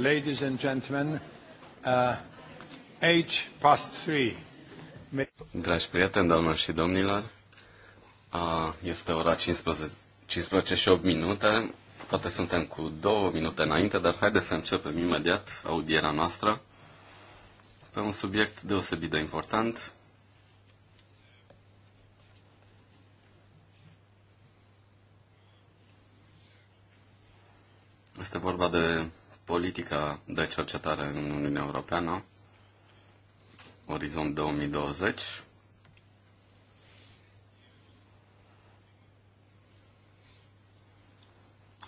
ladies and gentlemen, uh, past three. Dragi prieteni, doamnelor și domnilor, uh, este ora 15, 15 și 8 minute. Poate suntem cu două minute înainte, dar haideți să începem imediat audiera noastră pe un subiect deosebit de important, Este vorba de politica de cercetare în Uniunea Europeană, Orizont 2020,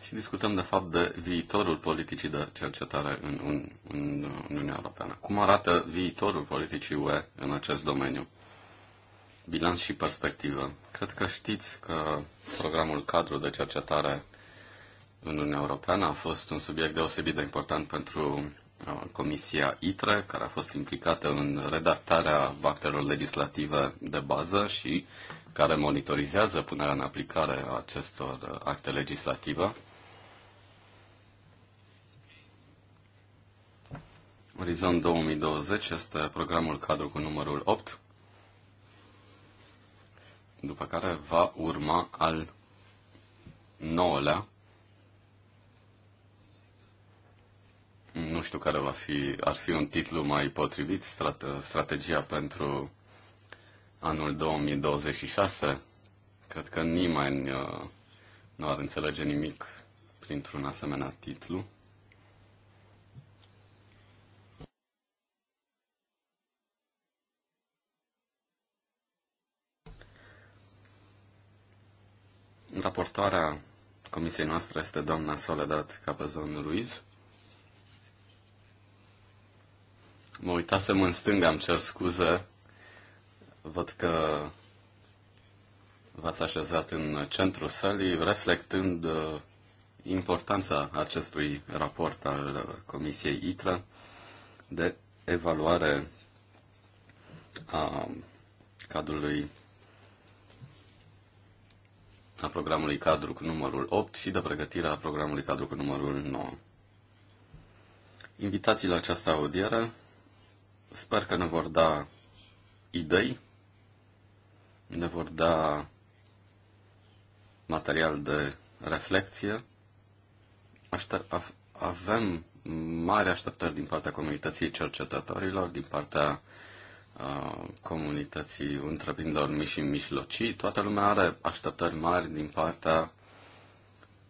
și discutăm de fapt de viitorul politicii de cercetare în, în, în Uniunea Europeană. Cum arată viitorul politicii UE în acest domeniu? Bilanț și perspectivă. Cred că știți că programul cadru de cercetare în Uniunea Europeană a fost un subiect deosebit de important pentru uh, Comisia ITRE, care a fost implicată în redactarea actelor legislative de bază și care monitorizează punerea în aplicare a acestor uh, acte legislative. Orizont 2020 este programul cadru cu numărul 8, după care va urma al 9-lea nu știu care va fi, ar fi un titlu mai potrivit, strategia pentru anul 2026. Cred că nimeni uh, nu ar înțelege nimic printr-un asemenea titlu. Raportoarea comisiei noastre este doamna Soledad Capezon Ruiz. Mă uitasem în stânga, îmi cer scuze. Văd că v-ați așezat în centrul sălii, reflectând uh, importanța acestui raport al uh, Comisiei ITRA de evaluare a cadrului a programului cadru cu numărul 8 și de pregătirea programului cadru cu numărul 9. Invitații la această audiere Sper că ne vor da idei, ne vor da material de reflexie. Aștept, avem mari așteptări din partea comunității cercetătorilor, din partea uh, comunității întreprinderilor mici și mijlocii. Toată lumea are așteptări mari din partea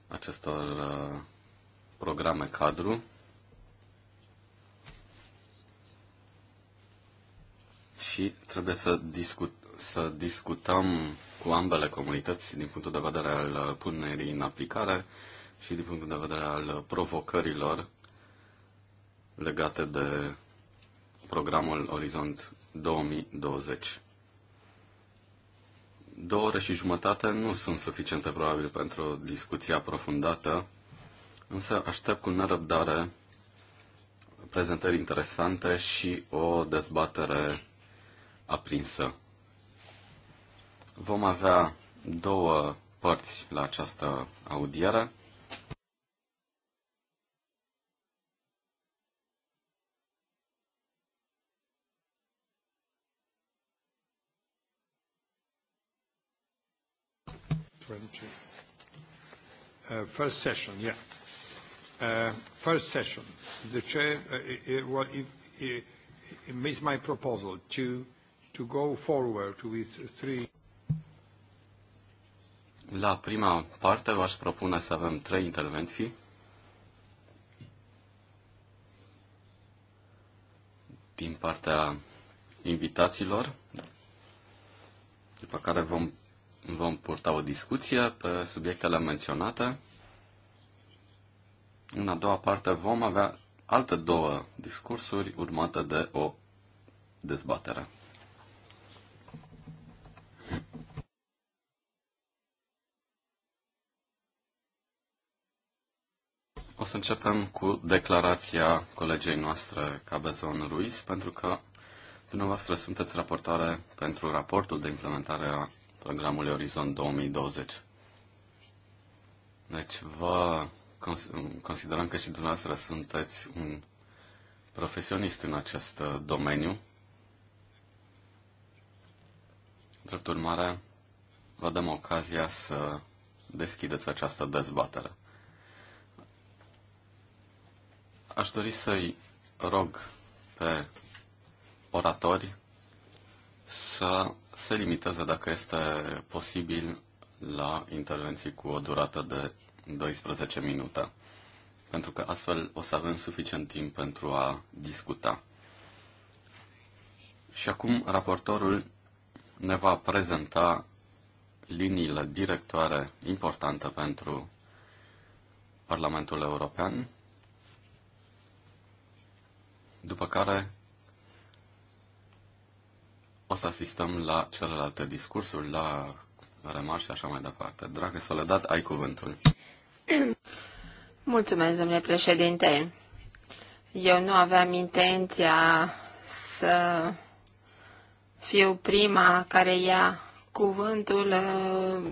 acestor programe cadru și trebuie să, discut, să discutăm cu ambele comunități din punctul de vedere al punerii în aplicare și din punctul de vedere al provocărilor legate de programul Orizont 2020. Două ore și jumătate nu sunt suficiente probabil pentru o discuție aprofundată, însă aștept cu nerăbdare prezentări interesante și o dezbatere aprinsă. Vom avea două părți la această audiere. Uh, first session, yeah. Uh, first session, the chair, uh, it, well, if, uh, is my proposal to to go forward with three la prima parte v-aș propune să avem trei intervenții. din partea invitaților, după care vom, vom purta o discuție pe subiectele menționate. În a doua parte vom avea alte două discursuri urmate de o dezbatere. O să începem cu declarația colegei noastre Cabezon Ruiz, pentru că dumneavoastră sunteți raportare pentru raportul de implementare a programului Orizont 2020. Deci vă considerăm că și dumneavoastră sunteți un profesionist în acest uh, domeniu. Drept urmare, vă dăm ocazia să deschideți această dezbatere. Aș dori să-i rog pe oratori să se limiteze, dacă este posibil, la intervenții cu o durată de 12 minute, pentru că astfel o să avem suficient timp pentru a discuta. Și acum raportorul ne va prezenta liniile directoare importante pentru Parlamentul European după care o să asistăm la celelalte discursuri, la remarci și așa mai departe. Dragă Soledad, ai cuvântul. Mulțumesc, domnule președinte. Eu nu aveam intenția să fiu prima care ia cuvântul.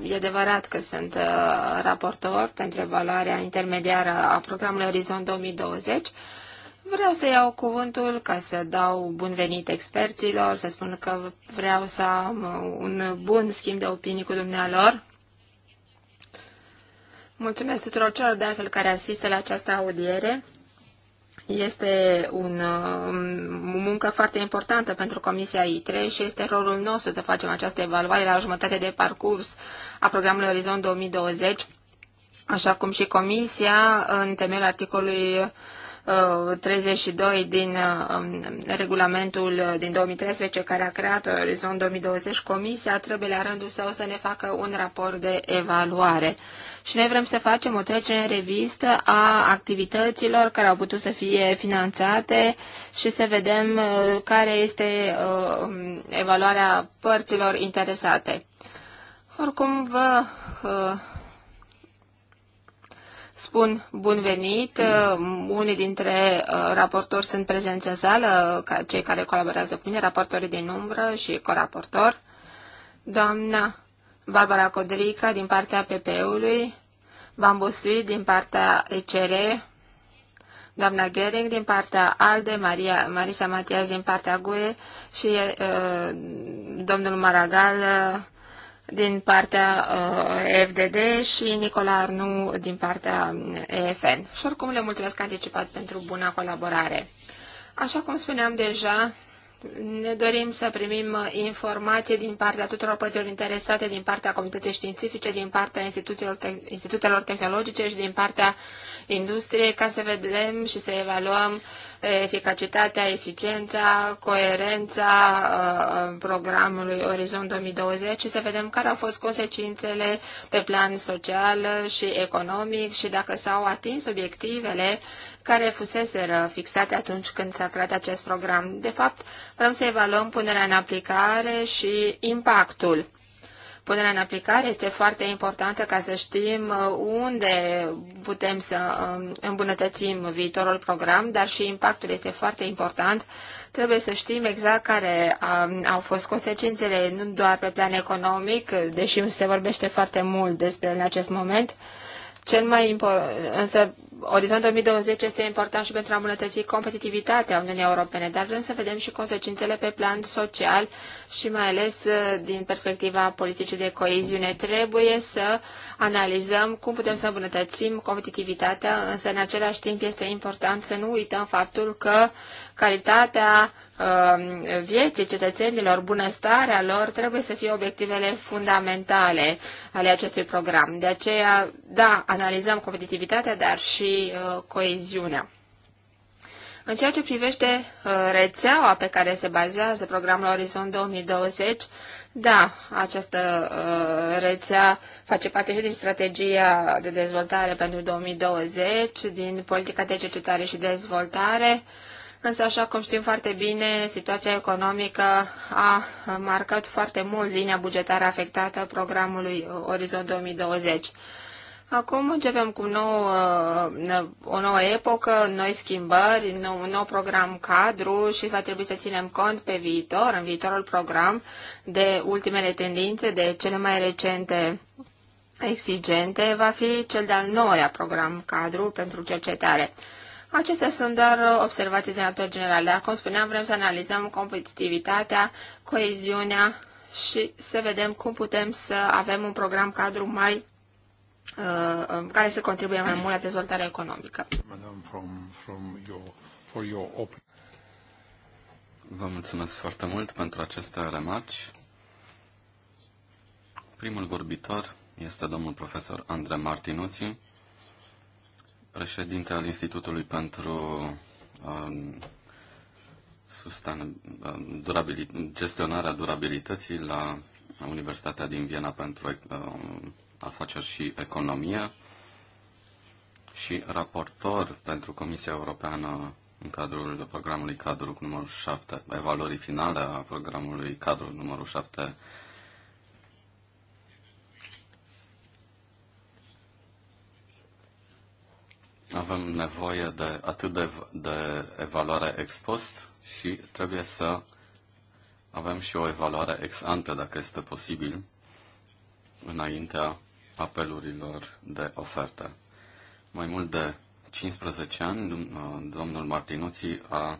E adevărat că sunt uh, raportor pentru evaluarea intermediară a programului Orizont 2020, Vreau să iau cuvântul ca să dau bun venit experților, să spun că vreau să am un bun schimb de opinii cu dumnealor. Mulțumesc tuturor celor de altfel care asistă la această audiere. Este un, o um, muncă foarte importantă pentru Comisia I3 și este rolul nostru să facem această evaluare la jumătate de parcurs a programului Orizont 2020, așa cum și Comisia, în temelul articolului 32 uh, din uh, um, regulamentul din 2013 care a creat Orizon 2020, Comisia trebuie la rândul său să ne facă un raport de evaluare. Și noi vrem să facem o trecere în revistă a activităților care au putut să fie finanțate și să vedem uh, care este um, evaluarea părților interesate. Oricum, vă spun bun venit. Uh, unii dintre uh, raportori sunt prezenți în sală, cei care colaborează cu mine, raportorii din umbră și coraportor. Doamna Barbara Codrica din partea PP-ului, Bambusui din partea ECR, doamna Gering din partea ALDE, Maria, Marisa Matias din partea GUE și uh, domnul Maragal din partea uh, FDD și Nicola Arnu din partea uh, EFN. Și oricum le mulțumesc anticipat pentru buna colaborare. Așa cum spuneam deja, ne dorim să primim informații din partea tuturor părților interesate, din partea comunității științifice, din partea instituțiilor, te- instituțiilor tehnologice și din partea industriei, ca să vedem și să evaluăm eficacitatea, eficiența, coerența uh, programului Orizont 2020 și să vedem care au fost consecințele pe plan social și economic și dacă s-au atins obiectivele care fuseseră fixate atunci când s-a creat acest program. De fapt, vrem să evaluăm punerea în aplicare și impactul Punerea în aplicare este foarte importantă ca să știm uh, unde putem să um, îmbunătățim viitorul program, dar și impactul este foarte important. Trebuie să știm exact care um, au fost consecințele, nu doar pe plan economic, deși se vorbește foarte mult despre în acest moment, cel mai însă Orizont 2020 este important și pentru a îmbunătăți competitivitatea Uniunii Europene, dar vrem să vedem și consecințele pe plan social și mai ales uh, din perspectiva politicii de coeziune. Trebuie să analizăm cum putem să îmbunătățim competitivitatea, însă în același timp este important să nu uităm faptul că calitatea Um, vieții cetățenilor, bunăstarea lor, trebuie să fie obiectivele fundamentale ale acestui program. De aceea, da, analizăm competitivitatea, dar și uh, coeziunea. În ceea ce privește uh, rețeaua pe care se bazează programul Orizont 2020, da, această uh, rețea face parte și din strategia de dezvoltare pentru 2020, din politica de cercetare și dezvoltare, Însă, așa cum știm foarte bine, situația economică a marcat foarte mult linia bugetară afectată programului Orizont 2020. Acum începem cu nou, uh, o nouă epocă, noi schimbări, un nou, nou program cadru și va trebui să ținem cont pe viitor, în viitorul program, de ultimele tendințe, de cele mai recente exigente, va fi cel de-al nouălea program cadru pentru cercetare. Acestea sunt doar uh, observații de natură generală, dar, cum spuneam, vrem să analizăm competitivitatea, coeziunea și să vedem cum putem să avem un program cadru mai uh, um, care să contribuie mai mult la dezvoltarea economică. Vă mulțumesc foarte mult pentru aceste remarci. Primul vorbitor este domnul profesor Andrei Martinuțiu președinte al Institutului pentru um, um durabil, gestionarea durabilității la Universitatea din Viena pentru um, afaceri și economie și raportor pentru Comisia Europeană în cadrul programului cadru numărul 7, evaluării finale a programului cadru numărul 7 Avem nevoie de atât de, de evaluare ex post și trebuie să avem și o evaluare ex ante, dacă este posibil, înaintea apelurilor de ofertă. Mai mult de 15 ani, uh, domnul Martinuții a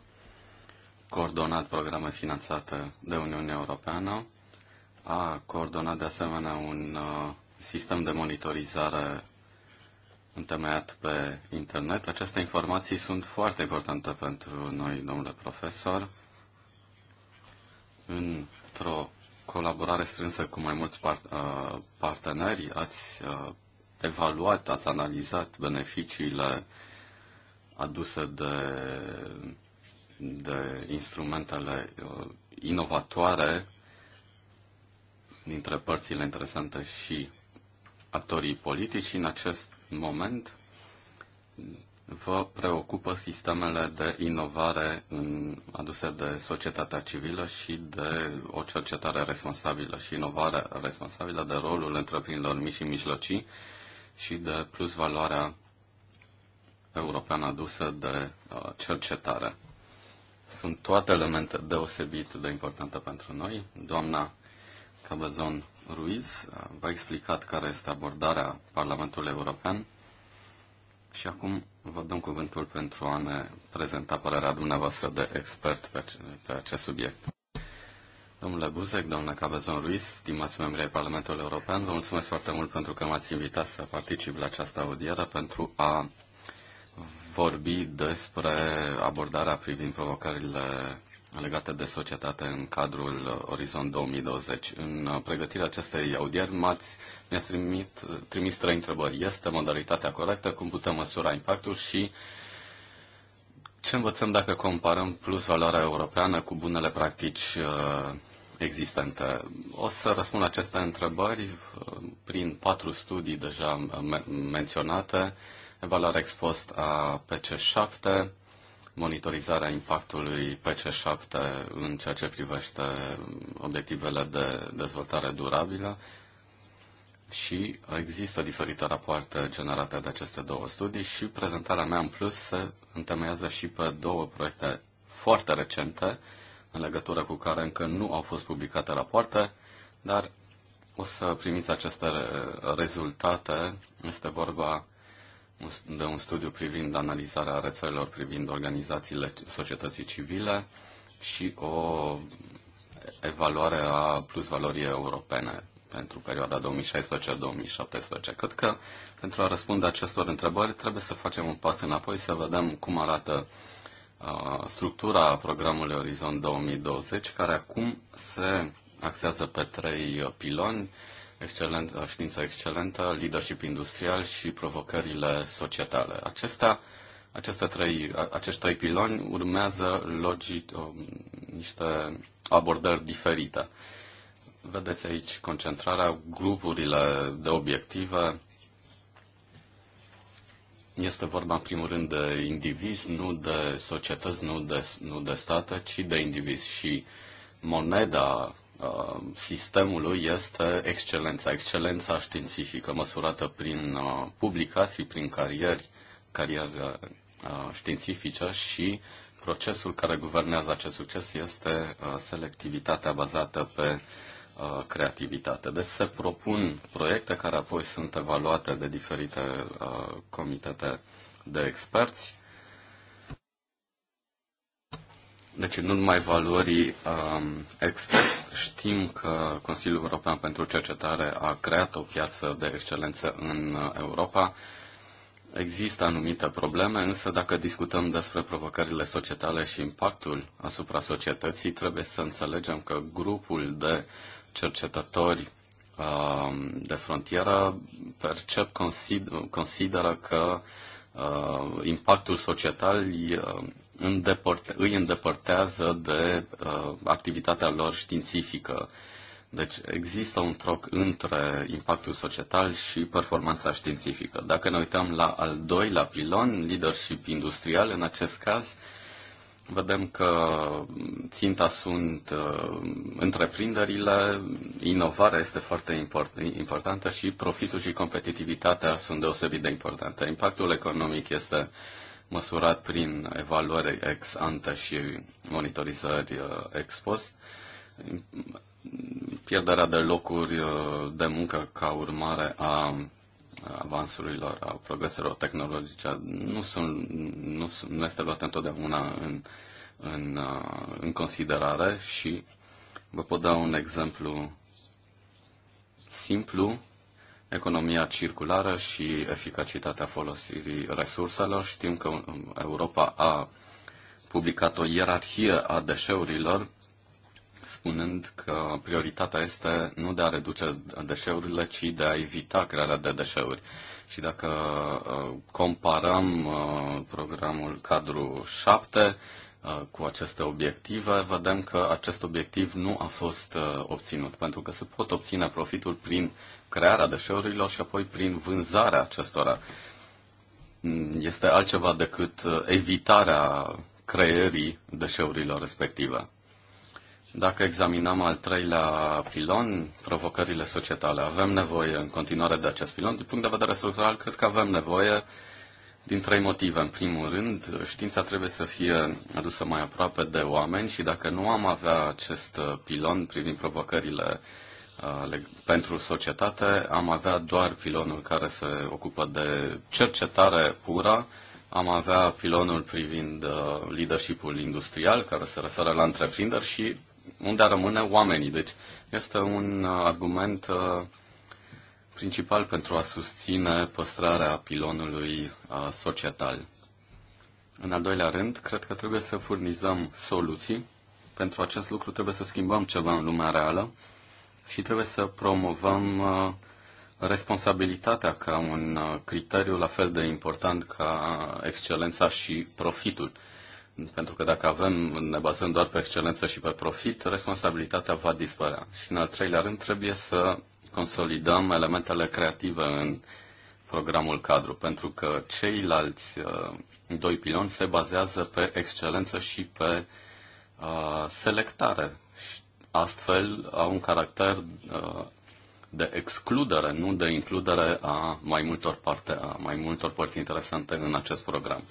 coordonat programe finanțate de Uniunea Europeană, a coordonat de asemenea un uh, sistem de monitorizare întemeiat pe internet. Aceste informații sunt foarte importante pentru noi, domnule profesor. Într-o colaborare strânsă cu mai mulți part- uh, parteneri, ați uh, evaluat, ați analizat beneficiile aduse de, de instrumentele uh, inovatoare dintre părțile interesante și actorii politici în acest moment vă preocupă sistemele de inovare în, aduse de societatea civilă și de o cercetare responsabilă și inovare responsabilă de rolul întreprinderilor mici și mijlocii și de plus valoarea europeană adusă de uh, cercetare. Sunt toate elemente deosebit de importante pentru noi. Doamna Cabezon Ruiz uh, v-a explicat care este abordarea Parlamentului European și acum vă dăm cuvântul pentru a ne prezenta părerea dumneavoastră de expert pe, pe acest subiect. Domnule Buzek, domnule Cabezon Ruiz, stimați membri ai Parlamentului European, vă mulțumesc foarte mult pentru că m-ați invitat să particip la această audieră pentru a vorbi despre abordarea privind provocările legate de societate în cadrul uh, Orizont 2020. În uh, pregătirea acestei audieri m-ați, mi a trimis trei întrebări. Este modalitatea corectă? Cum putem măsura impactul? Și ce învățăm dacă comparăm plus valoarea europeană cu bunele practici uh, existente? O să răspund aceste întrebări prin patru studii deja menționate. Evaluarea expost a PC7, monitorizarea impactului PC7 în ceea ce privește obiectivele de dezvoltare durabilă și există diferite rapoarte generate de aceste două studii și prezentarea mea în plus se întemeiază și pe două proiecte foarte recente în legătură cu care încă nu au fost publicate rapoarte, dar o să primiți aceste rezultate. Este vorba de un studiu privind analizarea rețelelor, privind organizațiile societății civile și o evaluare a plusvalorii europene pentru perioada 2016-2017. Cred că pentru a răspunde acestor întrebări trebuie să facem un pas înapoi, să vedem cum arată uh, structura programului Orizont 2020, care acum se axează pe trei piloni, uh, excelent, știința excelentă, leadership industrial și provocările societale. Acesta, aceste trei, acești trei piloni urmează logic, um, niște abordări diferite. Vedeți aici concentrarea, grupurile de obiective. Este vorba, în primul rând, de indivizi, nu de societăți, nu de, nu de state, ci de indivizi. Și moneda Uh, sistemului este excelența, excelența științifică măsurată prin uh, publicații, prin carieri, cariere uh, științifice și procesul care guvernează acest succes este selectivitatea bazată pe creativitate. Deci se propun proiecte care apoi sunt evaluate de diferite comitete de experți Deci nu numai valorii um, expert, știm că Consiliul European pentru Cercetare a creat o piață de excelență în uh, Europa. Există anumite probleme, însă dacă discutăm despre provocările societale și impactul asupra societății, trebuie să înțelegem că grupul de cercetători um, de frontieră percep, consider, consideră că uh, impactul societal uh, îndepărte, îi îndepărtează de uh, activitatea lor științifică. Deci există un troc între impactul societal și performanța științifică. Dacă ne uităm la al doilea pilon, leadership industrial, în acest caz, vedem că ținta sunt uh, întreprinderile, inovarea este foarte import, importantă și profitul și competitivitatea sunt deosebit de importante. Impactul economic este uh, măsurat prin evaluare ex ante și monitorizări uh, ex post. Pierderea de locuri uh, de muncă ca urmare a avansurilor, a progreselor tehnologice nu, sunt, nu, sunt, nu este luată întotdeauna în, în, uh, în considerare și vă pot da un exemplu simplu economia circulară și eficacitatea folosirii resurselor. Știm că um, Europa a publicat o ierarhie a deșeurilor, spunând că prioritatea este nu de a reduce deșeurile, ci de a evita crearea de deșeuri. Și dacă uh, comparăm uh, programul cadru 7 uh, cu aceste obiective, vedem că acest obiectiv nu a fost obținut, pentru că se pot obține profitul prin crearea deșeurilor și apoi prin vânzarea acestora. Este altceva decât uh, evitarea creierii deșeurilor respective. Dacă examinăm al treilea pilon, provocările societale, avem nevoie în continuare de acest pilon. Din punct de vedere structural, cred că avem nevoie din trei motive. În primul rând, știința trebuie să fie adusă mai aproape de oameni și dacă nu am avea acest uh, pilon privind provocările uh, Uh, pentru societate, am avea doar pilonul care se ocupă de cercetare pură, am avea pilonul privind uh, leadership-ul industrial, care se referă la întreprinderi și unde rămâne oamenii. Deci este un uh, argument principal pentru a susține păstrarea pilonului societal. În al doilea rând, cred că trebuie să furnizăm soluții. Pentru acest lucru trebuie să schimbăm ceva în lumea reală și trebuie să promovăm uh, responsabilitatea ca un uh, criteriu la fel de important ca excelența și profitul. Pentru că dacă avem, ne bazăm doar pe excelență și pe profit, responsabilitatea va dispărea. Și în al treilea rând trebuie să consolidăm elementele creative în programul cadru, pentru că ceilalți uh, doi piloni se bazează pe excelență și pe selectare astfel au un caracter uh, de excludere, nu de includere a mai multor, parte, a mai multor părți interesante în acest program.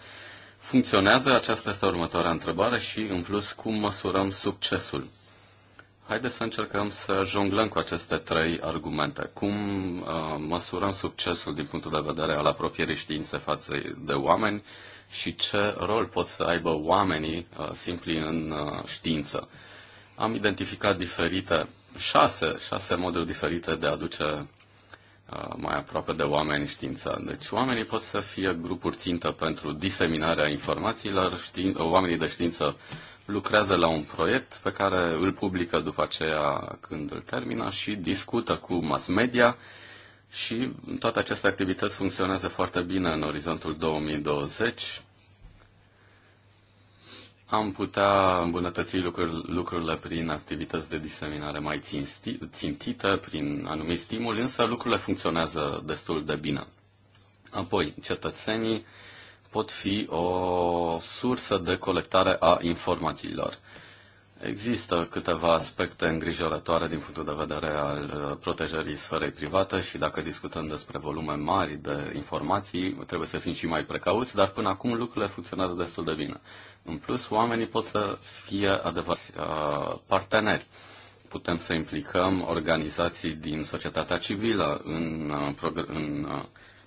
Funcționează? Aceasta este următoarea întrebare și, în plus, cum măsurăm succesul? Haideți să încercăm să jonglăm cu aceste trei argumente. Cum uh, măsurăm succesul din punctul de vedere al apropierii științe față de oameni și ce rol pot să aibă oamenii uh, simpli în uh, știință? am identificat diferite, șase, șase moduri diferite de a aduce uh, mai aproape de oameni știința. Deci oamenii pot să fie grupuri țintă pentru diseminarea informațiilor, știin, oamenii de știință lucrează la un proiect pe care îl publică după aceea când îl termină și discută cu mass media și toate aceste activități funcționează foarte bine în orizontul 2020 am putea îmbunătăți lucruri, lucrurile prin activități de diseminare mai țintită, prin anumit stimul, însă lucrurile funcționează destul de bine. Apoi, cetățenii pot fi o sursă de colectare a informațiilor. Există câteva aspecte îngrijorătoare din punctul de vedere al uh, protejării sferei private și dacă discutăm despre volume mari de informații, trebuie să fim și mai precauți, dar până acum lucrurile funcționează destul de bine. În plus, oamenii pot să fie adevărați uh, parteneri. Putem să implicăm organizații din societatea civilă în, uh, progr- în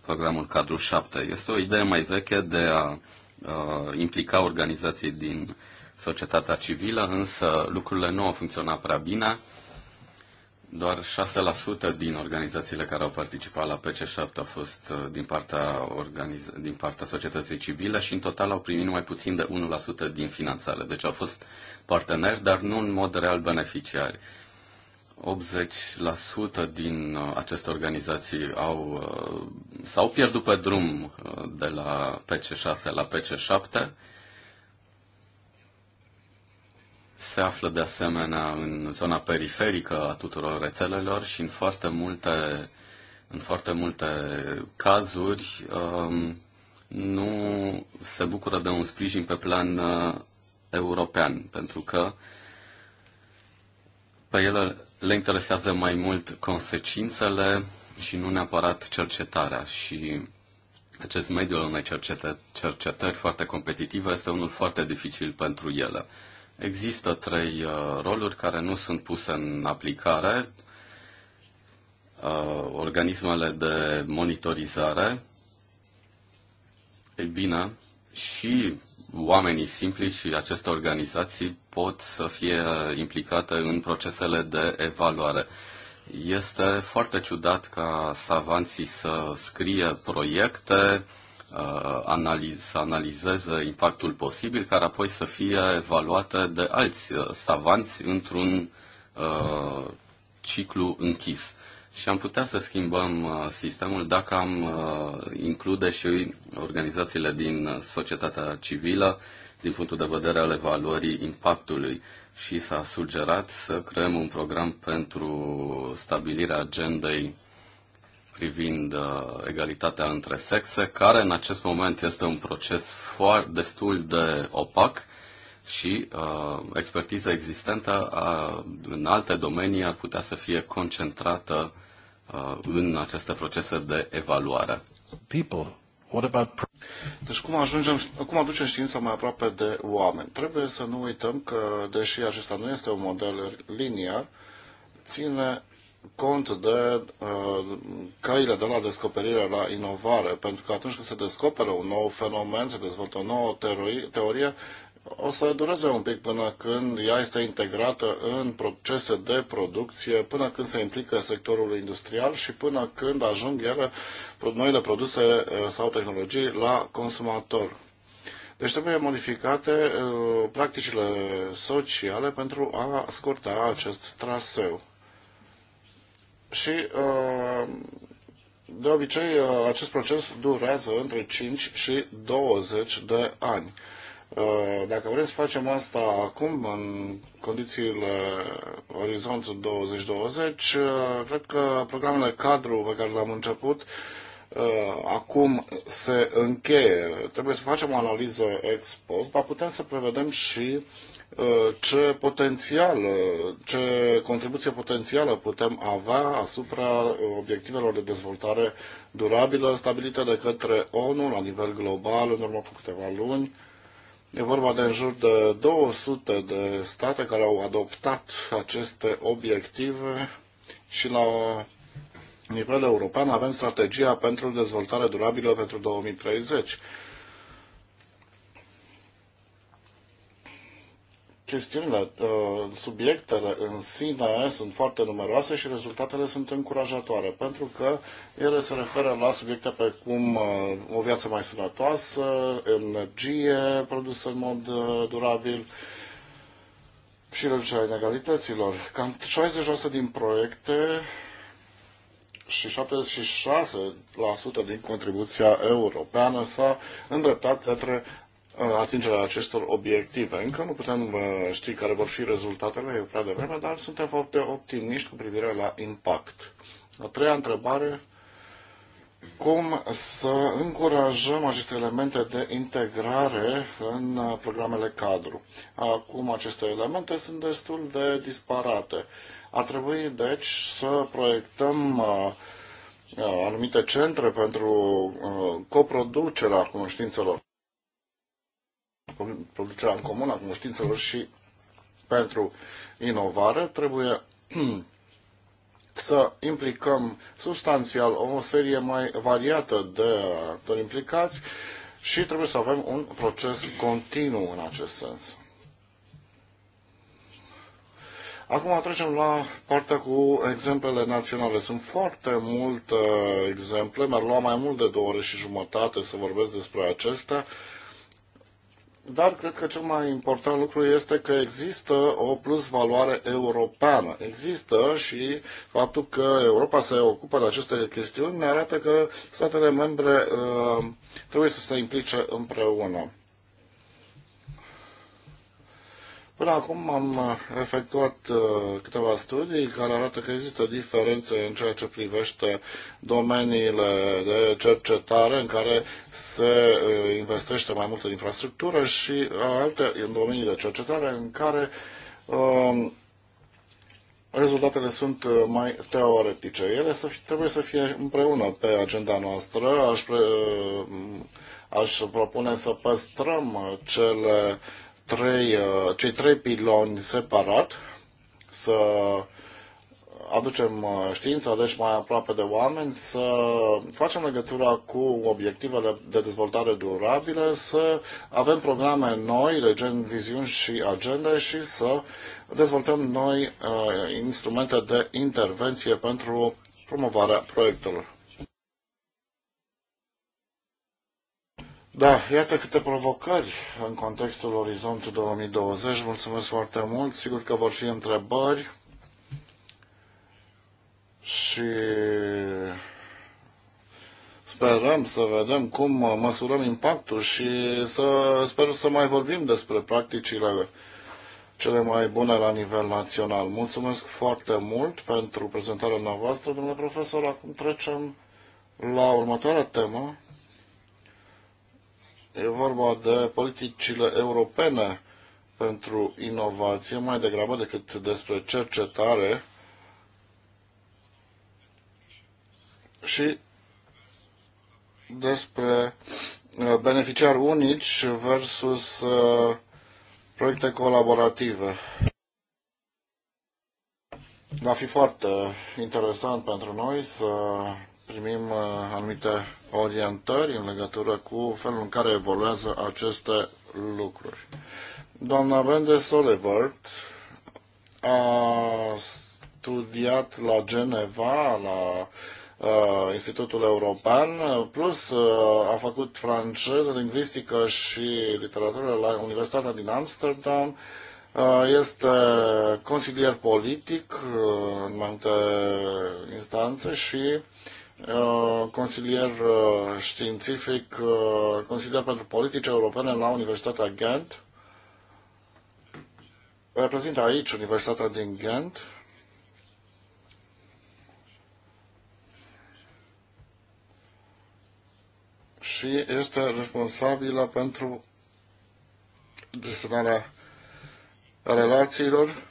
programul cadru 7. Este o idee mai veche de a implica organizații din uh, societatea civilă, însă lucrurile nu au funcționat prea bine. Doar 6% din organizațiile care au participat la PC7 au fost uh, din partea, organiz... din partea societății civile și în total au primit mai puțin de 1% din finanțare. Deci au fost parteneri, dar nu în mod real beneficiari. 80% din uh, aceste organizații au, uh, s-au pierdut pe drum de la PC6 la PC7 se află de asemenea în zona periferică a tuturor rețelelor și în foarte multe, în foarte multe cazuri um, nu se bucură de un sprijin pe plan uh, european, pentru că pe ele le interesează mai mult consecințele și nu neapărat cercetarea. Și acest mediu al unei cercetări foarte competitive este unul foarte dificil pentru ele. Există trei uh, roluri care nu sunt puse în aplicare. Uh, organismele de monitorizare, e bine, și oamenii simpli și aceste organizații pot să fie implicate în procesele de evaluare. Este foarte ciudat ca savanții să scrie proiecte, uh, Uh, analiz, să analizeze impactul posibil, care apoi să fie evaluată de alți uh, savanți într-un uh, ciclu închis. Și am putea să schimbăm uh, sistemul dacă am include și organizațiile din societatea civilă din punctul de vedere al evaluării impactului și s-a sugerat să creăm un program pentru stabilirea agendei privind uh, egalitatea între sexe, care în acest moment este un proces foarte, destul de opac și uh, expertiza existentă a, uh, în alte domenii ar putea să fie concentrată uh, în aceste procese de evaluare. People. What about... Deci cum ajungem, cum aducem știința mai aproape de oameni? Trebuie să nu uităm că, deși acesta nu este un model liniar, ține cont de uh, căile de la descoperire la inovare, pentru că atunci când se descoperă un nou fenomen, se dezvoltă o nouă teorie, teorie o să dureze un pic până când ea este integrată în procese de producție, până când se implică sectorul industrial și până când ajung ele, noile produse uh, sau tehnologii la consumator. Deci trebuie modificate uh, practicile sociale pentru a scurta acest traseu. Și uh, de obicei uh, acest proces durează între 5 și 20 de ani. Uh, dacă vrem să facem asta acum, în condițiile Orizont 2020, cred că programele cadru pe care le-am început acum se încheie. Trebuie să facem o analiză ex post, dar putem să prevedem și Uh, ce potențial, uh, ce contribuție potențială putem avea asupra uh, obiectivelor de dezvoltare durabilă stabilite de către ONU la nivel global în urmă cu câteva luni. E vorba de în jur de 200 de state care au adoptat aceste obiective și la nivel european avem strategia pentru dezvoltare durabilă pentru 2030. chestiunile, uh, subiectele în sine sunt foarte numeroase și rezultatele sunt încurajatoare, pentru că ele se referă la subiecte pe cum uh, o viață mai sănătoasă, energie produsă în mod uh, durabil și reducerea inegalităților. Cam 60% din proiecte și 76% din contribuția europeană s-a îndreptat către atingerea acestor obiective. Încă nu putem ști care vor fi rezultatele, e prea devreme, dar suntem foarte optimiști cu privire la impact. A treia întrebare, cum să încurajăm aceste elemente de integrare în programele cadru. Acum aceste elemente sunt destul de disparate. Ar trebui, deci, să proiectăm uh, uh, anumite centre pentru uh, coproducerea cunoștințelor producerea în comun a cunoștințelor și pentru inovare, trebuie să implicăm substanțial o serie mai variată de actori implicați și trebuie să avem un proces continuu în acest sens. Acum trecem la partea cu exemplele naționale. Sunt foarte multe exemple, mi-ar lua mai mult de două ore și jumătate să vorbesc despre acestea dar cred că cel mai important lucru este că există o plus valoare europeană. Există și faptul că Europa se ocupă de aceste chestiuni ne arată că statele membre uh, trebuie să se implice împreună. Până acum am uh, efectuat uh, câteva studii care arată că există diferențe în ceea ce privește domeniile de cercetare în care se uh, investește mai mult în infrastructură și alte în domenii de cercetare în care um, rezultatele sunt mai teoretice. Ele să fie, trebuie să fie împreună pe agenda noastră. Aș, pre, aș propune să păstrăm cele trei, uh, cei trei piloni separat, să aducem uh, știința, deci mai aproape de oameni, să facem legătura cu obiectivele de dezvoltare durabile, să avem programe noi, de gen viziuni și agende și să dezvoltăm noi uh, instrumente de intervenție pentru promovarea proiectelor. Da, iată câte provocări în contextul Orizontul 2020. Mulțumesc foarte mult. Sigur că vor fi întrebări și sperăm să vedem cum măsurăm impactul și să sper să mai vorbim despre practicile cele mai bune la nivel național. Mulțumesc foarte mult pentru prezentarea noastră, domnule profesor. Acum trecem la următoarea temă. E vorba de politicile europene pentru inovație, mai degrabă decât despre cercetare și despre uh, beneficiari unici versus uh, proiecte colaborative. Va fi foarte interesant pentru noi să primim uh, anumite orientări în legătură cu felul în care evoluează aceste lucruri. Doamna Bende Solevert a studiat la Geneva, la uh, Institutul European, plus uh, a făcut franceză, lingvistică și literatură la Universitatea din Amsterdam. Uh, este consilier politic uh, în multe instanțe și Uh, consilier uh, științific, uh, consilier pentru politici europene la Universitatea Ghent. Reprezintă aici Universitatea din Ghent. și este responsabilă pentru gestionarea relațiilor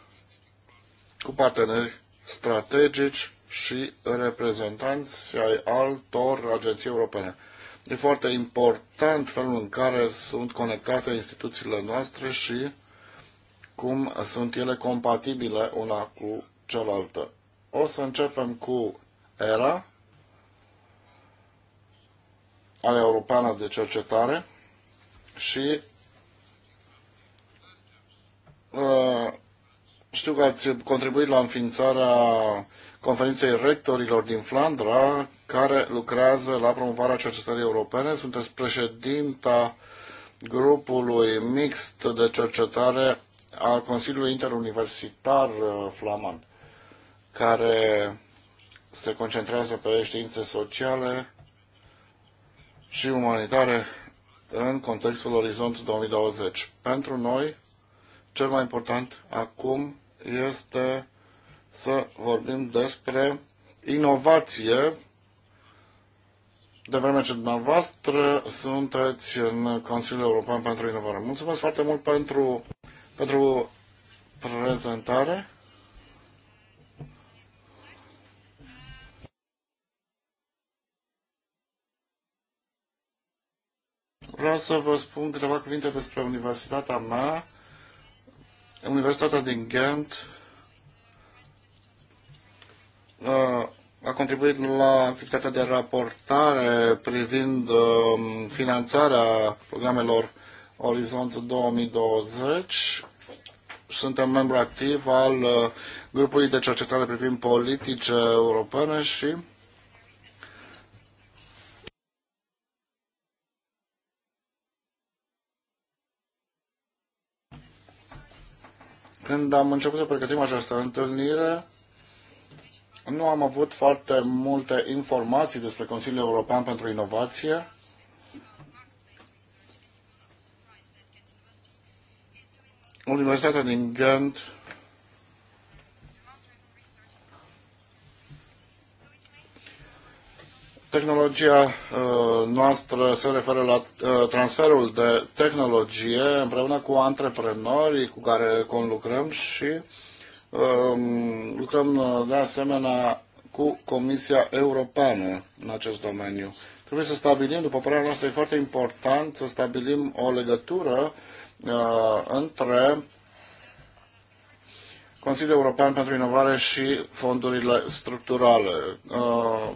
cu parteneri strategici și reprezentanți ai altor agenții europene. E foarte important felul în care sunt conectate instituțiile noastre și cum sunt ele compatibile una cu cealaltă. O să începem cu ERA, ale Europeană de Cercetare și uh, știu că ați contribuit la înființarea conferinței rectorilor din Flandra, care lucrează la promovarea cercetării europene. Sunteți președinta grupului mixt de cercetare al Consiliului Interuniversitar uh, Flaman, care se concentrează pe științe sociale și umanitare în contextul Orizont 2020. Pentru noi, cel mai important acum este să vorbim despre inovație, de vreme ce dumneavoastră sunteți în Consiliul European pentru Inovare. Mulțumesc foarte mult pentru, pentru prezentare. Vreau să vă spun câteva cuvinte despre universitatea mea, Universitatea din Ghent, Uh, a contribuit la activitatea de raportare privind um, finanțarea programelor Orizont 2020. Suntem membru activ al uh, grupului de cercetare privind politice europene și Când am început să pregătim această întâlnire, nu am avut foarte multe informații despre Consiliul European pentru Inovație. Universitatea din Gând tehnologia uh, noastră se referă la uh, transferul de tehnologie împreună cu antreprenorii cu care conlucrăm și lucrăm uh, de asemenea cu Comisia Europeană în acest domeniu. Trebuie să stabilim, după părerea noastră, e foarte important să stabilim o legătură uh, între Consiliul European pentru Inovare și fondurile structurale. Uh,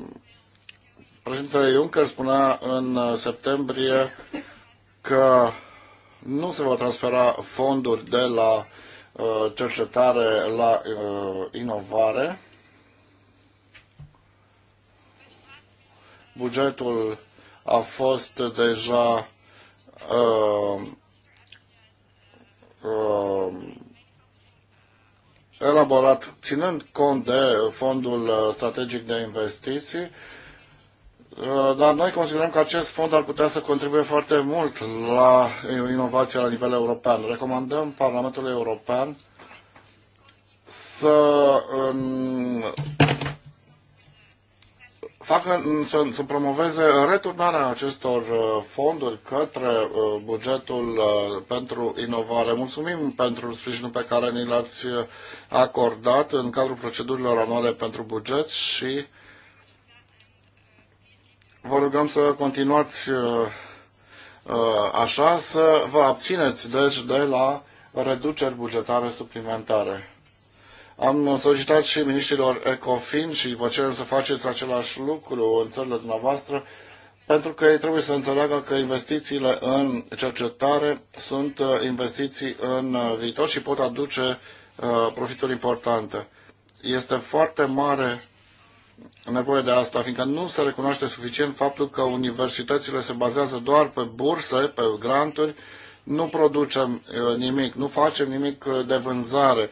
președintele Juncker spunea în septembrie că nu se vor transfera fonduri de la Uh, cercetare la uh, inovare. Bugetul a fost deja uh, uh, elaborat ținând cont de fondul strategic de investiții Uh, dar noi considerăm că acest fond ar putea să contribuie foarte mult la inovație la nivel european. Recomandăm Parlamentului European să facă, să, să promoveze returnarea acestor uh, fonduri către uh, bugetul pentru inovare. Mulțumim pentru sprijinul pe care ni l-ați acordat în cadrul procedurilor anuale pentru buget și Vă rugăm să continuați uh, uh, așa, să vă abțineți deci de la reduceri bugetare suplimentare. Am solicitat și ministrilor ECOFIN și vă cerem să faceți același lucru în țările dumneavoastră, pentru că ei trebuie să înțeleagă că investițiile în cercetare sunt uh, investiții în viitor și pot aduce profituri importante. Este foarte mare nevoie de asta, fiindcă nu se recunoaște suficient faptul că universitățile se bazează doar pe burse, pe granturi, nu producem uh, nimic, nu facem nimic uh, de vânzare,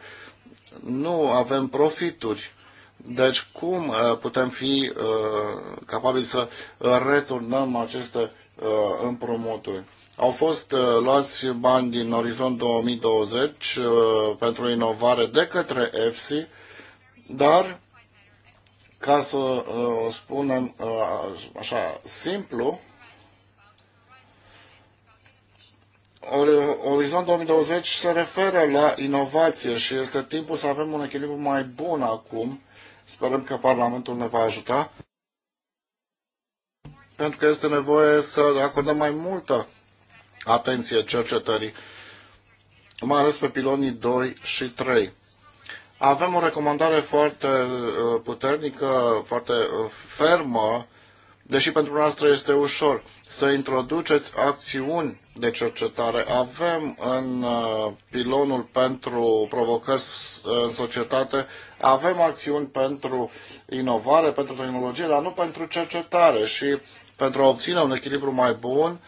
nu avem profituri. Deci cum uh, putem fi capabili să returnăm aceste împrumuturi? Au fost luați bani din Orizont 2020 pentru inovare de către EFSI, dar ca să uh, spunem uh, așa simplu, Orizont 2020 se referă la inovație și este timpul să avem un echilibru mai bun acum. Sperăm că Parlamentul ne va ajuta. Pentru că este nevoie să acordăm mai multă atenție cercetării, mai ales pe pilonii 2 și 3. Avem o recomandare foarte uh, puternică, foarte uh, fermă, deși pentru noastră este ușor să introduceți acțiuni de cercetare. Avem în uh, pilonul pentru provocări în societate, avem acțiuni pentru inovare, pentru tehnologie, dar nu pentru cercetare și pentru a obține un echilibru mai bun,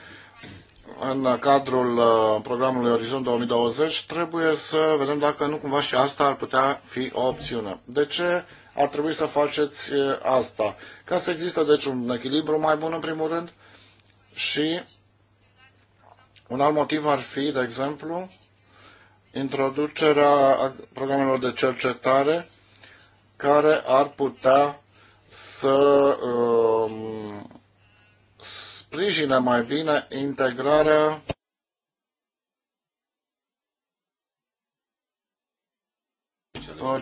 în cadrul uh, programului Orizont 2020, trebuie să vedem dacă nu cumva și asta ar putea fi o opțiune. De ce ar trebui să faceți uh, asta? Ca să există, deci, un echilibru mai bun, în primul rând, și un alt motiv ar fi, de exemplu, introducerea programelor de cercetare care ar putea să, să um, sprijină mai bine integrarea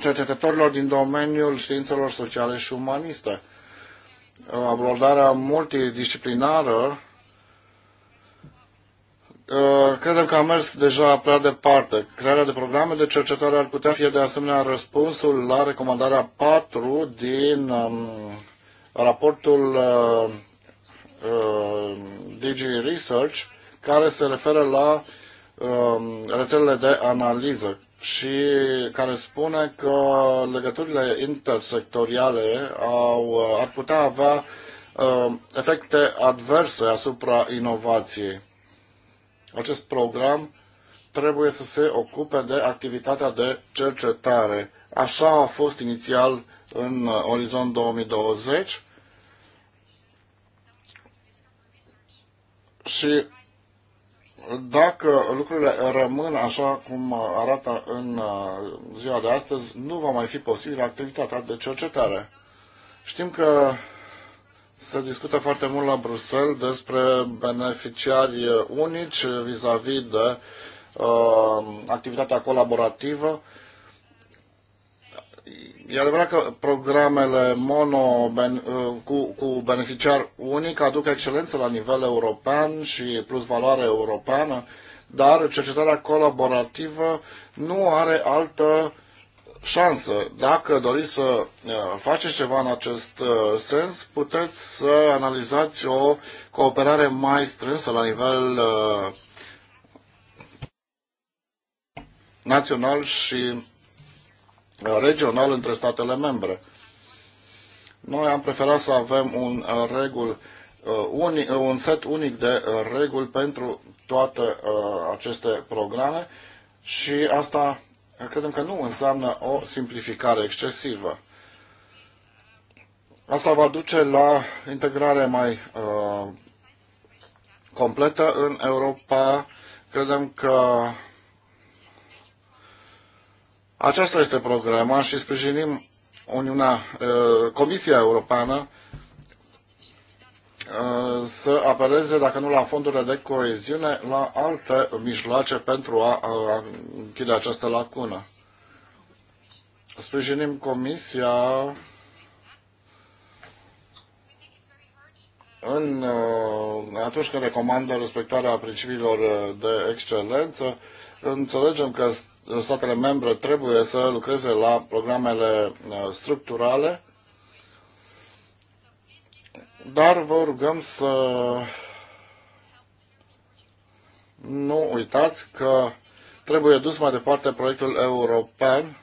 cercetătorilor din domeniul științelor sociale și umaniste. Abordarea multidisciplinară uh, credem că a mers deja prea departe. Crearea de programe de cercetare ar putea fi de asemenea răspunsul la recomandarea 4 din um, raportul uh, Uh, DG Research care se referă la um, rețelele de analiză și care spune că legăturile intersectoriale au, uh, ar putea avea uh, efecte adverse asupra inovației. Acest program trebuie să se ocupe de activitatea de cercetare. Așa a fost inițial în Orizont 2020 Și dacă lucrurile rămân așa cum arată în uh, ziua de astăzi, nu va mai fi posibil activitatea de cercetare. Știm că se discută foarte mult la Bruxelles despre beneficiari unici vis-a-vis -vis de uh, activitatea colaborativă E adevărat că programele mono ben, uh, cu, cu beneficiar unic aduc excelență la nivel european și plus valoare europeană, dar cercetarea colaborativă nu are altă șansă. Dacă doriți să uh, faceți ceva în acest uh, sens, puteți să analizați o cooperare mai strânsă la nivel național și Uh, regional între statele membre. Noi am preferat să avem un, uh, regul, uh, unic, un set unic de reguli pentru toate aceste programe și asta credem că nu înseamnă o simplificare excesivă. Asta va duce la integrare mai uh, completă în Europa. Credem că aceasta este programa și sprijinim Uniunea, Comisia Europeană să apeleze, dacă nu la fondurile de coeziune, la alte mijloace pentru a închide această lacună. Sprijinim Comisia în, atunci când recomandă respectarea principiilor de excelență, înțelegem că statele membre trebuie să lucreze la programele uh, structurale, dar vă rugăm să nu uitați că trebuie dus mai departe proiectul european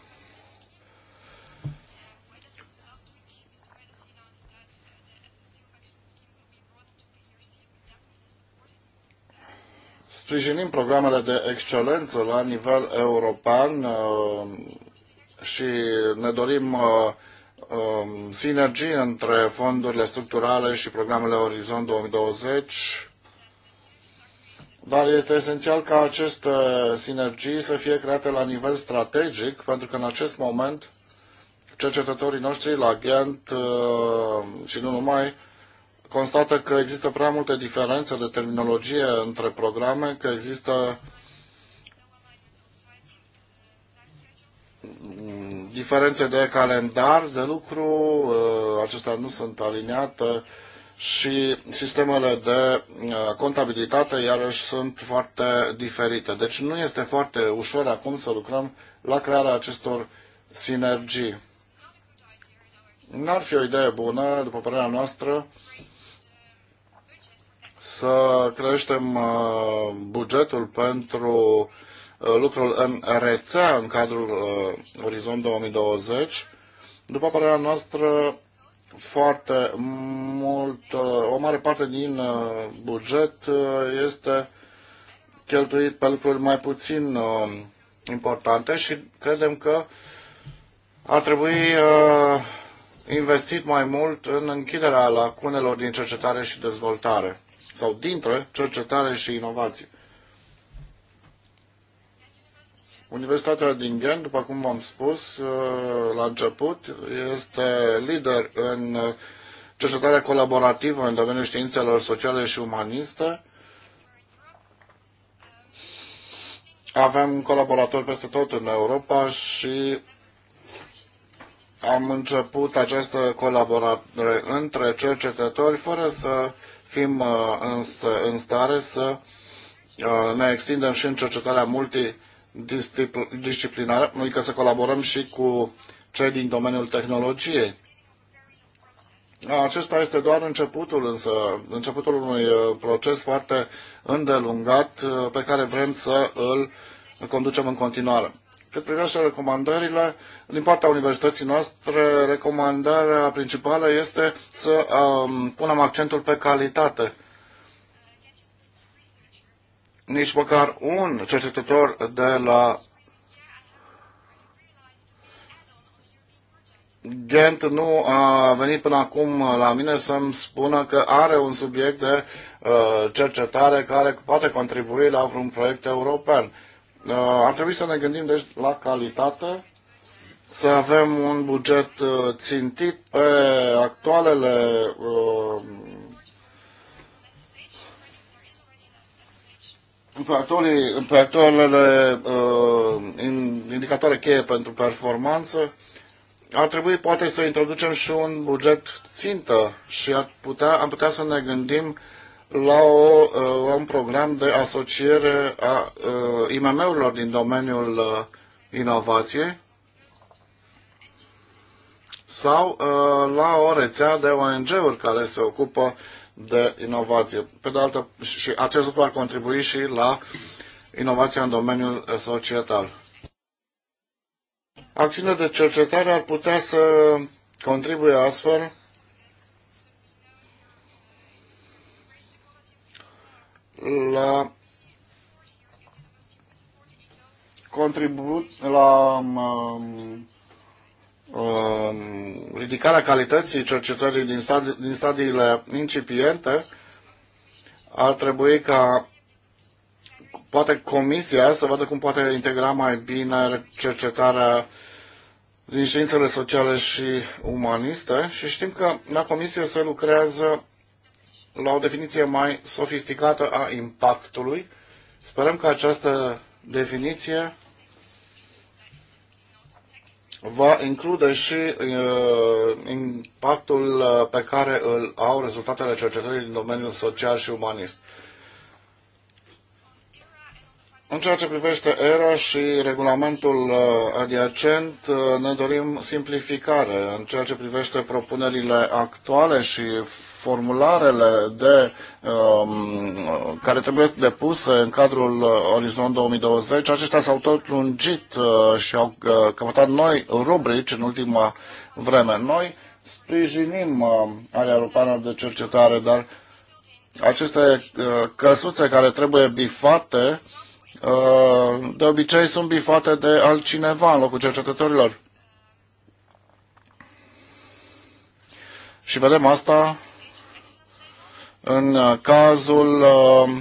Sprijinim programele de excelență la nivel european uh, și ne dorim uh, um, sinergie între fondurile structurale și programele Orizont 2020, dar este esențial ca aceste sinergii să fie create la nivel strategic, pentru că în acest moment cercetătorii noștri la Ghent uh, și nu numai constată că există prea multe diferențe de terminologie între programe, că există mm, diferențe de calendar de lucru, uh, acestea nu sunt aliniate și sistemele de uh, contabilitate iarăși sunt foarte diferite. Deci nu este foarte ușor acum să lucrăm la crearea acestor sinergii. N-ar fi o idee bună, după părerea noastră, să creștem uh, bugetul pentru uh, lucrul în rețea în cadrul uh, Orizont 2020. După părerea noastră, foarte mult, o mare parte din buget este cheltuit pe lucruri mai puțin importante și credem că ar trebui investit mai mult în închiderea lacunelor din cercetare și dezvoltare sau dintre cercetare și inovație. Universitatea din Gen, după cum v-am spus uh, la început, este lider în cercetarea colaborativă în domeniul științelor sociale și umaniste. Avem colaboratori peste tot în Europa și am început această colaborare între cercetători fără să fim uh, însă în stare să uh, ne extindem și în cercetarea multidisciplinară, adică să colaborăm și cu cei din domeniul tehnologiei. Uh, acesta este doar începutul, însă, începutul unui proces foarte îndelungat pe care vrem să îl conducem în continuare. Cât privește recomandările, din partea universității noastre, recomandarea principală este să um, punem accentul pe calitate. Nici măcar un cercetător de la Gent nu a venit până acum la mine să-mi spună că are un subiect de uh, cercetare care poate contribui la vreun proiect european. Uh, ar trebui să ne gândim deci la calitate, să avem un buget uh, țintit pe actualele uh, pe, actualele, pe actualele indicatoare cheie pentru performanță ar trebui poate să introducem și un buget țintă și ar putea, am putea să ne gândim la o, uh, un program de asociere a uh, IMM-urilor din domeniul uh, inovației sau uh, la o rețea de ONG-uri care se ocupă de inovație. Pe de altă, și acest lucru ar contribui și la inovația în domeniul uh, societal. Acțiunea de cercetare ar putea să contribuie astfel la contribut la um, um, ridicarea calității cercetării din, stadi, din stadiile incipiente, ar trebui ca poate comisia să vadă cum poate integra mai bine cercetarea din științele sociale și umaniste și știm că la comisie se lucrează la o definiție mai sofisticată a impactului. Sperăm că această definiție va include și uh, impactul uh, pe care îl au rezultatele cercetării în domeniul social și umanist. În ceea ce privește ERA și regulamentul uh, adiacent, uh, ne dorim simplificare. În ceea ce privește propunerile actuale și formularele de, um, care trebuie depuse în cadrul uh, Orizont 2020, aceștia s-au tot lungit și au căutat noi rubrici în ultima vreme. Noi sprijinim area europeană de cercetare, dar aceste căsuțe care trebuie bifate, Uh, de obicei sunt bifate de altcineva în locul cercetătorilor. Și vedem asta în cazul uh,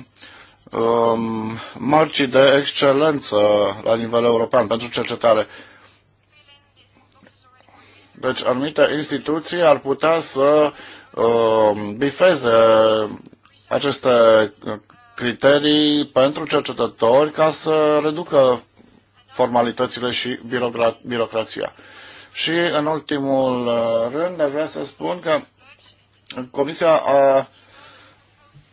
um, marcii de excelență la nivel european pentru cercetare. Deci anumite instituții ar putea să uh, bifeze aceste criterii pentru cercetători ca să reducă formalitățile și birocrația. Și în ultimul uh, rând, aș vrea să spun că Comisia a,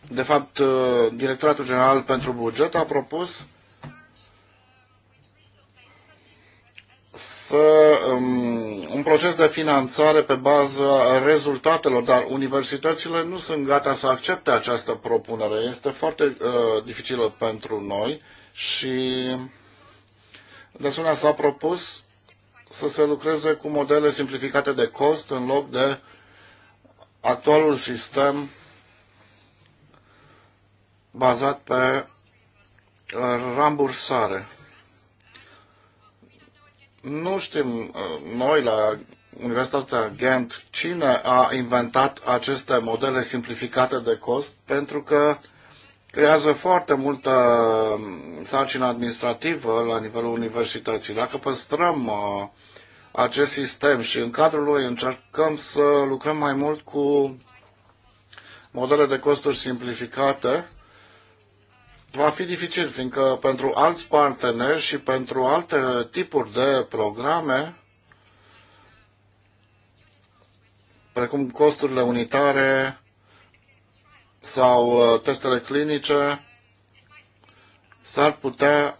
de fapt, uh, Directoratul General pentru Buget a propus să, um, un proces de finanțare pe baza rezultatelor, dar universitățile nu sunt gata să accepte această propunere. Este foarte uh, dificilă pentru noi și de asemenea s-a propus să se lucreze cu modele simplificate de cost în loc de actualul sistem bazat pe rambursare. Nu știm uh, noi la Universitatea Ghent cine a inventat aceste modele simplificate de cost, pentru că creează foarte multă um, sarcină administrativă la nivelul universității. Dacă păstrăm uh, acest sistem și în cadrul lui încercăm să lucrăm mai mult cu modele de costuri simplificate, va fi dificil, fiindcă pentru alți parteneri și pentru alte tipuri de programe, precum costurile unitare sau uh, testele clinice, s-ar putea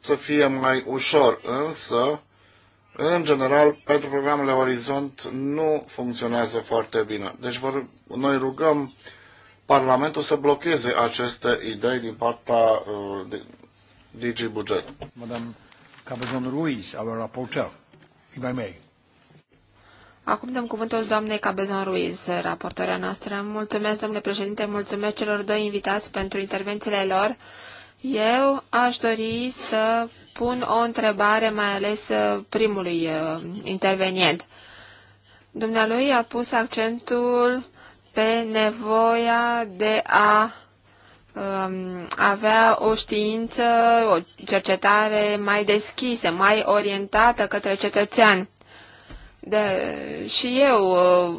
să fie mai ușor, însă, în general, pentru programele Orizont nu funcționează foarte bine. Deci vor, noi rugăm Parlamentul să blocheze aceste idei din partea uh, DG Buget. Madame Cabezon Ruiz, our rapporteur, if I may. Acum dăm cuvântul doamnei Cabezon Ruiz, raportoarea noastră. Mulțumesc, domnule președinte, mulțumesc celor doi invitați pentru intervențiile lor. Eu aș dori să pun o întrebare, mai ales uh, primului uh, intervenient. Dumnealui a pus accentul pe nevoia de a um, avea o știință, o cercetare mai deschisă, mai orientată către cetățean. De, și eu uh,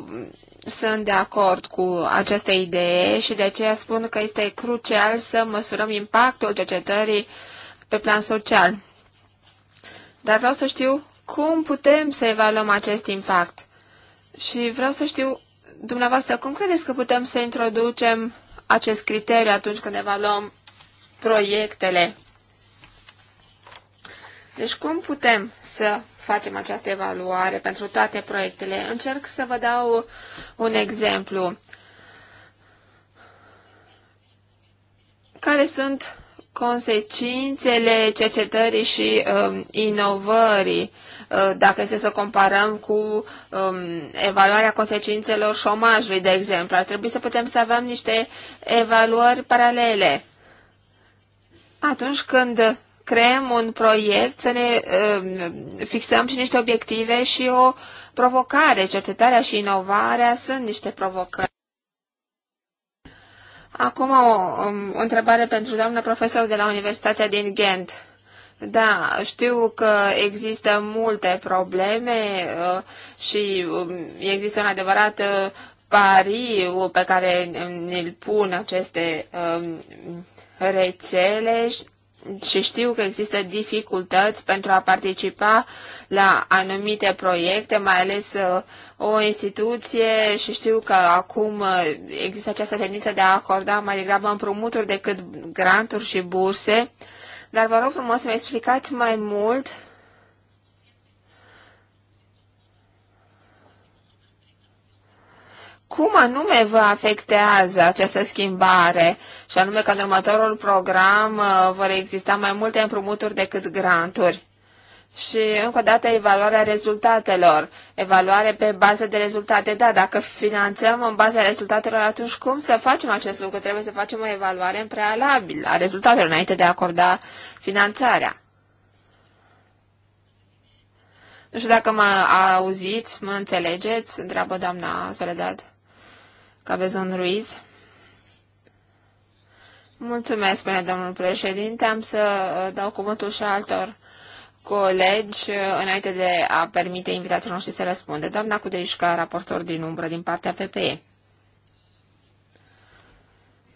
sunt de acord cu această idee și de aceea spun că este crucial să măsurăm impactul cercetării pe plan social. Dar vreau să știu cum putem să evaluăm acest impact. Și vreau să știu dumneavoastră, cum credeți că putem să introducem acest criteriu atunci când evaluăm proiectele? Deci cum putem să facem această evaluare pentru toate proiectele? Încerc să vă dau un exemplu. Care sunt consecințele cercetării și um, inovării Uh, dacă este să comparăm cu um, evaluarea consecințelor șomajului, de exemplu. Ar trebui să putem să avem niște evaluări paralele. Atunci când creăm un proiect, să ne um, fixăm și niște obiective și o provocare. Cercetarea și inovarea sunt niște provocări. Acum o, um, o întrebare pentru doamna profesor de la Universitatea din Ghent. Da, știu că există multe probleme uh, și um, există un adevărat uh, pariu pe care ne-l pun aceste um, rețele și știu că există dificultăți pentru a participa la anumite proiecte, mai ales uh, o instituție și știu că acum există această tendință de a acorda mai degrabă împrumuturi decât granturi și burse dar vă rog frumos să-mi explicați mai mult cum anume vă afectează această schimbare și anume că în următorul program uh, vor exista mai multe împrumuturi decât granturi și încă o dată evaluarea rezultatelor, evaluare pe bază de rezultate. Da, dacă finanțăm în baza rezultatelor, atunci cum să facem acest lucru? Trebuie să facem o evaluare în prealabil a rezultatelor înainte de a acorda finanțarea. Nu știu dacă mă auziți, mă înțelegeți, întreabă doamna Soledad Cabezon Ruiz. Mulțumesc, spune domnul președinte. Am să uh, dau cuvântul și altor colegi uh, înainte de a permite invitatul noștri să răspunde. Doamna Cuderișca, raportor din umbră din partea PPE.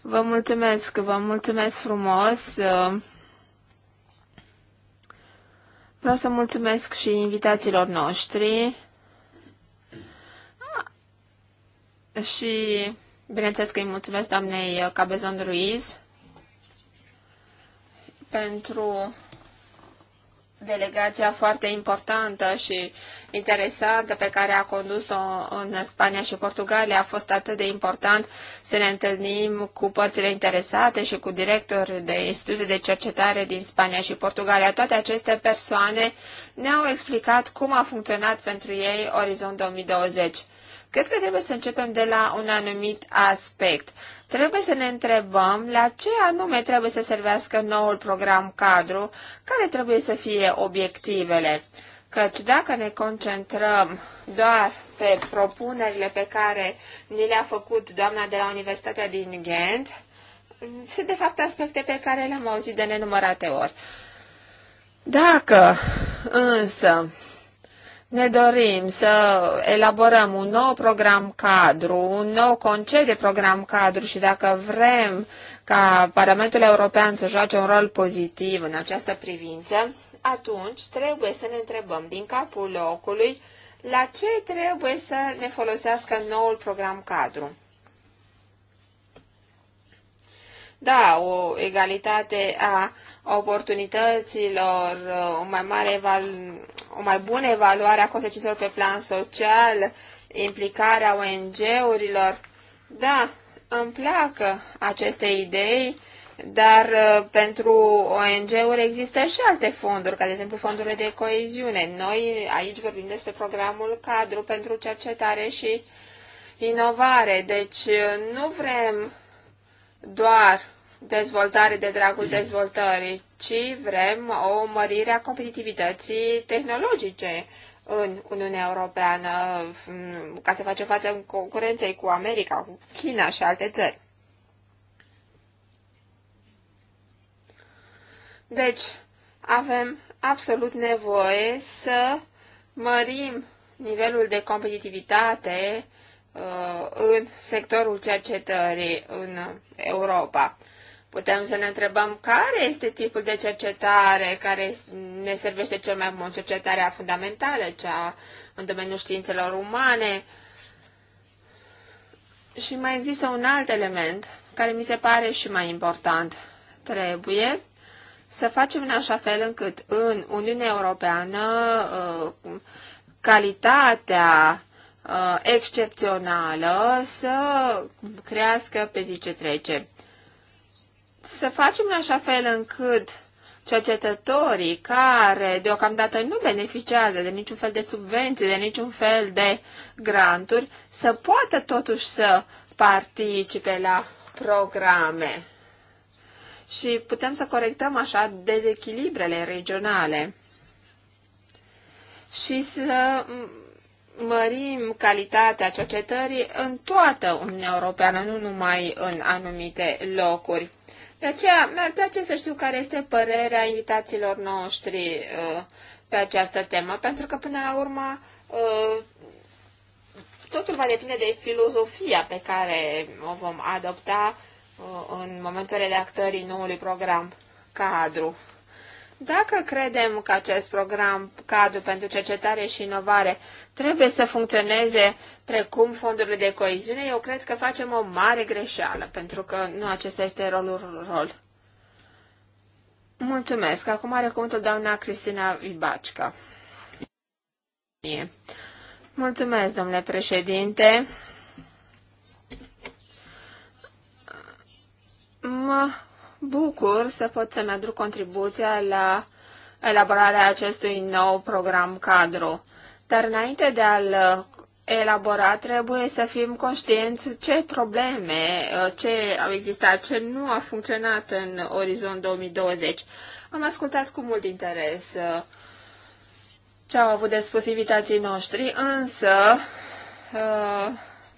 Vă mulțumesc, vă mulțumesc frumos. Uh, vreau să mulțumesc și invitațiilor noștri și bineînțeles că îi mulțumesc doamnei Cabezon Ruiz pentru delegația foarte importantă și interesantă pe care a condus-o în Spania și Portugalia. A fost atât de important să ne întâlnim cu părțile interesate și cu directori de institute de cercetare din Spania și Portugalia. Toate aceste persoane ne-au explicat cum a funcționat pentru ei Orizont 2020. Cred că trebuie să începem de la un anumit aspect. Trebuie să ne întrebăm la ce anume trebuie să servească noul program cadru, care trebuie să fie obiectivele. Căci dacă ne concentrăm doar pe propunerile pe care ni le-a făcut doamna de la Universitatea din Ghent, sunt de fapt aspecte pe care le-am auzit de nenumărate ori. Dacă însă ne dorim să elaborăm un nou program cadru, un nou concept de program cadru și dacă vrem ca Parlamentul European să joace un rol pozitiv în această privință, atunci trebuie să ne întrebăm din capul locului la ce trebuie să ne folosească noul program cadru. Da, o egalitate a oportunităților, uh, o mai, mare o mai bună evaluare a consecințelor pe plan social, implicarea ONG-urilor. Da, îmi placă aceste idei, dar uh, pentru ONG-uri există și alte fonduri, ca de exemplu fondurile de coeziune. Noi aici vorbim despre programul cadru pentru cercetare și inovare, deci uh, nu vrem doar dezvoltare de dragul dezvoltării, ci vrem o mărire a competitivității tehnologice în Uniunea Europeană mm, ca să facem față în concurenței cu America, cu China și alte țări. Deci, avem absolut nevoie să mărim nivelul de competitivitate uh, în sectorul cercetării în Europa. Putem să ne întrebăm care este tipul de cercetare care ne servește cel mai mult, cercetarea fundamentală, cea în domeniul științelor umane. Și mai există un alt element care mi se pare și mai important. Trebuie să facem în așa fel încât în Uniunea Europeană uh, calitatea uh, excepțională să crească pe zi ce trece să facem în așa fel încât cercetătorii care deocamdată nu beneficiază de niciun fel de subvenții, de niciun fel de granturi, să poată totuși să participe la programe. Și putem să corectăm așa dezechilibrele regionale și să mărim calitatea cercetării în toată Uniunea Europeană, nu numai în anumite locuri. De aceea mi-ar place să știu care este părerea invitaților noștri uh, pe această temă, pentru că până la urmă uh, totul va depinde de filozofia pe care o vom adopta uh, în momentul redactării noului program cadru. Dacă credem că acest program cadru pentru cercetare și inovare trebuie să funcționeze precum fondurile de coeziune, eu cred că facem o mare greșeală, pentru că nu acesta este rolul rol. Mulțumesc. Acum are cuvântul doamna Cristina Ibacica. Mulțumesc, domnule președinte. Mă bucur să pot să-mi aduc contribuția la elaborarea acestui nou program cadru. Dar înainte de a-l uh, elabora, trebuie să fim conștienți ce probleme, uh, ce au existat, ce nu a funcționat în orizont 2020. Am ascultat cu mult interes uh, ce au avut de spus invitații noștri, însă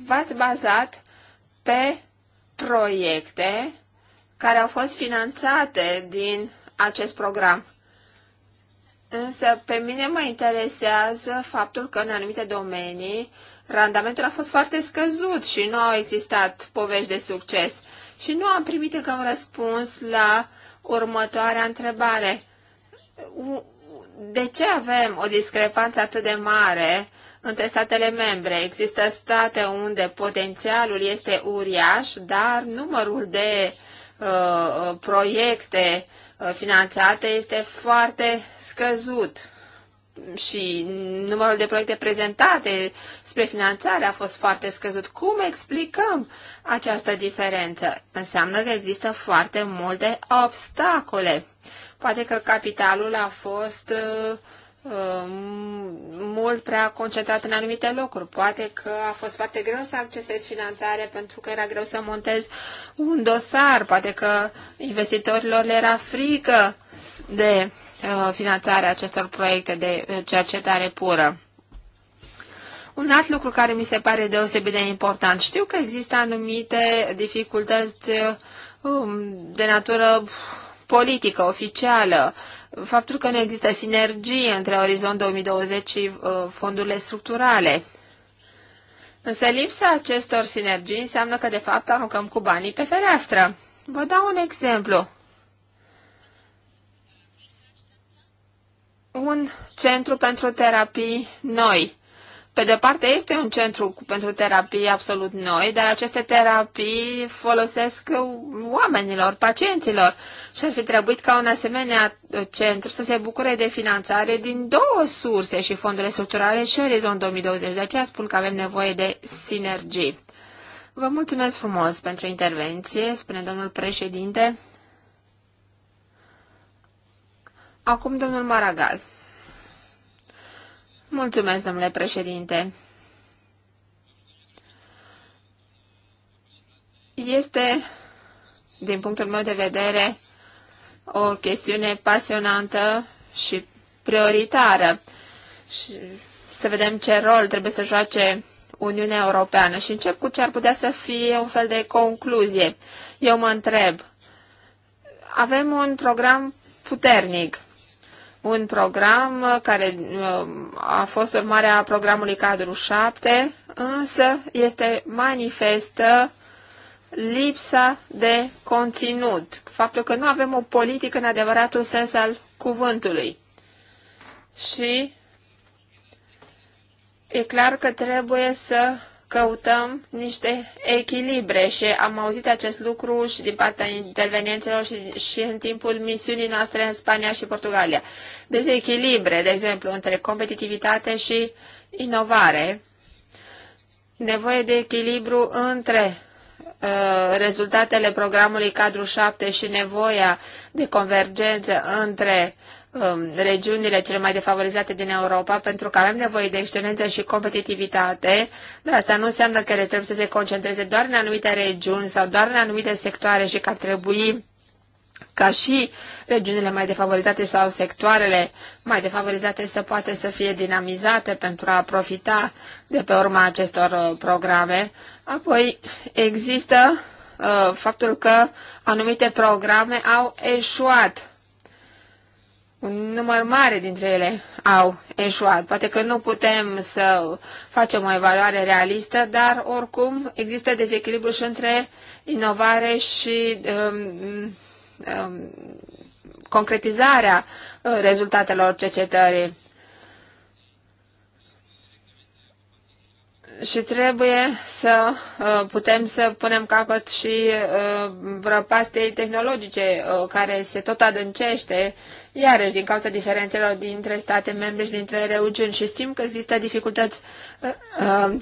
v-ați bazat pe proiecte care au fost finanțate din acest program. Însă pe mine mă interesează faptul că în anumite domenii randamentul a fost foarte scăzut și nu au existat povești de succes. Și nu am primit încă un răspuns la următoarea întrebare. De ce avem o discrepanță atât de mare între statele membre? Există state unde potențialul este uriaș, dar numărul de uh, Uh, uh, proiecte uh, finanțate este foarte scăzut și numărul de proiecte prezentate spre finanțare a fost foarte scăzut. Cum explicăm această diferență? Înseamnă că există foarte multe obstacole. Poate că capitalul a fost uh, Uh, mult prea concentrat în anumite locuri. Poate că a fost foarte greu să accesez finanțare pentru că era greu să montez un dosar. Poate că investitorilor le era frică de uh, finanțarea acestor proiecte de cercetare pură. Un alt lucru care mi se pare deosebit de important. Știu că există anumite dificultăți uh, de natură politică, oficială, faptul că nu există sinergie între Orizont 2020 și uh, fondurile structurale. Însă lipsa acestor sinergii înseamnă că, de fapt, aruncăm cu banii pe fereastră. Vă dau un exemplu. Un centru pentru terapii noi pe de-o parte este un centru pentru terapii absolut noi, dar aceste terapii folosesc oamenilor, pacienților și ar fi trebuit ca un asemenea centru să se bucure de finanțare din două surse și fondurile structurale și Orizont 2020. De aceea spun că avem nevoie de sinergii. Vă mulțumesc frumos pentru intervenție, spune domnul președinte. Acum domnul Maragal. Mulțumesc, domnule președinte. Este, din punctul meu de vedere, o chestiune pasionantă și prioritară. Și să vedem ce rol trebuie să joace Uniunea Europeană și încep cu ce ar putea să fie un fel de concluzie. Eu mă întreb, avem un program puternic un program care uh, a fost urmarea programului cadru 7, însă este manifestă lipsa de conținut, faptul că nu avem o politică în adevăratul sens al cuvântului. Și e clar că trebuie să căutăm niște echilibre și am auzit acest lucru și din partea intervenienților și, și în timpul misiunii noastre în Spania și Portugalia. Dezechilibre, de exemplu, între competitivitate și inovare, nevoie de echilibru între uh, rezultatele programului cadru 7 și nevoia de convergență între Um, regiunile cele mai defavorizate din Europa, pentru că avem nevoie de excelență și competitivitate, dar asta nu înseamnă că ele trebuie să se concentreze doar în anumite regiuni sau doar în anumite sectoare și că ar trebui ca și regiunile mai defavorizate sau sectoarele mai defavorizate să poată să fie dinamizate pentru a profita de pe urma acestor uh, programe. Apoi există uh, faptul că anumite programe au eșuat un număr mare dintre ele au eșuat. Poate că nu putem să facem o evaluare realistă, dar oricum există dezechilibru și între inovare și um, um, concretizarea uh, rezultatelor cercetării. și trebuie să uh, putem să punem capăt și uh, prăpastei tehnologice uh, care se tot adâncește iarăși din cauza diferențelor dintre state membre și dintre regiuni și știm că există dificultăți uh, uh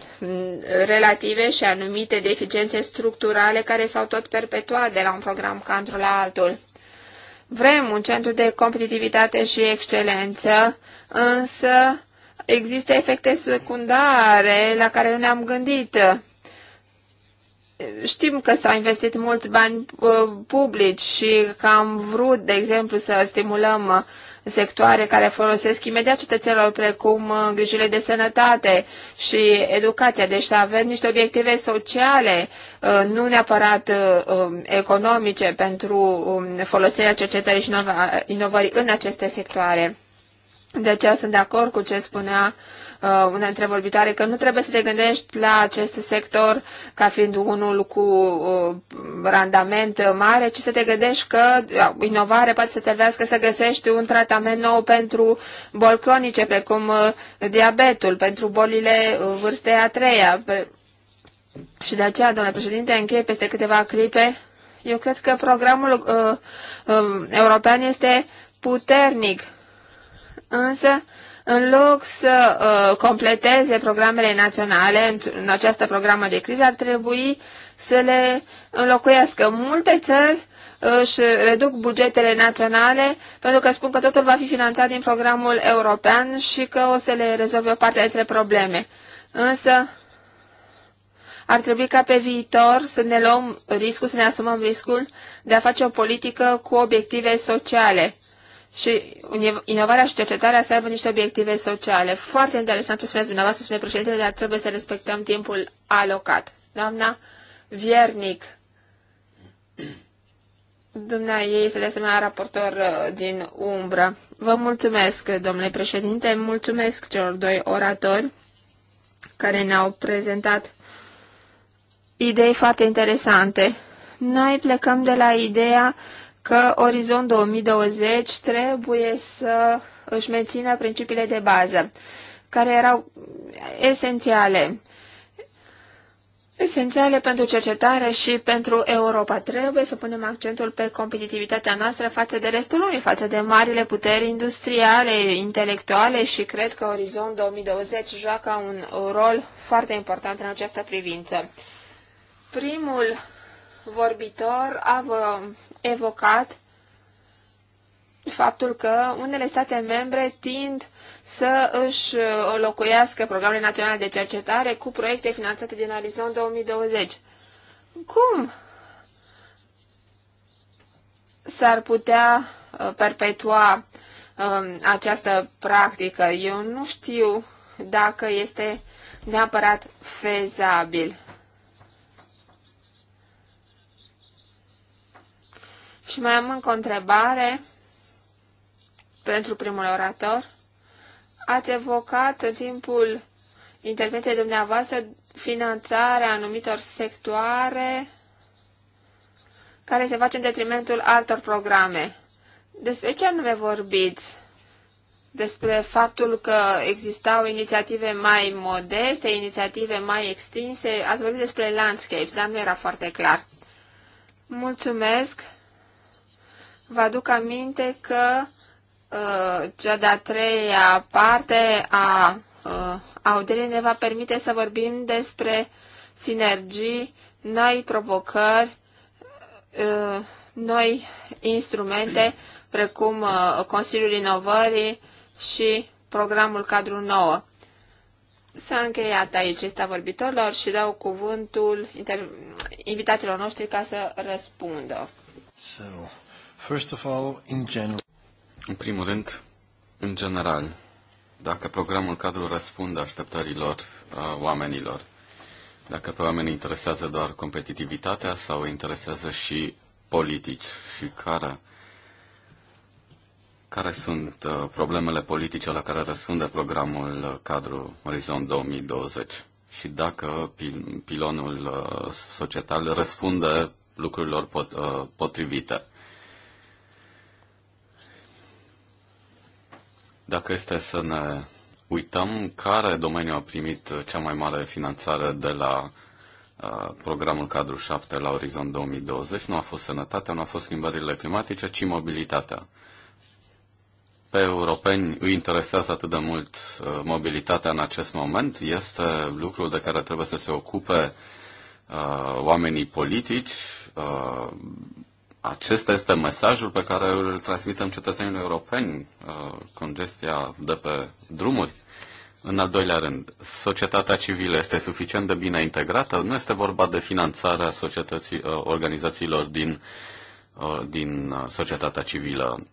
relative și anumite deficiențe structurale care s-au tot perpetuat de la un program ca într la altul. Vrem un centru de competitivitate și excelență, însă există efecte secundare la care nu ne-am gândit Știm că s-au investit mulți bani uh, publici și că am vrut, de exemplu, să stimulăm uh, sectoare care folosesc imediat cetățenilor, precum uh, grijile de sănătate și educația. Deci să avem niște obiective sociale, nu neapărat um, economice, pentru um, folosirea cercetării și inovării în aceste sectoare. De aceea sunt de acord cu ce spunea uh, una dintre vorbitoare că nu trebuie să te gândești la acest sector ca fiind unul cu uh, randament mare, ci să te gândești că uh, inovare poate să te vească să găsești un tratament nou pentru boli cronice, precum uh, diabetul, pentru bolile uh, vârstei a treia. Și de aceea, domnule președinte, închei peste câteva clipe. Eu cred că programul uh, uh, european este puternic, însă în loc să uh, completeze programele naționale în această programă de criză, ar trebui să le înlocuiască. Multe țări uh, își reduc bugetele naționale pentru că spun că totul va fi finanțat din programul european și că o să le rezolve o parte dintre probleme. Însă ar trebui ca pe viitor să ne luăm riscul, să ne asumăm riscul de a face o politică cu obiective sociale și inovarea și cercetarea să aibă niște obiective sociale. Foarte interesant ce spuneți dumneavoastră, spune președintele, dar trebuie să respectăm timpul alocat. Doamna Viernic, dumnea ei este de asemenea raportor uh, din umbră. Vă mulțumesc, domnule președinte, mulțumesc celor doi oratori care ne-au prezentat idei foarte interesante. Noi plecăm de la ideea că Orizont 2020 trebuie să își mențină principiile de bază, care erau esențiale. Esențiale pentru cercetare și pentru Europa. Trebuie să punem accentul pe competitivitatea noastră față de restul lumii, față de marile puteri industriale, intelectuale și cred că Orizon 2020 joacă un rol foarte important în această privință. Primul vorbitor a uh, evocat faptul că unele state membre tind să își uh, locuiască programele naționale de cercetare cu proiecte finanțate din Arizon 2020. Cum s-ar putea uh, perpetua um, această practică? Eu nu știu dacă este neapărat fezabil. Și mai am încă o întrebare pentru primul orator. Ați evocat în timpul intervenției dumneavoastră finanțarea anumitor sectoare care se face în detrimentul altor programe. Despre ce anume vorbiți? Despre faptul că existau inițiative mai modeste, inițiative mai extinse. Ați vorbit despre landscapes, dar nu era foarte clar. Mulțumesc! Vă aduc aminte că uh, cea de-a treia parte a uh, audierii ne va permite să vorbim despre sinergii, noi provocări, uh, noi instrumente, precum uh, Consiliul Inovării și programul cadru 9. S-a încheiat aici lista vorbitorilor și dau cuvântul inter... invitațiilor noștri ca să răspundă. So. First of all, in general. În primul rând, în general, dacă programul cadru răspunde așteptărilor uh, oamenilor, dacă pe oameni interesează doar competitivitatea sau interesează și politici și care, care sunt uh, problemele politice la care răspunde programul cadru Orizont 2020 și dacă pil- pilonul uh, societal răspunde lucrurilor pot, uh, potrivite. Dacă este să ne uităm care domeniu a primit cea mai mare finanțare de la uh, programul cadru 7 la orizont 2020 nu a fost sănătatea, nu a fost schimbările climatice, ci mobilitatea. Pe europeni îi interesează atât de mult uh, mobilitatea în acest moment, este lucrul de care trebuie să se ocupe uh, oamenii politici, uh, acesta este mesajul pe care îl transmitem cetățenilor europeni, uh, congestia de pe drumuri. În al doilea rând, societatea civilă este suficient de bine integrată? Nu este vorba de finanțarea societății, uh, organizațiilor din, uh, din societatea civilă,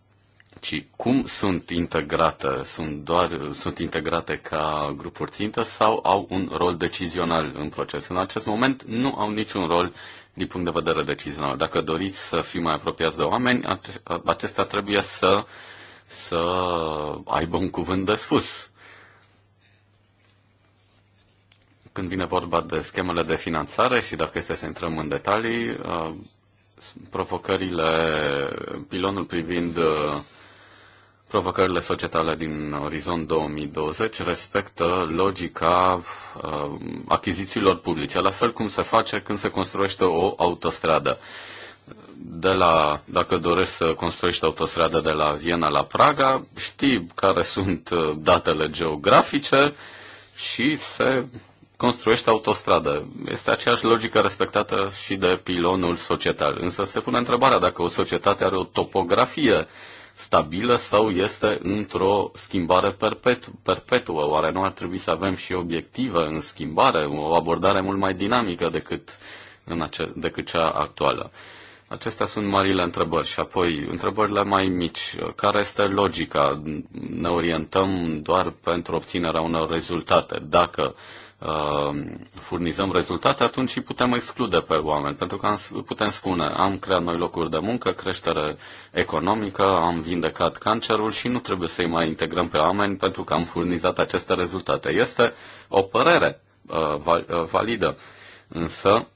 ci cum sunt integrate? Sunt, doar, sunt integrate ca grupuri țintă sau au un rol decizional în proces? În acest moment nu au niciun rol din punct de vedere decizional. Dacă doriți să fii mai apropiați de oameni, acesta trebuie să, să aibă un cuvânt de spus. Când vine vorba de schemele de finanțare și dacă este să intrăm în detalii, uh, provocările, pilonul privind uh, Provocările societale din Orizont 2020 respectă logica uh, achizițiilor publice, la fel cum se face când se construiește o autostradă. De la, dacă dorești să construiești autostradă de la Viena la Praga, știi care sunt uh, datele geografice și se construiește autostradă. Este aceeași logică respectată și de pilonul societal. Însă se pune întrebarea dacă o societate are o topografie uh, stabilă sau este într-o schimbare perpetu- perpetuă? Oare nu ar trebui să avem și obiective în schimbare, o abordare mult mai dinamică decât, în ace- decât cea actuală? Acestea sunt marile întrebări și apoi întrebările mai mici. Care este logica? Ne orientăm doar pentru obținerea unor rezultate. Dacă Uh, furnizăm rezultate, atunci și putem exclude pe oameni, pentru că putem spune, am creat noi locuri de muncă, creștere economică, am vindecat cancerul și nu trebuie să-i mai integrăm pe oameni pentru că am furnizat aceste rezultate. Este o părere uh, uh validă, însă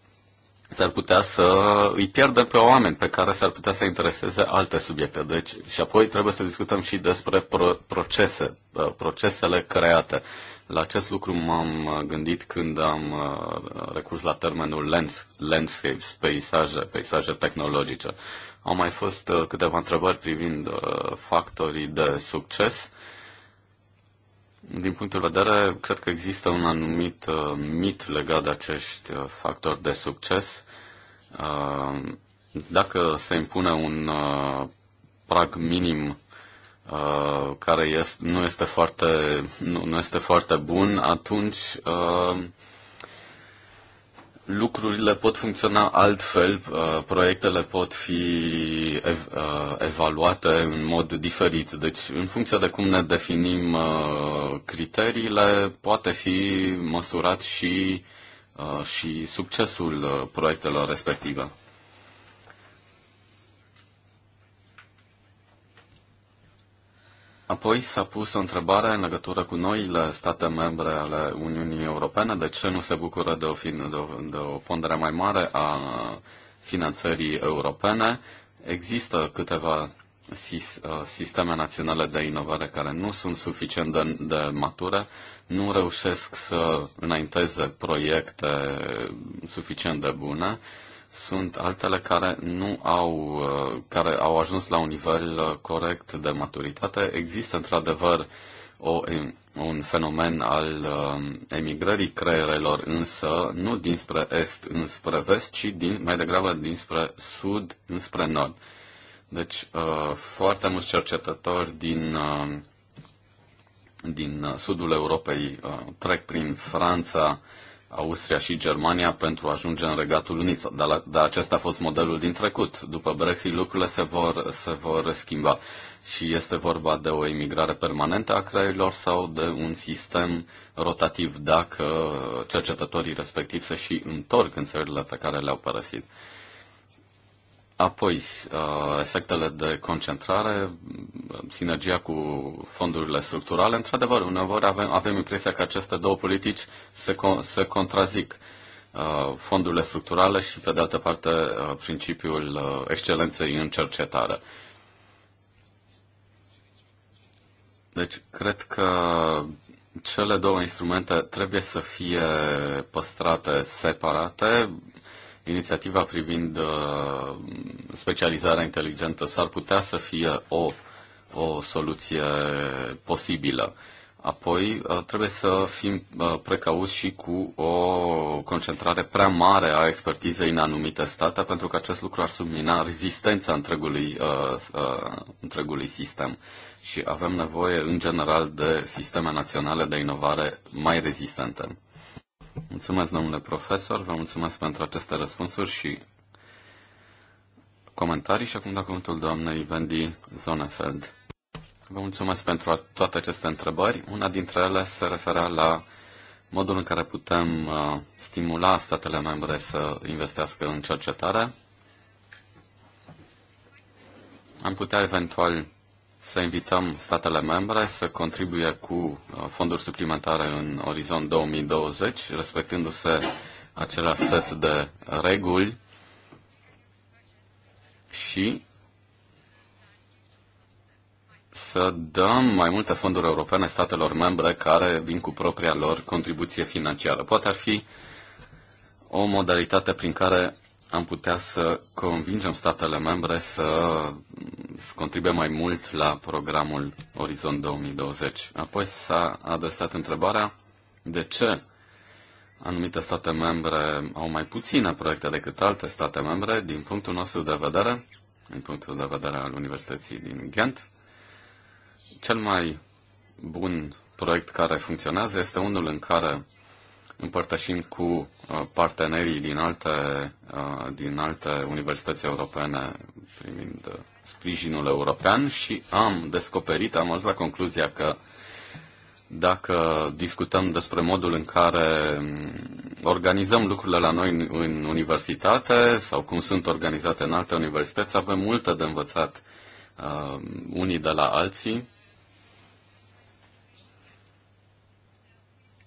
s-ar putea să îi pierdem pe oameni pe care s-ar putea să intereseze alte subiecte. Deci, și apoi trebuie să discutăm și despre pro- procese, uh, procesele create. La acest lucru m-am uh, gândit când am uh, recurs la termenul lands, landscapes, peisaje, peisaje tehnologice. Au mai fost uh, câteva întrebări privind factorii de succes. Din punctul de vedere, cred că există un anumit mit legat de acești factori de succes. Dacă se impune un prag minim Uh, care este, nu, este foarte, nu, nu este foarte bun, atunci uh, lucrurile pot funcționa altfel, uh, proiectele pot fi ev- evaluate în mod diferit. Deci, în funcție de cum ne definim criteriile, poate fi măsurat și, și succesul proiectelor respective. Apoi s-a pus o întrebare în legătură cu noile state membre ale Uniunii Europene, de ce nu se bucură de o, fin, de o, de o pondere mai mare a finanțării europene. Există câteva uh, sisteme naționale de inovare care nu sunt suficient de, de mature, nu reușesc să înainteze proiecte suficient de bune sunt altele care nu au, uh, care au ajuns la un nivel uh, corect de maturitate. Există într-adevăr o, un fenomen al uh, emigrării creierelor, însă nu dinspre est înspre vest, ci din, mai degrabă dinspre sud înspre nord. Deci foarte mulți cercetători din, din sudul Europei trec prin Franța, Austria și Germania pentru a ajunge în Regatul Unit. Dar, la, dar acesta a fost modelul din trecut. După Brexit lucrurile se vor, se vor schimba. Și este vorba de o emigrare permanentă a creierilor sau de un sistem rotativ dacă cercetătorii respectivi se și întorc în țările pe care le-au părăsit. Apoi, uh, efectele de concentrare, sinergia cu fondurile structurale. Într-adevăr, uneori avem, avem impresia că aceste două politici se, se contrazic. Uh, fondurile structurale și, pe de altă parte, uh, principiul excelenței în cercetare. Deci, cred că cele două instrumente trebuie să fie păstrate separate inițiativa privind uh, specializarea inteligentă s-ar putea să fie o, o soluție posibilă. Apoi, uh, trebuie să fim uh, precauți și cu o concentrare prea mare a expertizei în anumite state, pentru că acest lucru ar submina rezistența întregului, uh, uh, întregului sistem. Și avem nevoie, în general, de sisteme naționale de inovare mai rezistente. Mulțumesc, domnule profesor, vă mulțumesc pentru aceste răspunsuri și comentarii și acum dacă cuvântul doamnei Wendy Zonefeld. Vă mulțumesc pentru toate aceste întrebări. Una dintre ele se referea la modul în care putem uh, stimula statele membre să investească în cercetare. Am putea eventual să invităm statele membre să contribuie cu uh, fonduri suplimentare în orizont 2020, respectându-se același set de reguli și să dăm mai multe fonduri europene statelor membre care vin cu propria lor contribuție financiară. Poate ar fi o modalitate prin care am putea să convingem statele membre să, să contribuie mai mult la programul Orizont 2020. Apoi s-a adresat întrebarea de ce anumite state membre au mai puține proiecte decât alte state membre. Din punctul nostru de vedere, din punctul de vedere al Universității din Ghent, cel mai bun proiect care funcționează este unul în care împărtășim cu uh, partenerii din alte, uh, din alte universități europene primind uh, sprijinul european și am descoperit, am ajuns la concluzia că dacă discutăm despre modul în care um, organizăm lucrurile la noi în, universitate sau cum sunt organizate în alte universități, avem multe de învățat uh, unii de la alții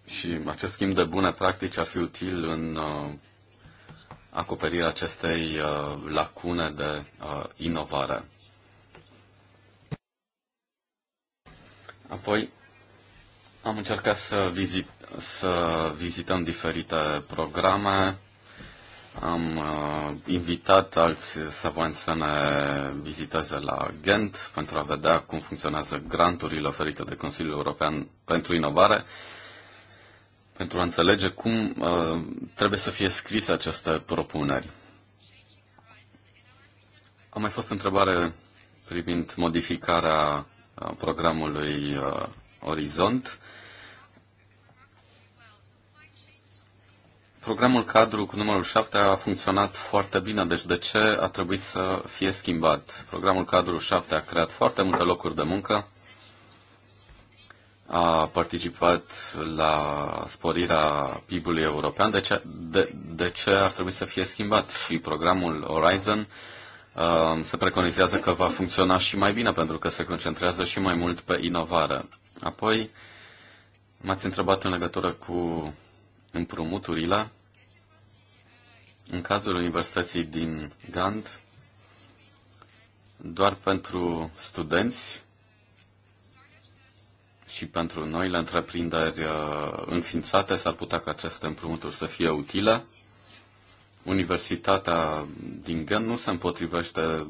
Și acest schimb de bune practici ar fi util în uh, acoperirea acestei uh, lacune de uh, inovare. Apoi am încercat să, vizit, să vizităm diferite programe. Am uh, invitat alți savani să ne viziteze la Ghent pentru a vedea cum funcționează granturile oferite de Consiliul European pentru inovare pentru a înțelege cum uh, trebuie să fie scrise aceste propuneri. A mai fost întrebare privind modificarea uh, programului uh, Orizont. Programul cadru cu numărul 7 a funcționat foarte bine, deci de ce a trebuit să fie schimbat? Programul cadru 7 a creat foarte multe locuri de muncă, a participat la sporirea PIB-ului european, de ce, de, de ce ar trebui să fie schimbat? Și programul Horizon uh, se preconizează că va funcționa și mai bine, pentru că se concentrează și mai mult pe inovare. Apoi, m-ați întrebat în legătură cu împrumuturile. În cazul Universității din Gand, doar pentru studenți, și pentru noi, la întreprinderi uh, înființate s-ar putea ca aceste împrumuturi să fie utile. Universitatea din Gen nu se împotrivește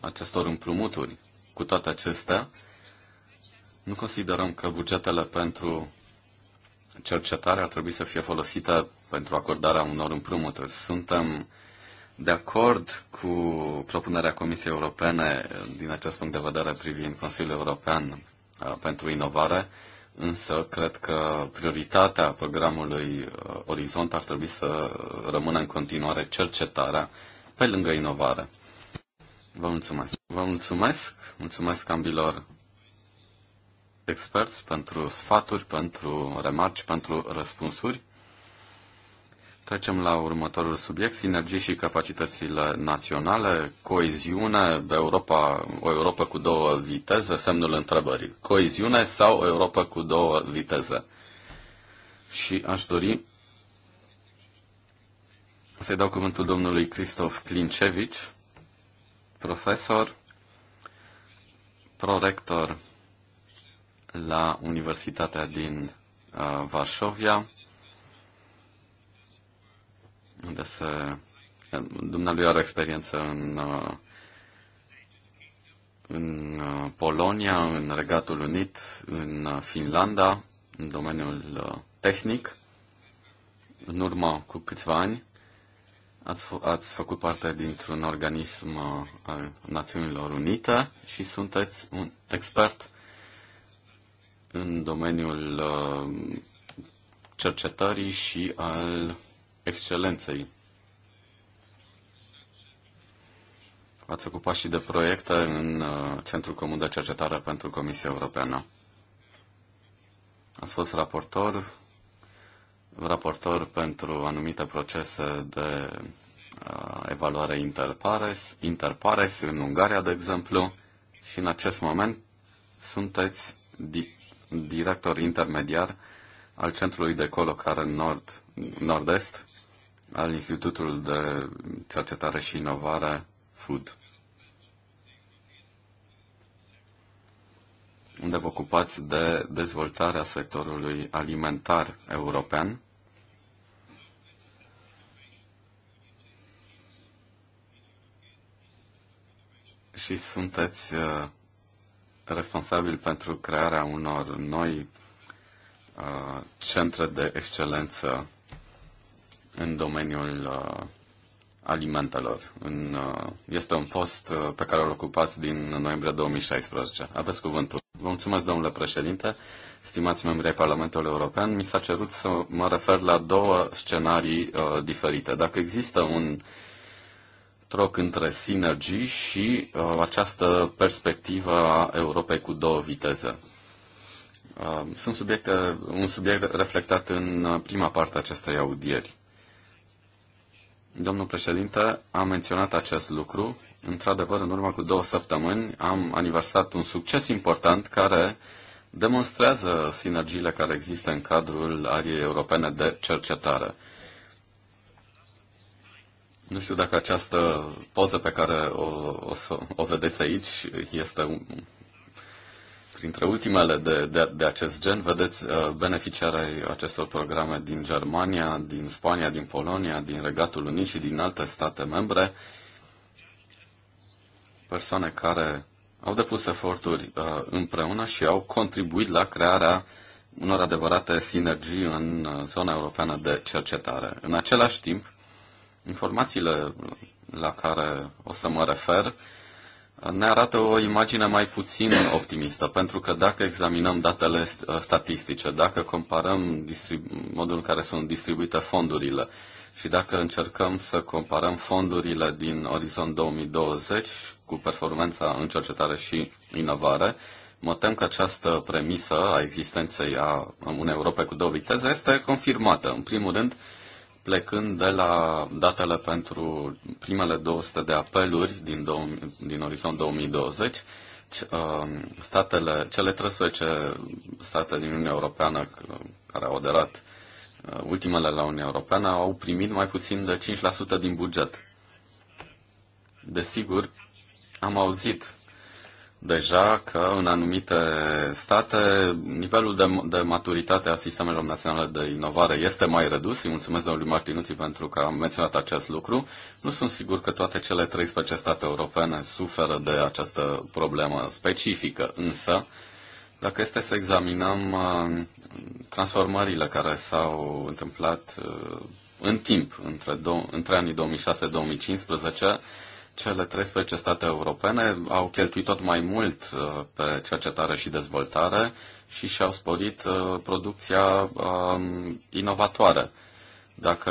acestor împrumuturi. Cu toate acestea, nu considerăm că bugetele pentru cercetare ar trebui să fie folosite pentru acordarea unor împrumuturi. Suntem de acord cu propunerea Comisiei Europene din acest punct de vedere privind Consiliul European Uh, pentru inovare, însă cred că prioritatea programului uh, Orizont ar trebui să rămână în continuare cercetarea pe lângă inovare. Vă mulțumesc. Vă mulțumesc. Mulțumesc ambilor experți pentru sfaturi, pentru remarci, pentru răspunsuri. Trecem la următorul subiect, sinergii și capacitățile naționale, coeziune, Europa, o Europa cu două viteze, semnul întrebării. Coeziune sau o Europa cu două viteze? Și aș dori să-i dau cuvântul domnului Cristof Klincevici, profesor, prorector la Universitatea din uh, Varșovia, unde se... Dumnealui are experiență în, în Polonia, în Regatul Unit, în Finlanda, în domeniul tehnic. În urmă cu câțiva ani ați, f- ați făcut parte dintr-un organism uh, al Națiunilor Unite și sunteți un expert în domeniul uh, cercetării și al excelenței. ați ocupat și de proiecte în uh, Centrul Comun de Cercetare pentru Comisia Europeană. Ați fost raportor, raportor pentru anumite procese de uh, evaluare interpares, interpares în Ungaria, de exemplu, și în acest moment sunteți di- director intermediar al centrului de colocare nord, nord-est al Institutului de Cercetare și Inovare Food. unde vă ocupați de dezvoltarea sectorului alimentar european. Și sunteți uh, responsabil pentru crearea unor noi uh, centre de excelență în domeniul uh, alimentelor. În, uh, este un post uh, pe care îl ocupați din noiembrie 2016. Aveți cuvântul. Vă mulțumesc, domnule președinte, stimați membri ai Parlamentului European. Mi s-a cerut să mă refer la două scenarii uh, diferite. Dacă există un troc între sinergii și uh, această perspectivă a Europei cu două viteze. Uh, sunt subiecte, un subiect reflectat în prima parte a acestei audieri Domnul președinte a menționat acest lucru. Într-adevăr, în urmă cu două săptămâni am aniversat un succes important care demonstrează sinergiile care există în cadrul ariei europene de cercetare. Nu știu dacă această poză pe care o, o, o vedeți aici este printre ultimele de, de, de acest gen, vedeți uh, beneficiarii acestor programe din Germania, din Spania, din Polonia, din Regatul Unit și din alte state membre, persoane care au depus eforturi uh, împreună și au contribuit la crearea unor adevărate sinergii în uh, zona europeană de cercetare. În același timp, informațiile la care o să mă refer ne arată o imagine mai puțin optimistă, pentru că dacă examinăm datele statistice, dacă comparăm modul în care sunt distribuite fondurile și dacă încercăm să comparăm fondurile din Orizont 2020 cu performanța în cercetare și inovare, mă tem că această premisă a existenței a unei Europe cu două viteze este confirmată. În primul rând, plecând de la datele pentru primele 200 de apeluri din, din orizont 2020, um, statele, cele 13 state din Uniunea Europeană uh, care au aderat uh, ultimele la Uniunea Europeană au primit mai puțin de 5% din buget. Desigur, am auzit deja că în anumite state nivelul de, de maturitate a sistemelor naționale de inovare este mai redus. Îi mulțumesc domnului Martinuții pentru că am menționat acest lucru. Nu sunt sigur că toate cele 13 state europene suferă de această problemă specifică, însă dacă este să examinăm uh, transformările care s-au întâmplat uh, în timp între, do- între anii 2006-2015, cele 13 state europene au cheltuit tot mai mult uh, pe cercetare și dezvoltare și și-au sporit uh, producția um, inovatoare. Dacă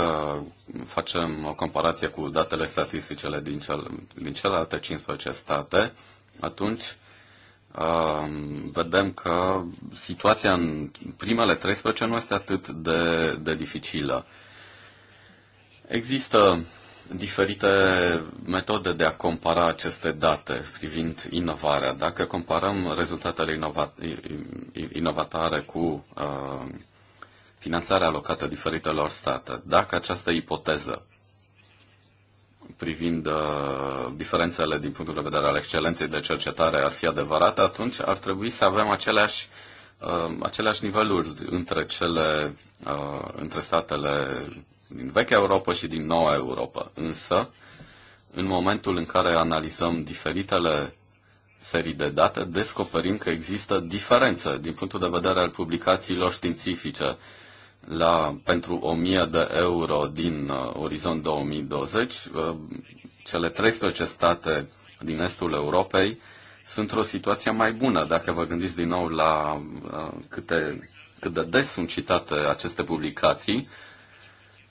facem o comparație cu datele statisticele din, cel, din celelalte 15 state, atunci um, vedem că situația în primele 13 nu este atât de, de dificilă. Există diferite metode de a compara aceste date privind inovarea. Dacă comparăm rezultatele inova- inovatoare cu uh, finanțarea alocată diferitelor state, dacă această ipoteză privind uh, diferențele din punctul de vedere al excelenței de cercetare ar fi adevărată, atunci ar trebui să avem aceleași, uh, aceleași niveluri între, cele, uh, între statele din vechea Europa și din noua Europa. Însă, în momentul în care analizăm diferitele serii de date, descoperim că există diferențe din punctul de vedere al publicațiilor științifice. La, pentru 1000 de euro din uh, orizont 2020, uh, cele 13 state din estul Europei sunt într o situație mai bună. Dacă vă gândiți din nou la uh, câte, cât de des sunt citate aceste publicații, uh,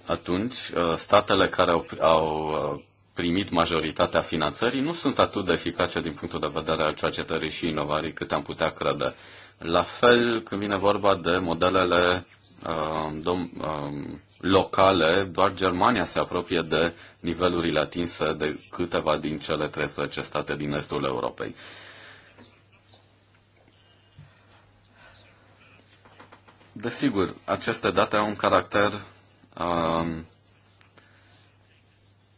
atunci uh, statele care au, au uh, primit majoritatea finanțării nu sunt atât de eficace din punctul de vedere al cercetării și inovării cât am putea crede. La fel când vine vorba de modelele uh, dom- uh, locale, doar Germania se apropie de nivelurile atinse de câteva din cele 13 state din estul Europei. Desigur, aceste date au un caracter Um,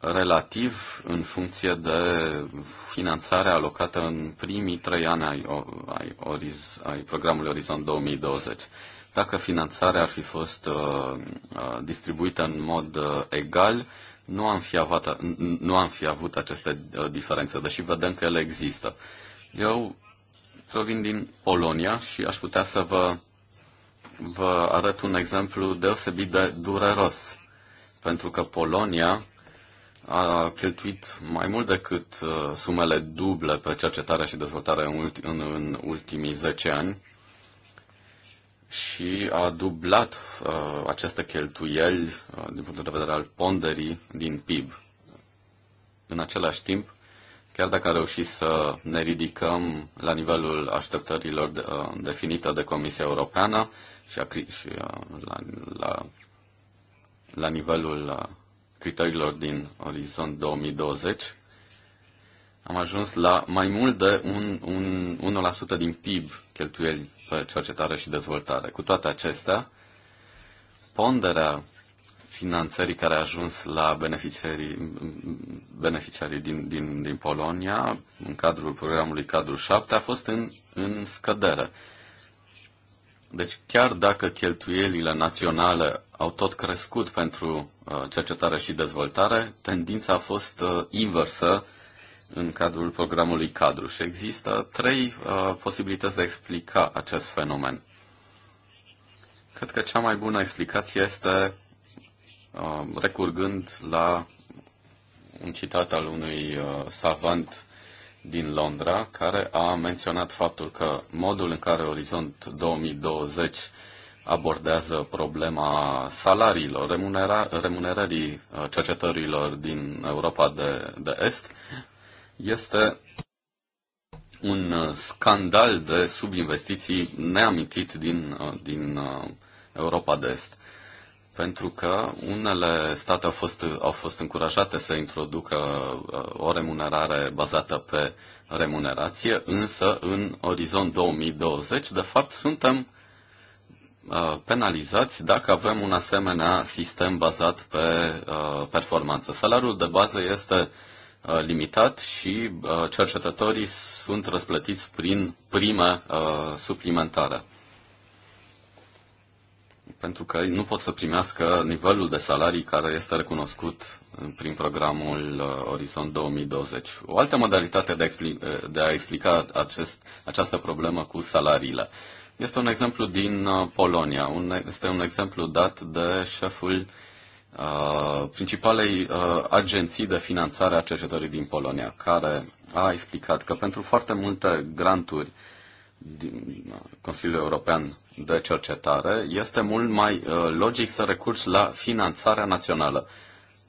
relativ în funcție de finanțarea alocată în primii trei ani ai, ai, oriz, ai programului Orizont 2020. Dacă finanțarea ar fi fost uh, uh, distribuită în mod uh, egal, nu am, fi avut, nu am fi avut aceste uh, diferențe, deși vedem că ele există. Eu provin din Polonia și aș putea să vă vă arăt un exemplu deosebit de dureros, pentru că Polonia a cheltuit mai mult decât uh, sumele duble pe cercetare și dezvoltare în, ulti, în, în ultimii 10 ani și a dublat uh, aceste cheltuieli uh, din punctul de vedere al ponderii din PIB. În același timp, chiar dacă a reușit să ne ridicăm la nivelul așteptărilor de, uh, definite de Comisia Europeană, și, a, și a, la, la, la nivelul uh, criteriilor din Orizont 2020, am ajuns la mai mult de un, un, 1% din PIB cheltuieli pe cercetare și dezvoltare. Cu toate acestea, ponderea finanțării care a ajuns la beneficiarii, beneficiarii din, din, din Polonia în cadrul programului Cadrul 7 a fost în, în scădere. Deci chiar dacă cheltuielile naționale au tot crescut pentru uh, cercetare și dezvoltare, tendința a fost uh, inversă în cadrul programului cadru și există trei uh, posibilități de a explica acest fenomen. Cred că cea mai bună explicație este recurgând la un citat al unui savant din Londra, care a menționat faptul că modul în care Orizont 2020 abordează problema salariilor, remunera, remunerării uh, cercetărilor din Europa de, de Est, este un uh, scandal de subinvestiții neamintit din, uh, din Europa de Est pentru că unele state au fost, au fost încurajate să introducă uh, o remunerare bazată pe remunerație, însă în orizont 2020, de fapt, suntem uh, penalizați dacă avem un asemenea sistem bazat pe uh, performanță. Salariul de bază este limitat și cercetătorii sunt răsplătiți prin prime suplimentare pentru că nu pot să primească nivelul de salarii care este recunoscut prin programul uh, Orizont 2020. O altă modalitate de a, expli- uh, de a explica acest, această problemă cu salariile este un exemplu din uh, Polonia. Un, este un exemplu dat de șeful uh, principalei uh, agenții de finanțare a cercetării din Polonia, care a explicat că pentru foarte multe granturi uh, da, Consiliul European de Cercetare, este mult mai uh, logic să recurgi la finanțarea națională,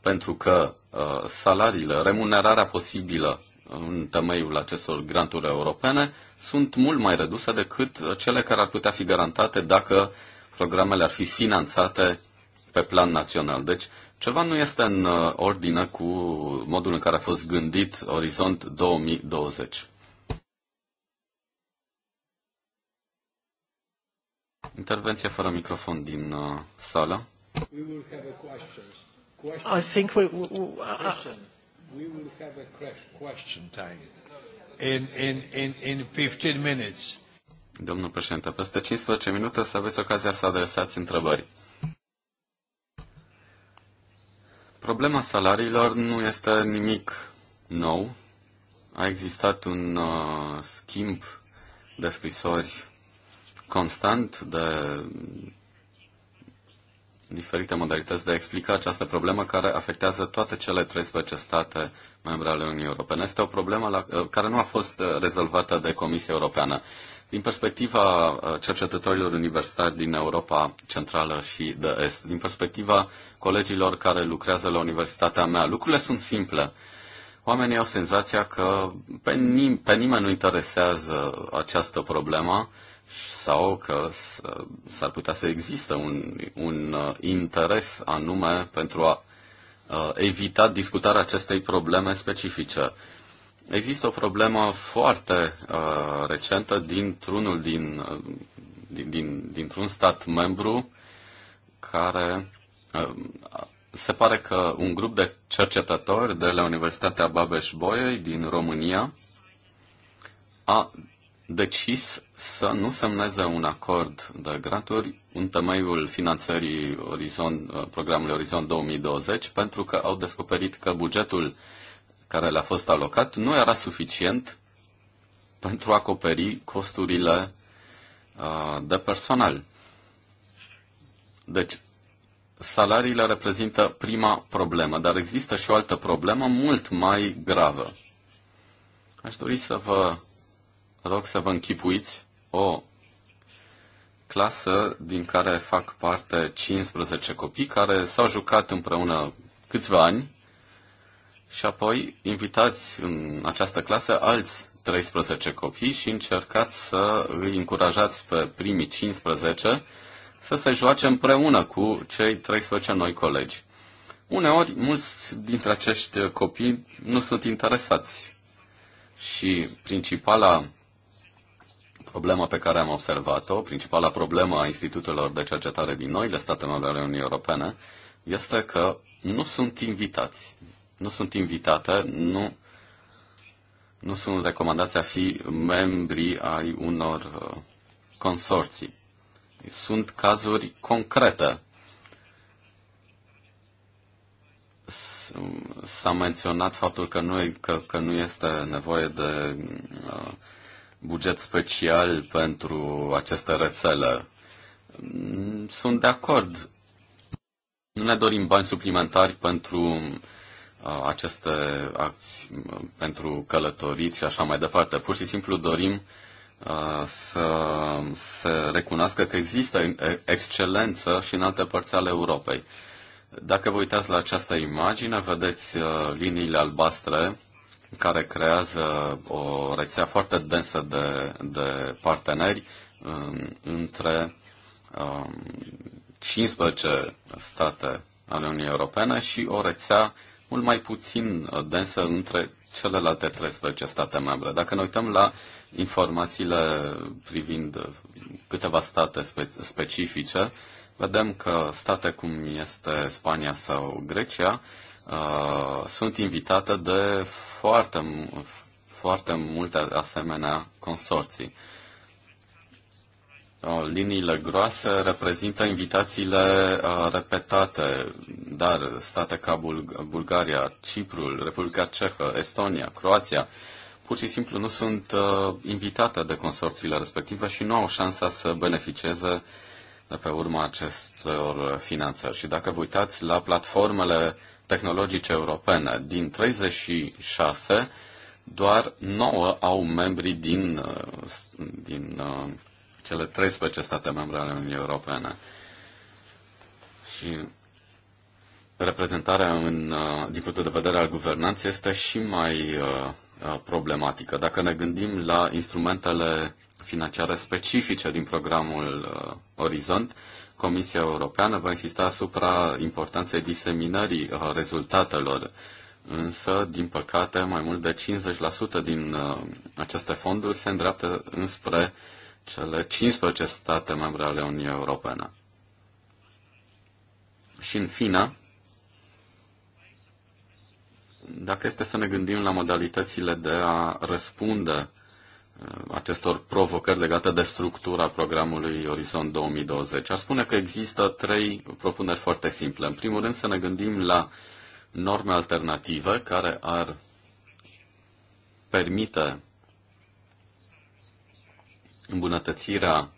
pentru că uh, salariile, remunerarea posibilă în temeiul acestor granturi europene sunt mult mai reduse decât cele care ar putea fi garantate dacă programele ar fi finanțate pe plan național. Deci, ceva nu este în uh, ordine cu modul în care a fost gândit Orizont 2020. Intervenție fără microfon din uh, sală. I think we, we, we, uh, uh, we question time in, in, in, in 15 minutes. Domnul președinte, peste 15 minute să aveți ocazia să adresați întrebări. Problema salariilor nu este nimic nou. A existat un uh, schimb de scrisori constant de diferite modalități de a explica această problemă care afectează toate cele 13 state membre ale Uniunii Europene. Este o problemă la, uh, care nu a fost uh, rezolvată de Comisia Europeană. Din perspectiva uh, cercetătorilor universitari din Europa Centrală și de Est, din perspectiva colegilor care lucrează la universitatea mea, lucrurile sunt simple. Oamenii au senzația că pe, nim- pe nimeni nu interesează această problemă sau că s-ar putea să existe un, un uh, interes anume pentru a uh, evita discutarea acestei probleme specifice. Există o problemă foarte uh, recentă dintr-unul din, din, din, dintr-un stat membru care se pare că un grup de cercetători de la Universitatea Babeș-Bolyai din România a decis să nu semneze un acord de granturi în temeiul finanțării Orizon, programului Orizont 2020 pentru că au descoperit că bugetul care le-a fost alocat nu era suficient pentru a acoperi costurile de personal. Deci, salariile reprezintă prima problemă, dar există și o altă problemă mult mai gravă. Aș dori să vă rog să vă închipuiți o clasă din care fac parte 15 copii care s-au jucat împreună câțiva ani și apoi invitați în această clasă alți 13 copii și încercați să îi încurajați pe primii 15 să se joace împreună cu cei 13 noi colegi. Uneori, mulți dintre acești copii nu sunt interesați și principala problema pe care am observat-o, principala problemă a institutelor de cercetare din noile state membre ale Uniunii Europene, este că nu sunt invitați. Nu sunt invitate, nu, nu sunt recomandați a fi membri ai unor uh, consorții. Sunt cazuri concrete. S-a menționat faptul că nu, că, că nu este nevoie de uh, buget special pentru această rețele. Sunt de acord. Nu ne dorim bani suplimentari pentru uh, aceste acți, pentru călătorit și așa mai departe. Pur și simplu dorim uh, să se recunoască că există excelență și în alte părți ale Europei. Dacă vă uitați la această imagine, vedeți uh, liniile albastre care creează o rețea foarte densă de, de parteneri între 15 um, state ale Uniunii Europene și o rețea mult mai puțin densă între celelalte 13 state membre. Dacă ne uităm la informațiile privind câteva state spe- specifice, vedem că state cum este Spania sau Grecia uh, sunt invitate de foarte, foarte multe asemenea consorții. Liniile groase reprezintă invitațiile repetate, dar state ca Bul- Bulgaria, Ciprul, Republica Cehă, Estonia, Croația, pur și simplu nu sunt invitate de consorțiile respective și nu au șansa să beneficieze de pe urma acestor finanțări. Și dacă vă uitați la platformele tehnologice europene. Din 36, doar 9 au membri din, uh, din uh, cele 13 state membre ale Uniunii Europene. Și reprezentarea în, uh, din punctul de vedere al guvernanței este și mai problematică. Dacă ne gândim la instrumentele financiare specifice din programul Orizont, Comisia Europeană va insista asupra importanței diseminării uh, rezultatelor, însă, din păcate, mai mult de 50% din uh, aceste fonduri se îndreaptă înspre cele 15 state membre ale Uniunii Europene. Și, în fine, dacă este să ne gândim la modalitățile de a răspunde Uh, acestor provocări legate de structura programului Orizont 2020. Ar spune că există trei propuneri foarte simple. În primul rând să ne gândim la norme alternative care ar permite îmbunătățirea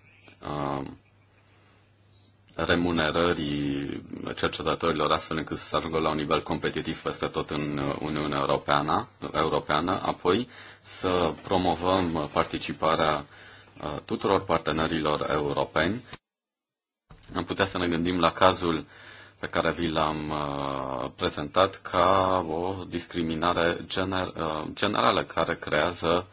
uh, remunerării cercetătorilor astfel încât să se ajungă la un nivel competitiv peste tot în Uniunea Europeană, Europeană apoi să promovăm participarea uh, tuturor partenerilor europeni. Am putea să ne gândim la cazul pe care vi l-am uh, prezentat ca o discriminare gener- uh, generală care creează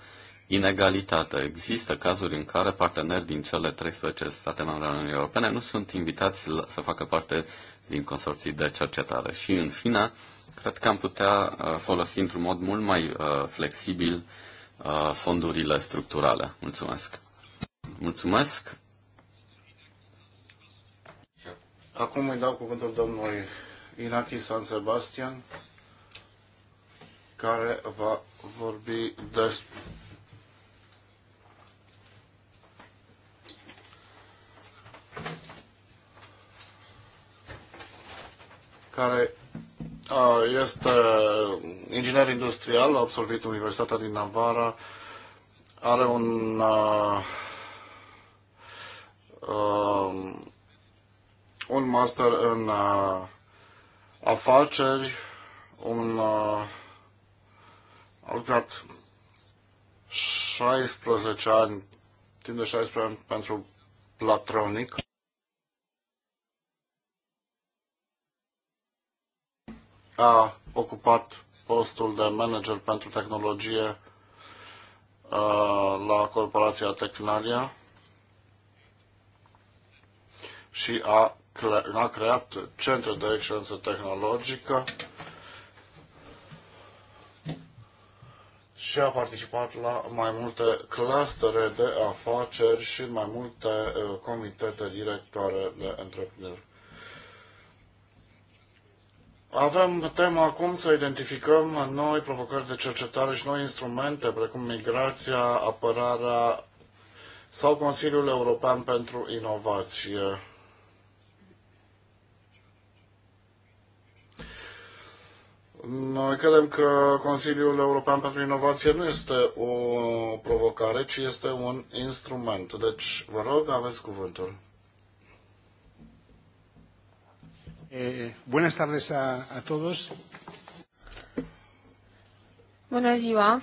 inegalitate. Există cazuri în care parteneri din cele 13 state membre ale Uniunii Europene nu sunt invitați să facă parte din consorții de cercetare. Și, în fine, cred că am putea uh, folosi într-un mod mult mai uh, flexibil uh, fondurile structurale. Mulțumesc! Mulțumesc! Acum îi dau cuvântul domnului Inaki San Sebastian, care va vorbi despre care este inginer industrial, a absolvit Universitatea din Navara, are un uh, un master în uh, afaceri, un uh, a lucrat 16 ani, timp de 16 ani pentru Platronic a ocupat postul de manager pentru tehnologie la corporația Tecnalia și a, cre- a creat centre de excelență tehnologică și a participat la mai multe clustere de afaceri și mai multe uh, comitete directoare de întreprinderi. Avem tema acum să identificăm noi provocări de cercetare și noi instrumente, precum migrația, apărarea sau Consiliul European pentru Inovație. Noi credem că Consiliul European pentru Inovație nu este o provocare, ci este un instrument. Deci, vă rog, aveți cuvântul. Eh, buenas tardes a, a todos. Bună ziua!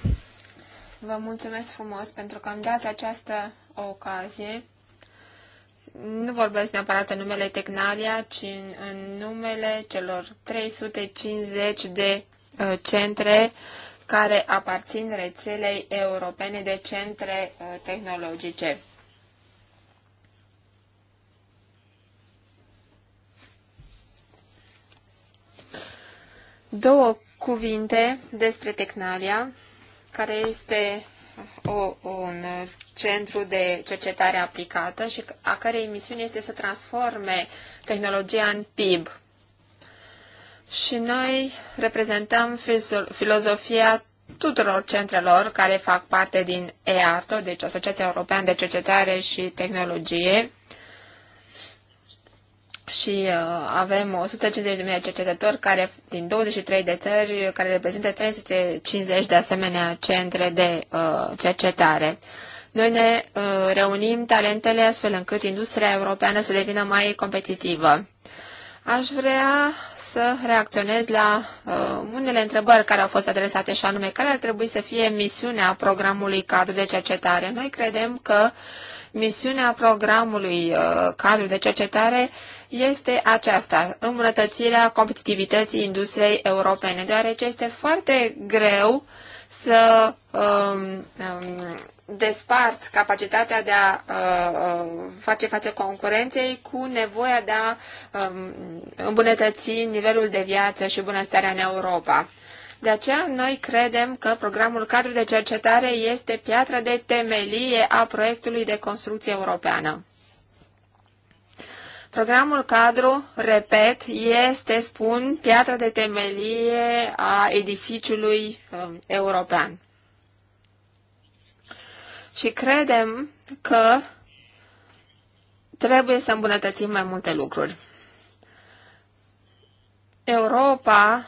Vă mulțumesc frumos pentru că îmi dați această ocazie. Nu vorbesc neapărat în numele Tecnalia, ci în, în numele celor 350 de uh, centre care aparțin rețelei europene de centre uh, tehnologice. două cuvinte despre Tecnalia, care este o, un centru de cercetare aplicată și a cărei misiune este să transforme tehnologia în PIB. Și noi reprezentăm filozofia tuturor centrelor care fac parte din EARTO, deci Asociația Europeană de Cercetare și Tehnologie, și uh, avem 150.000 de de cercetători care, din 23 de țări care reprezintă 350 de asemenea centre de uh, cercetare. Noi ne uh, reunim talentele astfel încât industria europeană să devină mai competitivă. Aș vrea să reacționez la uh, unele întrebări care au fost adresate și anume care ar trebui să fie misiunea programului cadru de cercetare. Noi credem că uh, Misiunea programului uh, cadru de cercetare este aceasta, îmbunătățirea competitivității industriei europene, deoarece este foarte greu să um, um, desparți capacitatea de a uh, uh face față concurenței cu nevoia de a um, îmbunătăți nivelul de viață și bunăstarea în Europa. De aceea, noi credem că programul cadru de cercetare este piatra de temelie a proiectului de construcție europeană. Programul cadru, repet, este, spun, piatra de temelie a edificiului um, european. Și credem că trebuie să îmbunătățim mai multe lucruri. Europa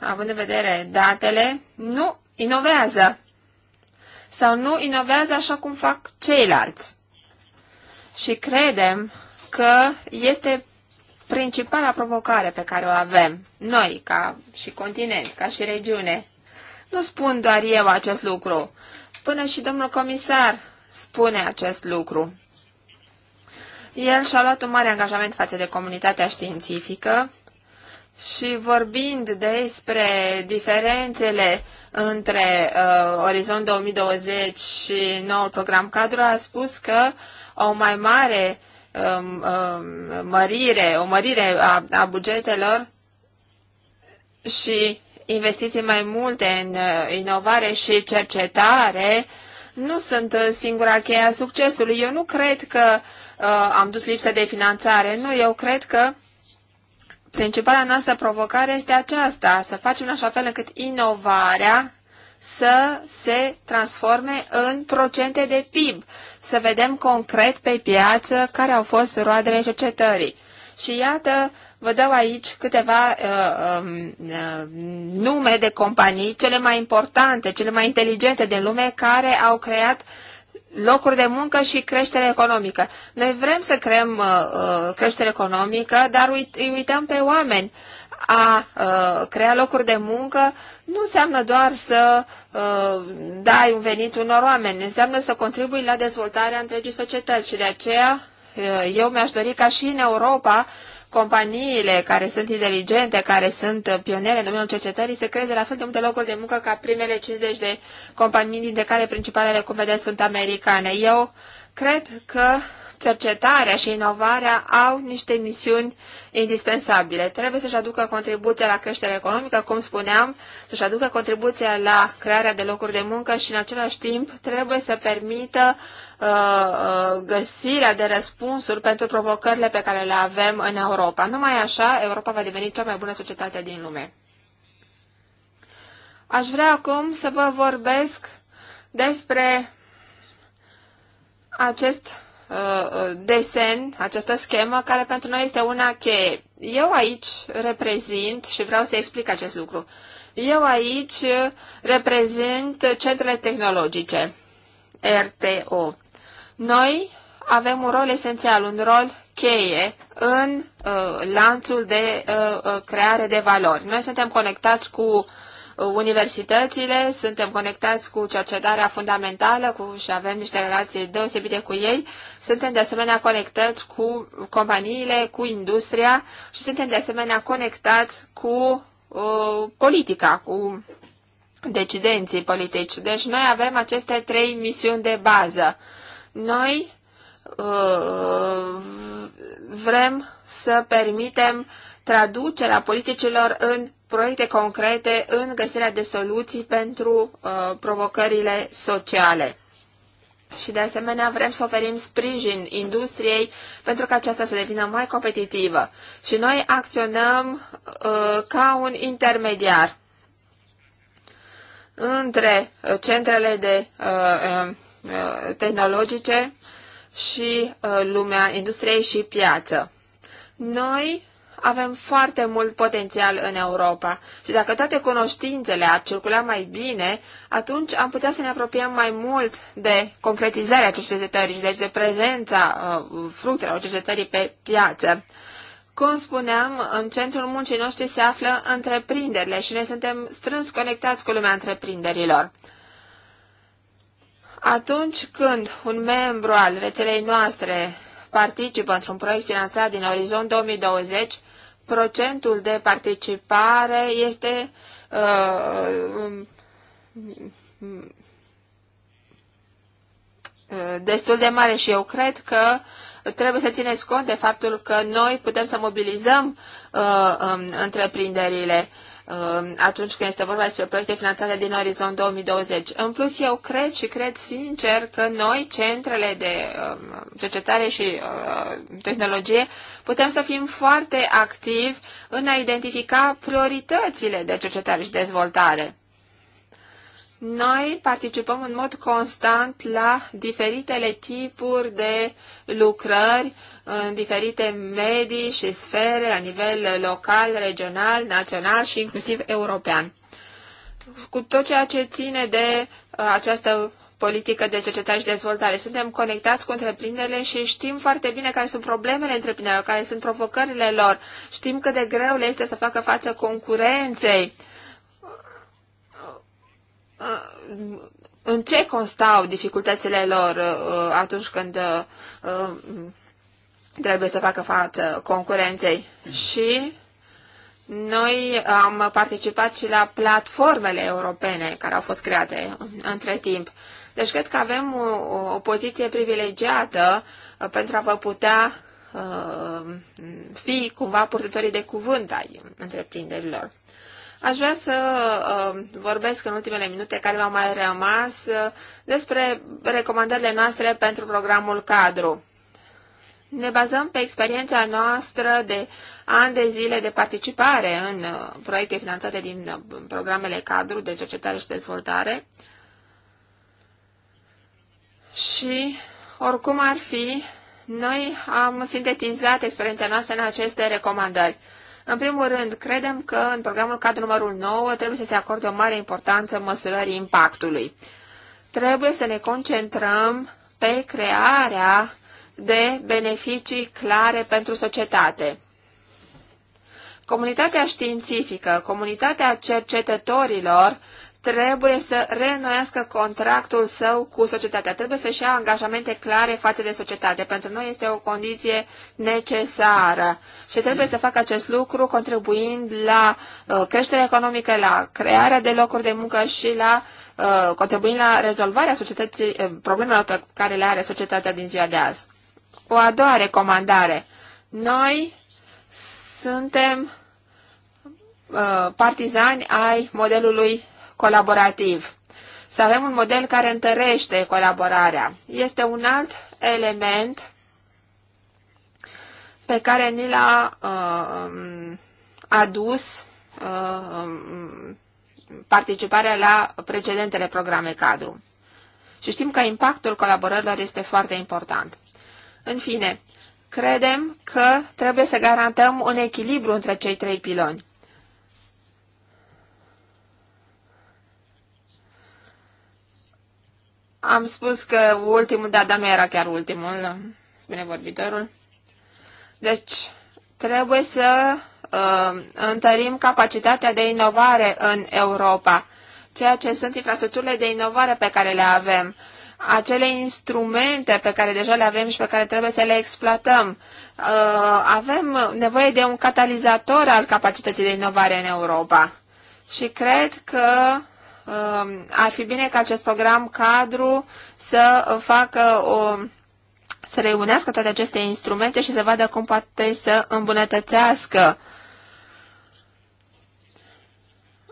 având în vedere datele, nu inovează sau nu inovează așa cum fac ceilalți. Și credem că este principala provocare pe care o avem, noi, ca și continent, ca și regiune. Nu spun doar eu acest lucru. Până și domnul comisar spune acest lucru. El și-a luat un mare angajament față de comunitatea științifică și vorbind despre diferențele între uh, Orizont 2020 și noul program cadru, a spus că o mai mare um, um, mărire, o mărire a, a bugetelor și investiții mai multe în uh, inovare și cercetare nu sunt uh, singura cheie a succesului. Eu nu cred că uh, am dus lipsă de finanțare, nu, eu cred că uh, Principala noastră provocare este aceasta, să facem în așa fel încât inovarea să se transforme în procente de PIB, să vedem concret pe piață care au fost roadele cercetării. Și iată, vă dau aici câteva uh, um, uh, nume de companii, cele mai importante, cele mai inteligente din lume, care au creat uh, locuri de muncă și creștere economică. Noi vrem să creăm uh, uh, creștere economică, dar uit, îi uităm pe oameni. A uh, crea locuri de muncă nu înseamnă doar să uh, dai un venit unor oameni, înseamnă să contribui la dezvoltarea întregii societăți și de aceea uh, eu mi-aș dori ca și în Europa uh, companiile care sunt inteligente, care sunt pioniere în domeniul cercetării, se creeze la fel de multe locuri de muncă ca primele 50 de companii, dintre care principalele, cum vedeți, sunt americane. Eu cred că cercetarea și inovarea au niște misiuni indispensabile. Trebuie să-și aducă contribuția la creșterea economică, cum spuneam, să-și aducă contribuția la crearea de locuri de muncă și, în același timp, trebuie să permită uh, uh găsirea de răspunsuri pentru provocările pe care le avem în Europa. Numai așa, Europa va deveni cea mai bună societate din lume. Aș vrea acum să vă vorbesc despre acest desen, această schemă, care pentru noi este una cheie. Eu aici reprezint și vreau să explic acest lucru. Eu aici reprezint centrele tehnologice, RTO. Noi avem un rol esențial, un rol cheie în uh, lanțul de uh, uh creare de valori. Noi suntem conectați cu universitățile, suntem conectați cu cercetarea fundamentală cu, și avem niște relații deosebite cu ei, suntem de asemenea conectați cu companiile, cu industria și suntem de asemenea conectați cu uh, politica, cu decidenții politici. Deci noi avem aceste trei misiuni de bază. Noi uh, vrem să permitem traducerea politicilor în proiecte concrete în găsirea de soluții pentru uh, provocările sociale. Și de asemenea vrem să oferim sprijin industriei pentru ca aceasta să devină mai competitivă. Și noi acționăm uh, ca un intermediar între centrele de uh, uh, tehnologice și uh, lumea industriei și piață. Noi avem foarte mult potențial în Europa și dacă toate cunoștințele ar circula mai bine, atunci am putea să ne apropiem mai mult de concretizarea cercetării și deci de prezența fructelor uh, fructelor cercetării pe piață. Cum spuneam, în centrul muncii noștri se află întreprinderile și noi suntem strâns conectați cu lumea întreprinderilor. Atunci când un membru al rețelei noastre participă într-un proiect finanțat din Orizont 2020, procentul de participare este uh, uh, uh, destul de mare și eu cred că trebuie să țineți cont de faptul că noi putem să mobilizăm uh, um, întreprinderile Um, atunci când este vorba despre proiecte finanțate din Orizont 2020. În plus, eu cred și cred sincer că noi, centrele de um, cercetare și uh, tehnologie, putem să fim foarte activi în a identifica prioritățile de cercetare și dezvoltare. Noi participăm în mod constant la diferitele tipuri de lucrări uh, în diferite medii și sfere la nivel local, regional, național și inclusiv european. Cu tot ceea ce ține de uh, această politică de cercetare și dezvoltare. Suntem conectați cu întreprinderile și știm foarte bine care sunt problemele întreprinderilor, care sunt provocările lor. Știm cât de greu le este să facă față concurenței. Uh, în ce constau dificultățile lor uh, atunci când trebuie să facă față concurenței și noi am participat și la platformele europene care au fost create între timp. Deci cred că avem o, o poziție privilegiată uh, pentru a vă putea uh, fi cumva purtătorii de cuvânt ai întreprinderilor. Aș vrea să uh, vorbesc în ultimele minute care mi-au mai rămas uh, despre recomandările noastre pentru programul cadru ne bazăm pe experiența noastră de ani de zile de participare în uh, proiecte finanțate din uh, programele cadru de cercetare și dezvoltare. Și, oricum ar fi, noi am sintetizat experiența noastră în aceste recomandări. În primul rând, credem că în programul cadru numărul 9 trebuie să se acorde o mare importanță măsurării impactului. Trebuie să ne concentrăm pe crearea de beneficii clare pentru societate. Comunitatea științifică, comunitatea cercetătorilor trebuie să reînnoiască contractul său cu societatea, trebuie să-și ia angajamente clare față de societate. Pentru noi este o condiție necesară și trebuie să facă acest lucru contribuind la uh, creșterea economică, la crearea de locuri de muncă și la uh, contribuind la rezolvarea societății, uh, problemelor pe care le are societatea din ziua de azi. O a doua recomandare. Noi suntem uh, partizani ai modelului colaborativ. Să avem un model care întărește colaborarea. Este un alt element pe care ni l-a uh, adus uh, participarea la precedentele programe cadru. Și știm că impactul colaborărilor este foarte important. În fine, credem că trebuie să garantăm un echilibru între cei trei piloni. Am spus că ultimul, da, dar nu era chiar ultimul, spune vorbitorul. Deci, trebuie să uh, întărim capacitatea de inovare în Europa, ceea ce sunt infrastructurile de inovare pe care le avem. Uh, acele instrumente pe care deja le avem și pe care trebuie să le exploatăm. Uh, avem nevoie de un catalizator al capacității de inovare în Europa și cred că um, ar fi bine ca acest program cadru să facă o să reunească toate aceste instrumente și să vadă cum poate să îmbunătățească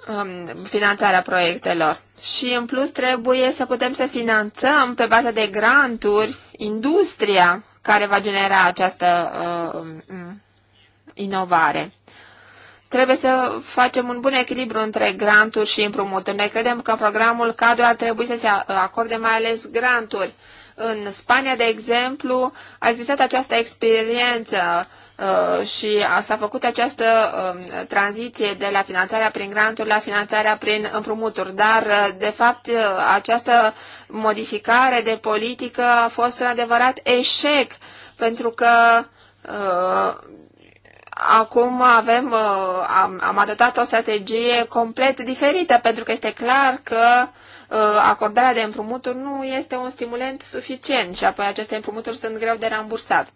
um, finanțarea proiectelor și în plus trebuie să putem să finanțăm pe bază de granturi industria care va genera această uh, um, inovare. Trebuie să facem un bun echilibru între granturi și împrumuturi. Noi credem că programul cadru ar trebui să se uh, acorde mai ales granturi. În Spania, de exemplu, a existat această experiență Uh, și s-a făcut această um, tranziție de la finanțarea prin granturi la finanțarea prin împrumuturi, dar uh, de fapt uh, această modificare de politică a fost un adevărat eșec pentru că acum avem, am, am adoptat o strategie complet diferită, pentru că este clar că acordarea de împrumuturi nu este un stimulent suficient și apoi aceste împrumuturi sunt greu de rambursat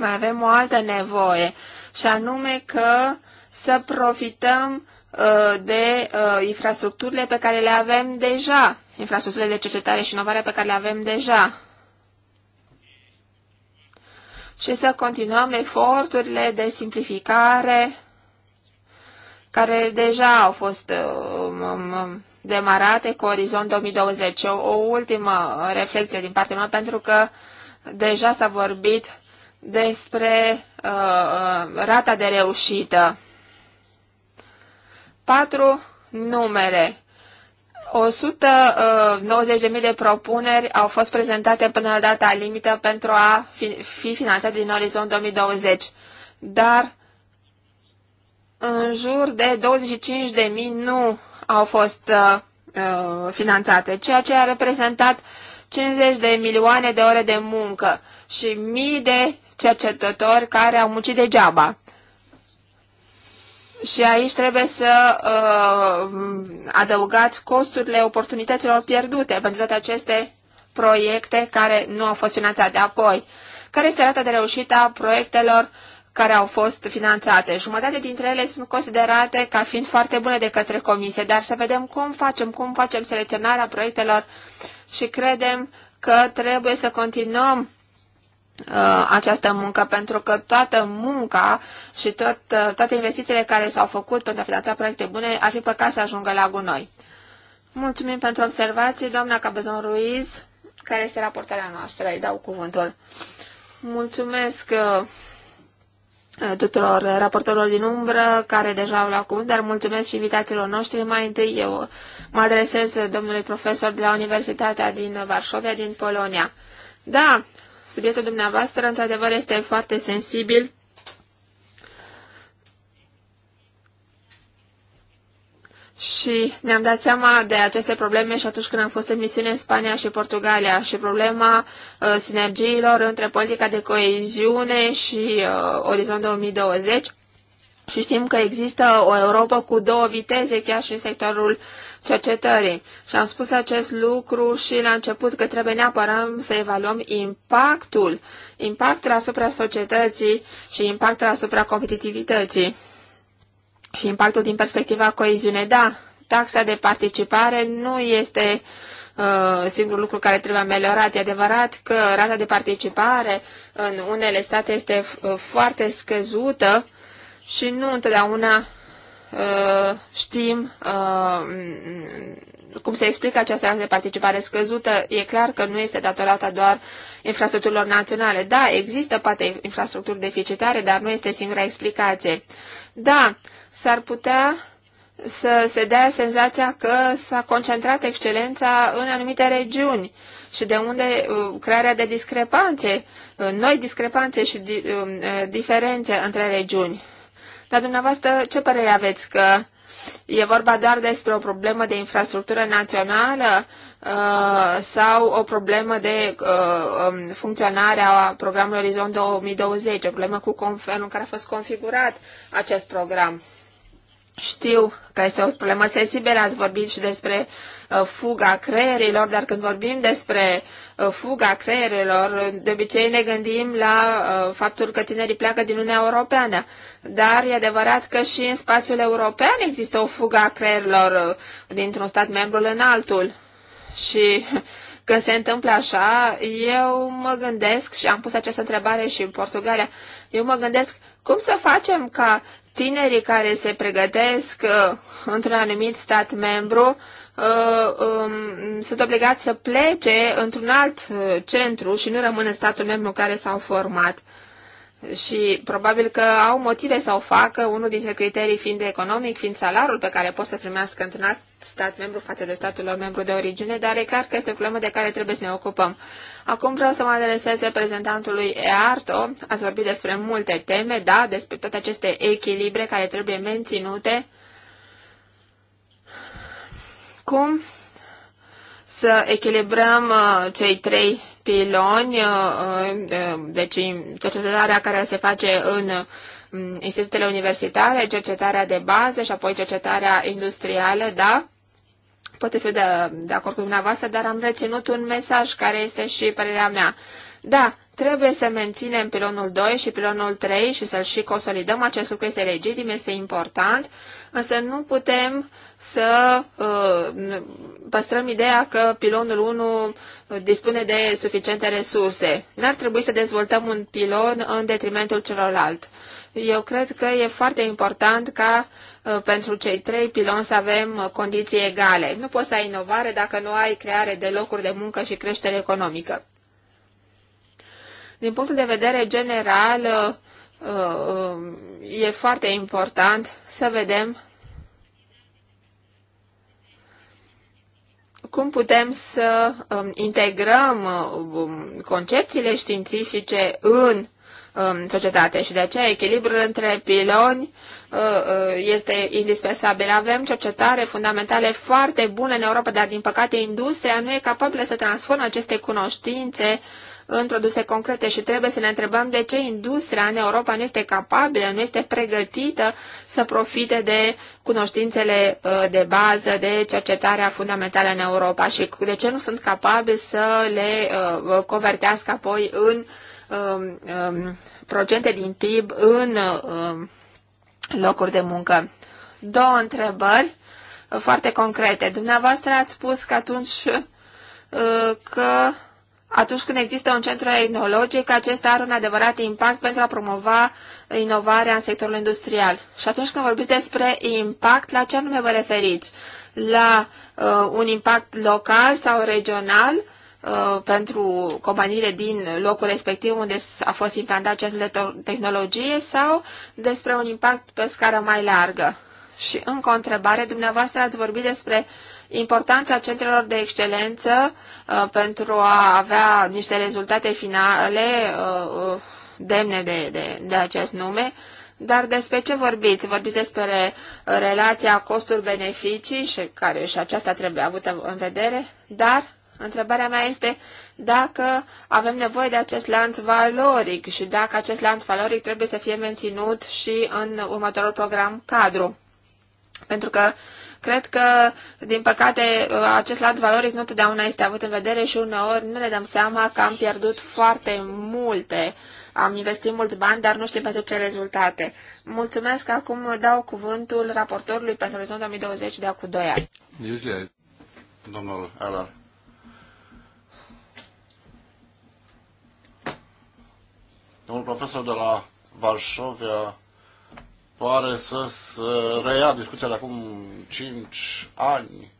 mai avem o altă nevoie, și anume că să profităm uh, de uh, infrastructurile pe care le avem deja, infrastructurile de cercetare și inovare pe care le avem deja. Și să continuăm eforturile de simplificare care deja au fost uh, um, um, um, demarate cu orizont 2020. O, o ultimă reflexie din partea mea, pentru că deja s-a vorbit despre uh, uh, rata de reușită. Patru numere. 190.000 uh, de propuneri au fost prezentate până la data limită pentru a fi, fi finanțate din orizont 2020, dar în jur de 25.000 nu au fost uh, uh, finanțate, ceea ce a reprezentat 50 de milioane de ore de muncă și mii de cercetători care au muncit degeaba. Și aici trebuie să uh, adăugați costurile oportunităților pierdute pentru toate aceste proiecte care nu au fost finanțate. Apoi, care este rata de reușită a proiectelor care au fost finanțate? Jumătate dintre ele sunt considerate ca fiind foarte bune de către comisie, dar să vedem cum facem, cum facem selecționarea proiectelor și credem că trebuie să continuăm Uh, această muncă, pentru că toată munca și tot, uh, toate investițiile care s-au făcut pentru a finanța proiecte bune ar fi păcat să ajungă la gunoi. Mulțumim pentru observații, doamna Cabezon Ruiz, care este raportarea noastră, îi dau cuvântul. Mulțumesc uh, tuturor raportorilor din umbră care deja au luat cuvânt, dar mulțumesc și invitațiilor noștri. Mai întâi eu mă adresez domnului profesor de la Universitatea din Varșovia, din Polonia. Da, Subiectul dumneavoastră, într-adevăr, este foarte sensibil. Și ne-am dat seama de aceste probleme și atunci când am fost în misiune în Spania și Portugalia și problema uh, sinergiilor între politica de coeziune și uh, Orizont 2020 și știm că există o Europa cu două viteze chiar și în sectorul cercetării. Și am spus acest lucru și la început că trebuie neapărat să evaluăm impactul, impactul asupra societății și impactul asupra competitivității. Și impactul din perspectiva coeziune, da, taxa de participare nu este uh, singurul lucru care trebuie ameliorat. E adevărat că rata de participare în unele state este uh, foarte scăzută, și nu întotdeauna uh, știm uh, cum se explică această rată de participare scăzută. E clar că nu este datorată doar infrastructurilor naționale. Da, există poate infrastructuri deficitare, dar nu este singura explicație. Da, s-ar putea să se dea senzația că s-a concentrat excelența în anumite regiuni și de unde uh, crearea de discrepanțe, uh, noi discrepanțe și uh, diferențe între regiuni. Dar dumneavoastră, ce părere aveți că e vorba doar despre o problemă de infrastructură națională uh, sau o problemă de uh, um, funcționare a programului Orizont 2020, o problemă cu felul în care a fost configurat acest program? Știu că este o problemă sensibilă, ați vorbit și despre uh, fuga creierilor, dar când vorbim despre uh, fuga creierilor, de obicei ne gândim la uh, faptul că tinerii pleacă din Uniunea Europeană. Dar e adevărat că și în spațiul european există o fuga creierilor dintr-un stat membru în altul. Și când se întâmplă așa, eu mă gândesc, și am pus această întrebare și în Portugalia, eu mă gândesc cum să facem ca tinerii care se pregătesc uh, într-un anumit stat membru uh, um, sunt obligați să plece într-un alt uh, centru și nu rămân în statul membru în care s-au format și probabil că au motive să o facă, unul dintre criterii fiind economic, fiind salariul pe care pot să primească într-un alt stat membru față de statul lor membru de origine, dar e clar că este o problemă de care trebuie să ne ocupăm. Acum vreau să mă adresez reprezentantului EARTO. Ați vorbit despre multe teme, da, despre toate aceste echilibre care trebuie menținute. Cum să echilibrăm uh, cei trei piloni, uh, uh, deci cercetarea care se face în um, institutele universitare, cercetarea de bază și apoi cercetarea industrială, da? Poate fi de, de acord cu dumneavoastră, dar am reținut un mesaj care este și părerea mea. Da, trebuie să menținem pilonul 2 și pilonul 3 și să-l și consolidăm. Acest lucru este legitim, este important, însă nu putem să uh, păstrăm ideea că pilonul 1 dispune de suficiente resurse. N-ar trebui să dezvoltăm un pilon în detrimentul celorlalt. Eu cred că e foarte important ca uh, pentru cei trei piloni să avem uh, condiții egale. Nu poți să ai inovare dacă nu ai creare de locuri de muncă și creștere economică. Din punctul de vedere general, uh, e foarte important să vedem cum putem să um, integrăm um, concepțiile științifice în um, societate și de aceea echilibrul între piloni uh, uh, este indispensabil. Avem cercetare fundamentale foarte bune în Europa, dar din păcate industria nu e capabilă să transforme aceste cunoștințe introduse concrete și trebuie să ne întrebăm de ce industria în Europa nu este capabilă, nu este pregătită să profite de cunoștințele uh, de bază, de cercetarea fundamentală în Europa și de ce nu sunt capabili să le uh, convertească apoi în um, um, procente din PIB, în um, locuri de muncă. Două întrebări uh, foarte concrete. Dumneavoastră ați spus că atunci că atunci când există un centru etnologic, acesta are un adevărat impact pentru a promova inovarea în sectorul industrial. Și atunci când vorbiți despre impact, la ce anume vă referiți? La uh, un impact local sau regional uh, pentru companiile din locul respectiv unde a fost implantat centrul de tehnologie sau despre un impact pe scară mai largă? Și încă o întrebare, dumneavoastră ați vorbit despre uh, importanța centrelor de excelență uh, pentru a avea niște rezultate finale uh, uh, demne de, de, de acest nume. Dar despre ce vorbiți? Vorbiți despre relația costuri-beneficii și, care, și aceasta trebuie avută în vedere, dar întrebarea mea este dacă avem nevoie de acest lanț valoric și dacă acest lanț valoric trebuie să fie menținut și în următorul program cadru. Pentru că Cred că, din păcate, acest lanț valoric nu totdeauna este avut în vedere și uneori nu ne dăm seama că am pierdut foarte multe. Am investit mulți bani, dar nu știm pentru ce rezultate. Mulțumesc, acum dau cuvântul raportorului pentru rezultatul 2020 de acum 2 ani. Usually, domnul Alar. Domnul profesor de la Varsovia, pare să se reia discuția de acum 5 ani.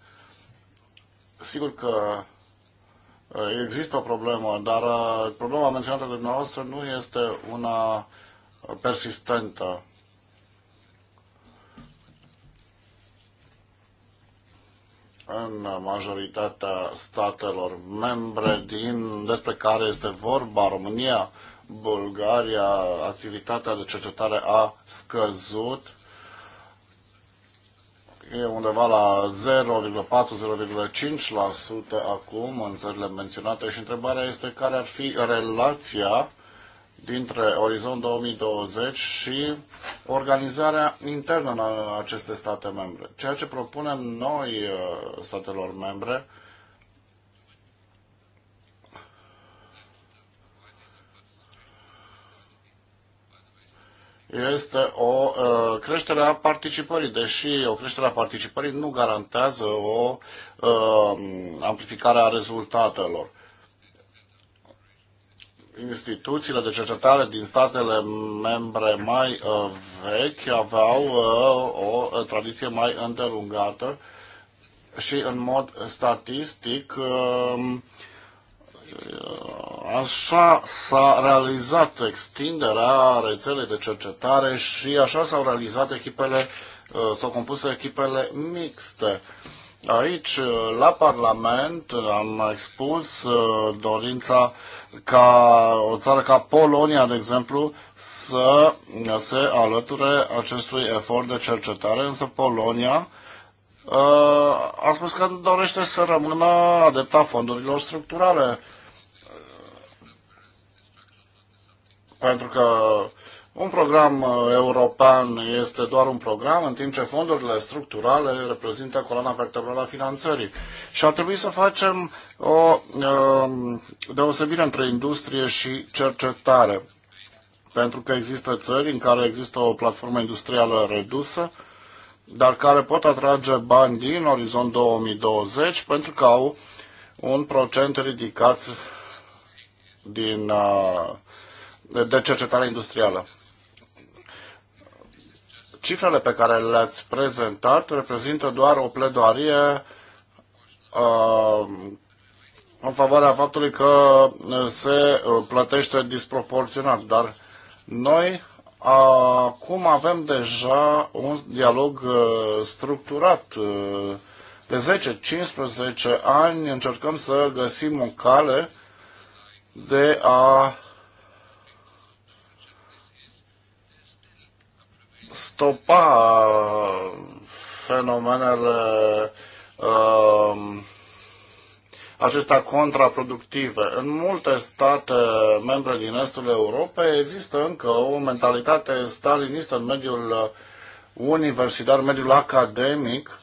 Sigur că uh, există o problemă, dar uh, problema menționată de dumneavoastră nu este una uh, persistentă. în majoritatea statelor membre din despre care este vorba România, Bulgaria activitatea de cercetare a scăzut. E undeva la 0,4-0,5% acum în țările menționate și întrebarea este care ar fi relația dintre Orizont 2020 și organizarea internă în aceste state membre. Ceea ce propunem noi uh, statelor membre este o uh, creștere a participării, deși o creștere a participării nu garantează o uh, amplificare a rezultatelor instituțiile de cercetare din statele membre mai uh, vechi aveau o tradiție mai îndelungată și în mod statistic uh, Așa s-a realizat extinderea rețelei de cercetare și așa s-au realizat echipele, uh, s-au compus echipele mixte. Aici, uh, la Parlament, am expus uh, dorința ca o țară ca Polonia, de exemplu, să se alăture acestui efort de cercetare, însă Polonia a spus că dorește să rămână adepta fondurilor structurale Pentru că un program uh, european este doar un program, în timp ce fondurile structurale reprezintă coloana vertebrală a finanțării. Și ar trebui să facem o um, deosebire între industrie și cercetare. Pentru că există țări în care există o platformă industrială redusă, dar care pot atrage bani din orizont 2020 pentru că au un procent ridicat din uh, de cercetare industrială. Cifrele pe care le-ați prezentat reprezintă doar o pledoarie uh, în favoarea faptului că se uh, plătește disproporționat, dar noi acum avem deja un dialog uh, structurat. Uh, de 10-15 ani încercăm să găsim o cale de a stopa fenomenele um, acestea contraproductive. În multe state membre din estul Europei există încă o mentalitate stalinistă în mediul universitar, mediul academic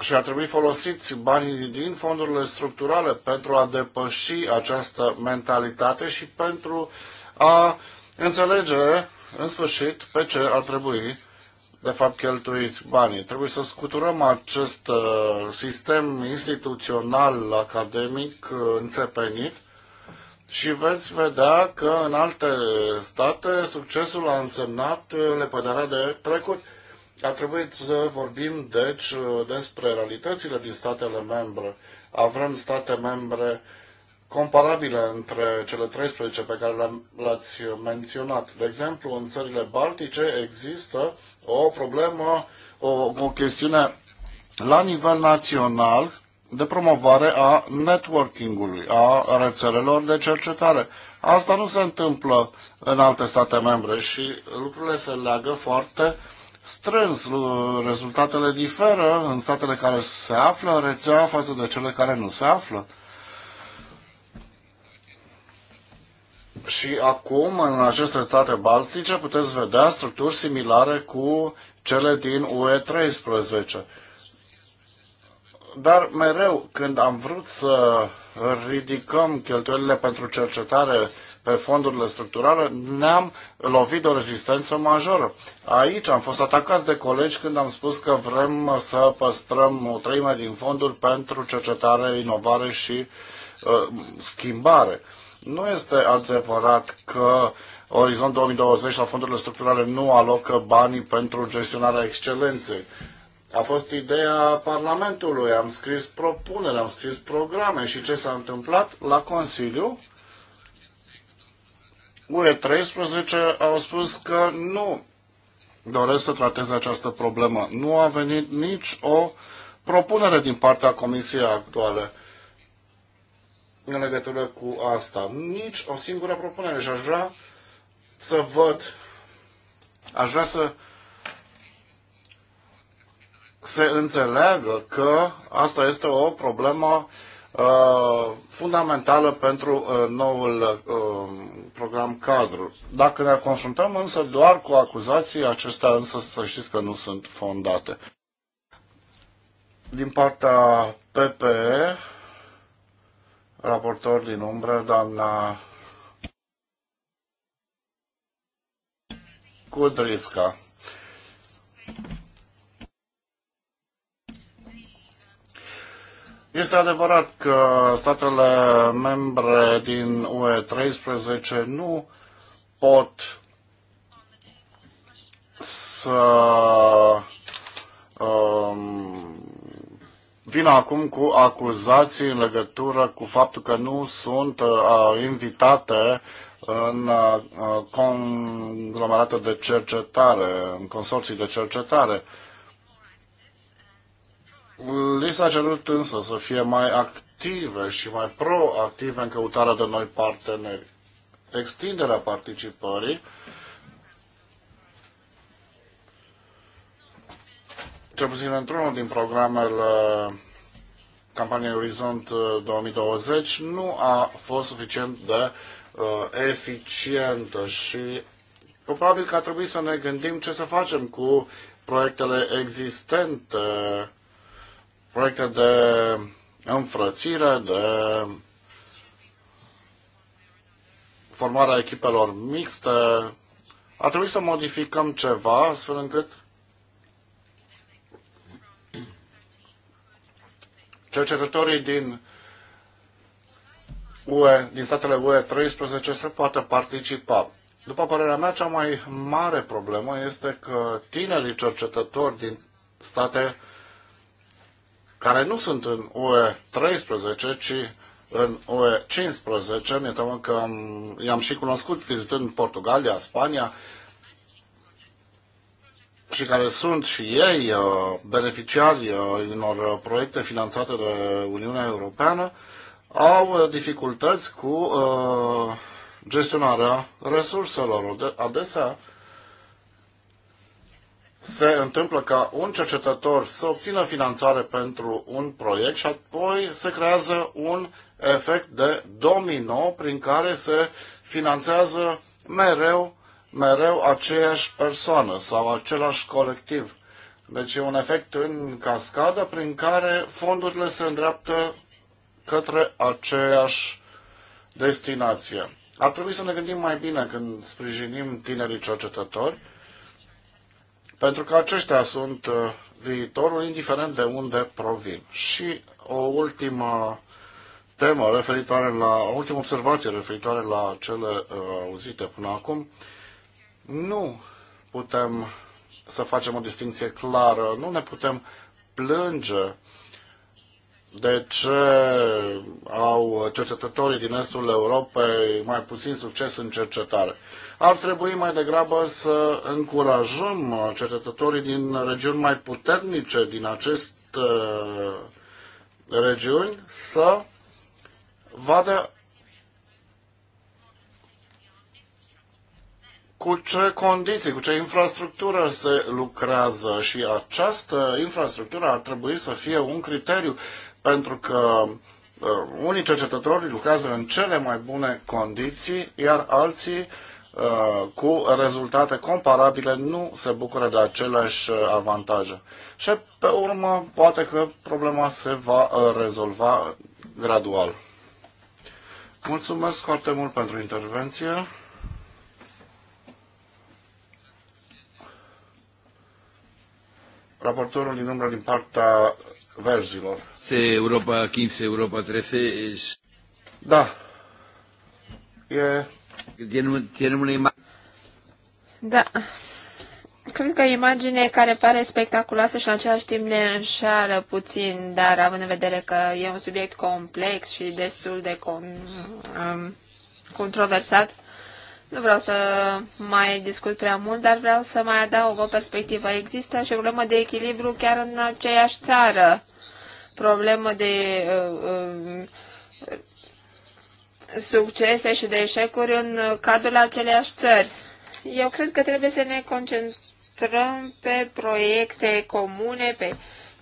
și ar trebui folosiți banii din fondurile structurale pentru a depăși această mentalitate și pentru a înțelege în sfârșit pe ce ar trebui de fapt cheltuiți banii. Trebuie să scuturăm acest uh, sistem instituțional academic uh, înțepenit și veți vedea că în alte state succesul a însemnat uh, lepădarea de trecut. A trebuit să vorbim, deci, despre realitățile din statele membre. Avem state membre uh, comparabile între cele 13 pe care le-ați menționat. De exemplu, în țările baltice există o problemă, o, o chestiune la nivel național de promovare a networking-ului, a rețelelor de cercetare. Asta nu se întâmplă în alte state membre și lucrurile se leagă foarte strâns. Rezultatele diferă în statele care se află în rețea față de cele care nu se află. Și acum, în aceste state baltice, puteți vedea structuri similare cu cele din UE13. Dar mereu, când am vrut să ridicăm cheltuielile pentru cercetare pe fondurile structurale, ne-am lovit de o rezistență majoră. Aici am fost atacați de colegi când am spus că vrem să păstrăm o treime din fonduri pentru cercetare, inovare și uh, schimbare. Uh, nu este adevărat că Orizont 2020 sau fondurile structurale nu alocă banii pentru gestionarea excelenței. A fost ideea Parlamentului, am scris propuneri, am scris programe și ce s-a întâmplat la Consiliu? UE13 au spus că nu doresc să trateze această problemă. Nu a venit nici o propunere din partea Comisiei actuale în legătură cu asta. Nici o singură propunere și aș vrea să văd, aș vrea să se înțeleagă că asta este o problemă uh, fundamentală pentru uh, noul uh, program cadru. Dacă ne confruntăm însă doar cu acuzații, acestea însă să știți că nu sunt fondate. Din partea PPE, raportor din umbră, doamna Cudrisca. Este adevărat că statele membre din UE 13 nu pot să um, vin acum cu acuzații în legătură cu faptul că nu sunt uh, invitate în uh, uh, conglomeratul de cercetare, în consorții de cercetare. Li s-a cerut însă să fie mai active și mai proactive în căutarea de noi parteneri. Extinderea participării cel puțin într-unul din programele campaniei Orizont 2020 uh, nu a fost suficient de uh, eficientă și probabil că a trebuit să ne gândim ce să facem cu proiectele existente, proiecte de înfrățire, de formarea echipelor mixte. Ar trebui să modificăm ceva astfel încât cercetătorii din UE, din statele UE 13 să poată participa. După părerea mea, cea mai mare problemă este că tinerii cercetători din state care nu sunt în UE 13, ci în UE 15, mi-e teamă că i-am și cunoscut vizitând Portugalia, Spania, și care sunt și ei uh, beneficiari uh, unor uh, proiecte finanțate de Uniunea Europeană, au dificultăți cu gestionarea resurselor. Adesea se întâmplă ca un cercetător să obțină finanțare pentru un proiect și apoi se creează un efect de domino prin care se finanțează mereu mereu aceeași persoană sau același colectiv. Deci e un efect în cascadă prin care fondurile se îndreaptă către aceeași destinație. Ar trebui să ne gândim mai bine când sprijinim tinerii cercetători, pentru că aceștia sunt uh, viitorul, indiferent de unde provin. Și o ultimă temă referitoare la, o ultimă observație referitoare la cele uh, auzite până acum, uh, nu putem să facem o distinție clară, nu ne putem plânge de ce au cercetătorii din estul Europei mai puțin succes în cercetare. Ar trebui mai degrabă să încurajăm cercetătorii din regiuni mai puternice din aceste uh, regiuni să vadă cu ce condiții, cu ce infrastructură se lucrează și această infrastructură ar trebui să fie un criteriu pentru că uh, unii cercetători lucrează în cele mai bune condiții, iar alții uh, cu rezultate comparabile nu se bucură de aceleași uh, avantaje. Și pe urmă, poate că problema se va uh, rezolva gradual. Mulțumesc foarte mult pentru intervenție. Raportorul din umbră din partea verzilor. Europa 15, Europa 13 es... Da. E... Tienem tiene una imagine... Da. Cred că imagine care pare spectaculoasă și în același timp ne înșală puțin, dar având în vedere că e un subiect complex și destul de con, um, controversat, nu vreau să mai discut prea mult, dar vreau să mai adaug o perspectivă. Există și o problemă de echilibru chiar în aceeași țară. Problemă de uh, uh, succese și de eșecuri în cadrul aceleiași țări. Eu cred că trebuie să ne concentrăm pe proiecte comune, pe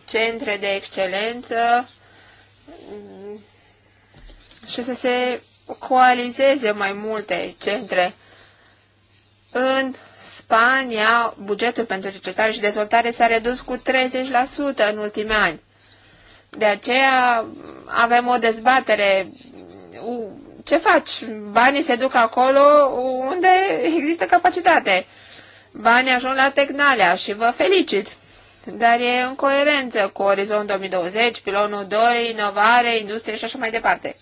centre de excelență și să se coalizeze mai multe centre. În Spania, bugetul pentru cercetare și dezvoltare s-a redus cu 30% în ultimii ani. De aceea avem o dezbatere. Ce faci? Banii se duc acolo unde există capacitate. Banii ajung la Tecnalia și vă felicit. Dar e în coerență cu Orizont 2020, pilonul 2, inovare, industrie și așa mai departe.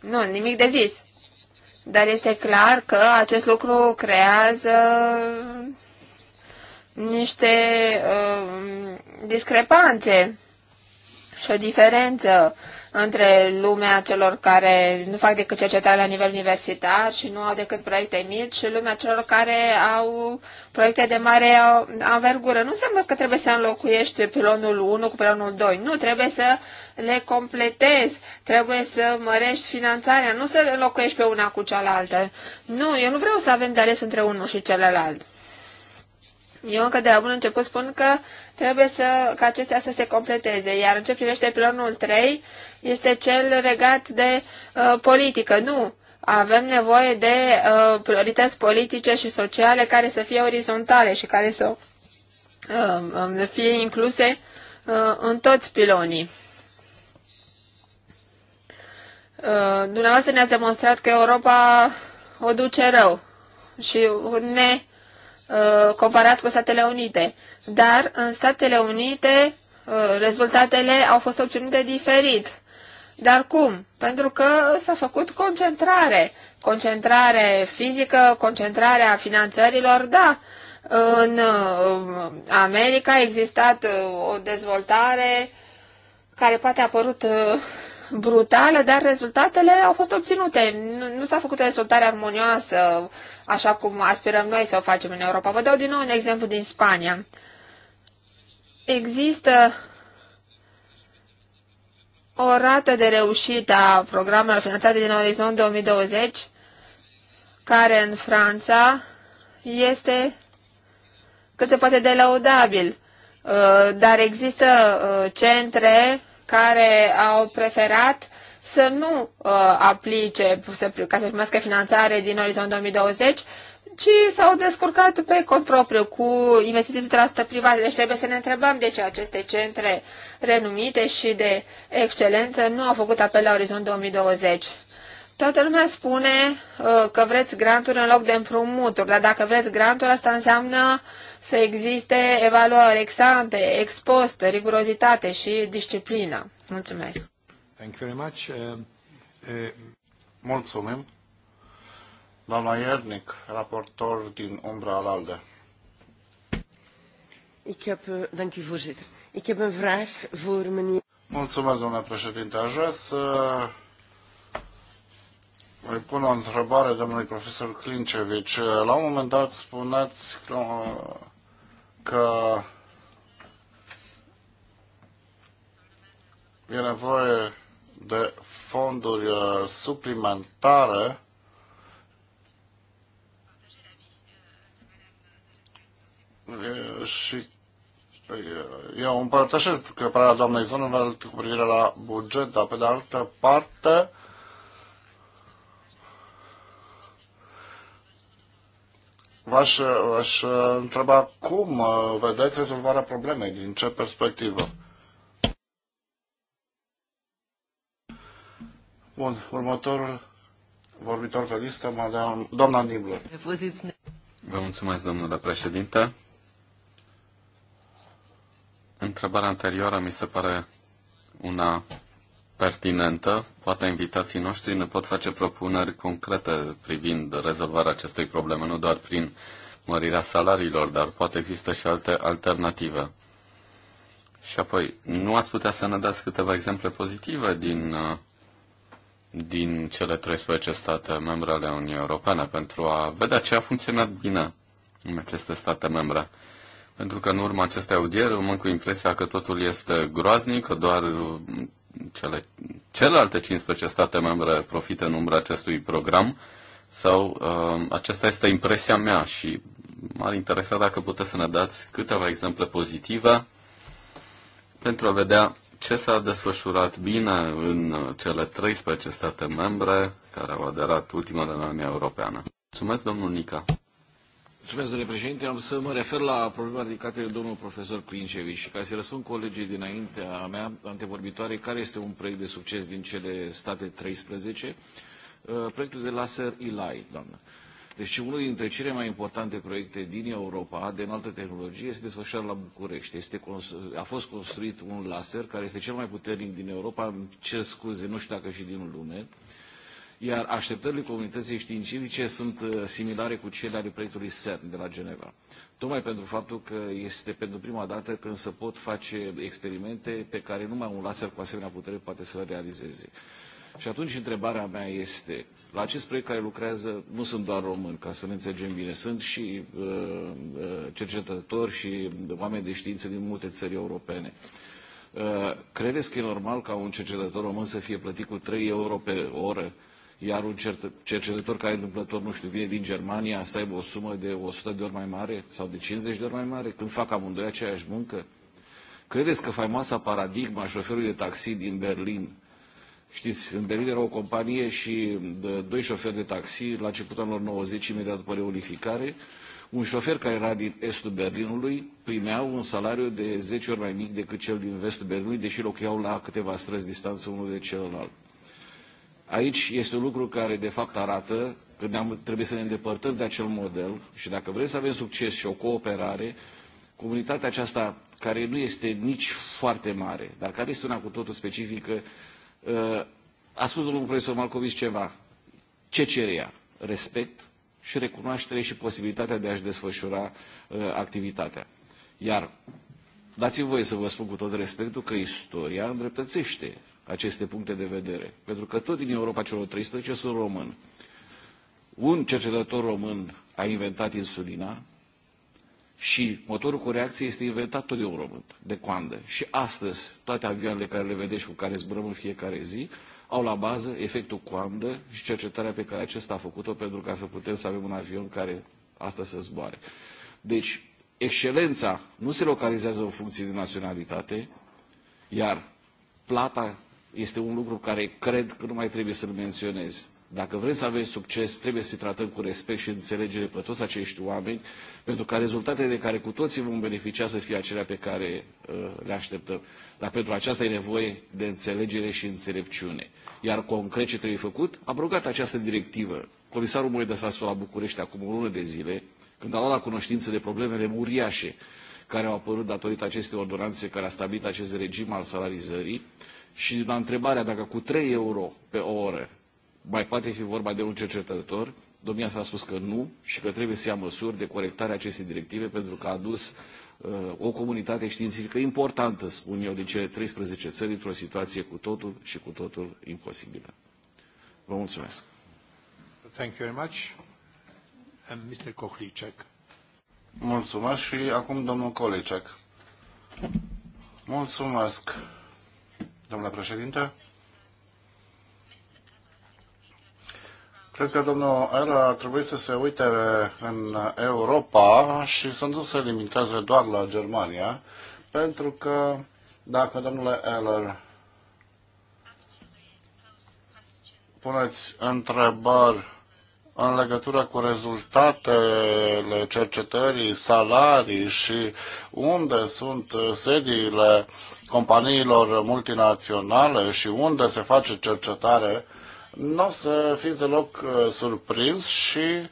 Nu, nimic de zis. Dar este clar că acest lucru creează niște uh, discrepanțe și o diferență între lumea celor care nu fac decât cercetare la nivel universitar și nu au decât proiecte mici și lumea celor care au proiecte de mare anvergură. Nu înseamnă că trebuie să înlocuiești pilonul 1 cu pilonul 2. Nu, trebuie să le completezi, trebuie să mărești finanțarea, nu să le înlocuiești pe una cu cealaltă. Nu, eu nu vreau să avem de ales între unul și celălalt. Eu încă de la bun început spun că trebuie să, ca acestea să se completeze. Iar în ce privește pilonul 3, este cel regat de uh, politică. Nu! Avem nevoie de uh, priorități politice și sociale care să fie orizontale și care să uh, um, fie incluse uh, în toți pilonii. Uh, dumneavoastră ne-ați demonstrat că Europa o duce rău și ne Uh, comparați cu Statele Unite. Dar în Statele Unite uh, rezultatele au fost obținute diferit. Dar cum? Pentru că s-a făcut concentrare. Concentrare fizică, concentrarea finanțărilor, da. În uh, America a existat o dezvoltare care poate a părut brutală, dar rezultatele au fost obținute. Nu, nu s-a făcut o dezvoltare armonioasă, așa cum aspirăm noi să o facem în Europa. Vă dau din nou un exemplu din Spania. Există o rată de reușită a programelor finanțate din Orizont 2020, care în Franța este cât se poate de laudabil, uh, dar există uh, centre care au preferat să nu uh, aplice să, ca să primească finanțare din orizont 2020, ci s-au descurcat pe cont propriu cu investiții 100% private. Deci trebuie să ne întrebăm de ce aceste centre renumite și de excelență nu au făcut apel la Orizont 2020. Toată lumea spune uh, că vreți granturi în loc de împrumuturi, dar dacă vreți granturi, asta înseamnă să existe evaluări ex ante, ex post, rigurozitate și disciplină. Mulțumesc! Thank you very much. Uh, uh... Mulțumim. Doamna Iernic, raportor din Umbra al ALDE. Ik heb, dank u voorzitter. Ik heb een vraag voor meneer... Mulțumesc, domnule președinte. Aș vrea să îi pun o întrebare domnului profesor Klincevici. La un moment dat spuneați uh, că e nevoie de fonduri uh, suplimentare și eu împărtășesc creparea doamnei Zonenveld cu privire la buget, dar pe de altă parte v-aș, întreba cum uh, vedeți rezolvarea problemei, din ce perspectivă. Bun, următorul vorbitor pe listă, doamna Nibler. Vă mulțumesc, domnule președinte. Întrebarea anterioară mi se pare una pertinentă. Poate invitații noștri ne pot face propuneri concrete privind rezolvarea acestei probleme, nu doar prin mărirea salariilor, dar poate există și alte alternative. Și apoi, nu ați putea să ne dați câteva exemple pozitive din uh, din cele 13 state membre ale Uniunii Europene pentru a vedea ce a funcționat bine în aceste state membre. Pentru că în urma acestei audieri rămân cu impresia că totul este groaznic, că doar cele, celelalte 15 state membre profită în umbra acestui program sau uh, aceasta este impresia mea și m-ar interesa dacă puteți să ne dați câteva exemple pozitive pentru a vedea ce s-a desfășurat bine în cele 13 state membre care au aderat ultimele la Uniunea Europeană. Mulțumesc, domnul Nica. Mulțumesc, domnule președinte. Am să mă refer la problema ridicată de domnul profesor Clinceviș. ca să răspund colegii dinaintea mea, antevorbitoare, care este un proiect de succes din cele state 13? Uh, proiectul de laser ELI, doamnă. Deci unul dintre cele mai importante proiecte din Europa de înaltă tehnologie este desfășurat la București. Este a fost construit un laser care este cel mai puternic din Europa, îmi cer scuze, nu știu dacă și din lume, iar așteptările comunității științifice sunt uh, similare cu cele ale proiectului CERN de la Geneva. Tocmai pentru faptul că este pentru prima dată când se pot face experimente pe care numai un laser cu asemenea putere poate să le realizeze. Și atunci întrebarea mea este, la acest proiect care lucrează nu sunt doar români, ca să ne înțelegem bine, sunt și uh, uh, cercetători și oameni de știință din multe țări europene. Uh, credeți că e normal ca un cercetător român să fie plătit cu 3 euro pe oră, iar un cercetător care întâmplător, nu știu, vine din Germania să aibă o sumă de 100 de ori mai mare sau de 50 de ori mai mare, când fac amândoi aceeași muncă? Credeți că faimoasa paradigma șoferului de taxi din Berlin, uh, Știți, în Berlin era o companie și de doi șoferi de taxi la începutul anilor 90, imediat după reunificare. Un șofer care era din estul Berlinului primea un salariu de 10 ori mai mic decât cel din vestul Berlinului, deși locuiau la câteva străzi distanță unul de celălalt. Aici este un lucru care de fapt arată că trebuie să ne îndepărtăm de acel model și dacă vrem să avem succes și o cooperare, comunitatea aceasta, care nu este nici foarte mare, dar care este una cu totul specifică, Uh, a spus domnul profesor Malcovici ceva. Ce cere ea? Respect și recunoaștere și posibilitatea de a-și desfășura uh, activitatea. Iar dați-mi voie să vă spun cu tot respectul că istoria îndreptățește aceste puncte de vedere. Pentru că tot din Europa celor 13 sunt români. Un cercetător român a inventat insulina, și motorul cu reacție este inventat tot de un român, de coandă. Și astăzi, toate avioanele care le vedeți cu care zburăm în fiecare zi, au la bază efectul coandă și cercetarea pe care acesta a făcut-o pentru ca să putem să avem un avion care astăzi să zboare. Deci, excelența nu se localizează în funcție de naționalitate, iar plata este un lucru care cred că nu mai trebuie să-l menționez. Dacă vrem să avem succes, trebuie să tratăm cu respect și înțelegere pe toți acești oameni, pentru ca rezultatele de care cu toții vom beneficia să fie acelea pe care uh, le așteptăm. Dar pentru aceasta e nevoie de înțelegere și înțelepciune. Iar concret ce trebuie făcut? Abrogat această directivă. Comisarul Moedas a la București acum o lună de zile, când a luat la cunoștință de problemele uriașe care au apărut datorită acestei ordonanțe care a stabilit acest regim al salarizării, și la întrebarea dacă cu 3 euro pe oră mai poate fi vorba de un cercetător, domnia s-a spus că nu și că trebuie să ia măsuri de corectare a acestei directive pentru că a adus uh, o comunitate științifică importantă, spun eu, din cele 13 țări într-o situație cu totul și cu totul imposibilă. Vă mulțumesc. Thank you very much. And Mr. Kohlicek. Mulțumesc și acum domnul Kohlicek. Mulțumesc, domnule președinte. Cred că domnul Era ar trebui să se uite în Europa și să nu se limiteze doar la Germania, pentru că dacă domnule Eller puneți întrebări în legătură cu rezultatele cercetării, salarii și unde sunt sediile companiilor multinaționale și unde se face cercetare, nu o să fiți deloc uh, surprins și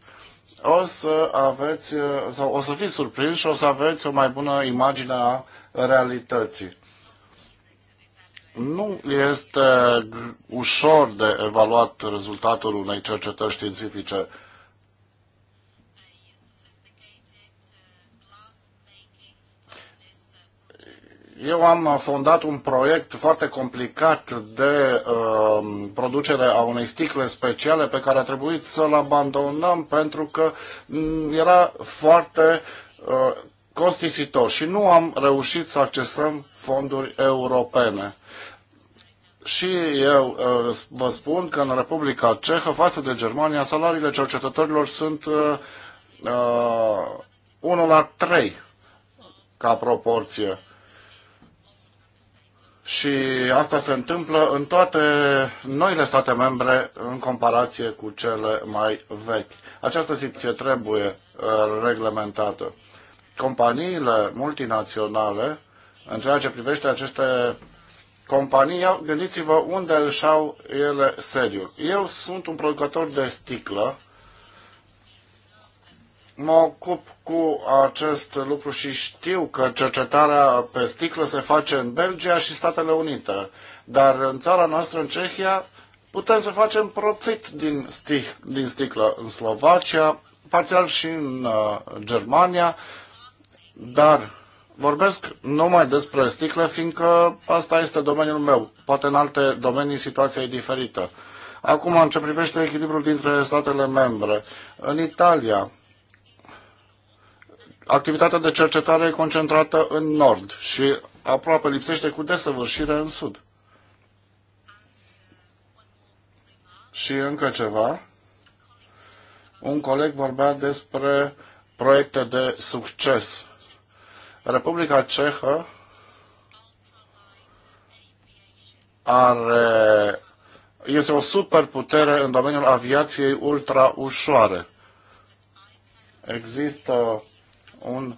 o să aveți, uh, sau o să fiți surprins și o să aveți o mai bună imagine a realității. Nu este ușor de evaluat rezultatul unei cercetări științifice. Eu am fondat un proiect foarte complicat de uh, producere a unei sticle speciale pe care a trebuit să-l abandonăm pentru că mm, era foarte uh, costisitor și nu am reușit să accesăm fonduri europene. Și eu uh, vă spun că în Republica Cehă, față de Germania, salariile cercetătorilor sunt uh, uh, 1 la 3 ca proporție. Și asta se întâmplă în toate noile state membre în comparație cu cele mai vechi. Această situație trebuie uh, reglementată. Companiile multinaționale, în ceea ce privește aceste companii, gândiți-vă unde își au ele sediul. Eu sunt un producător de sticlă mă ocup cu acest lucru și știu că cercetarea pe sticlă se face în Belgia și Statele Unite, dar în țara noastră, în Cehia, putem să facem profit din, stic, din sticlă în Slovacia, parțial și în uh, Germania, dar vorbesc numai despre sticlă, fiindcă asta este domeniul meu. Poate în alte domenii situația e diferită. Acum, în ce privește echilibrul dintre statele membre, în Italia, activitatea de cercetare e concentrată în nord și aproape lipsește cu desăvârșire în sud. Și încă ceva. Un coleg vorbea despre proiecte de succes. Republica Cehă are, este o superputere în domeniul aviației ultra ușoare. Există un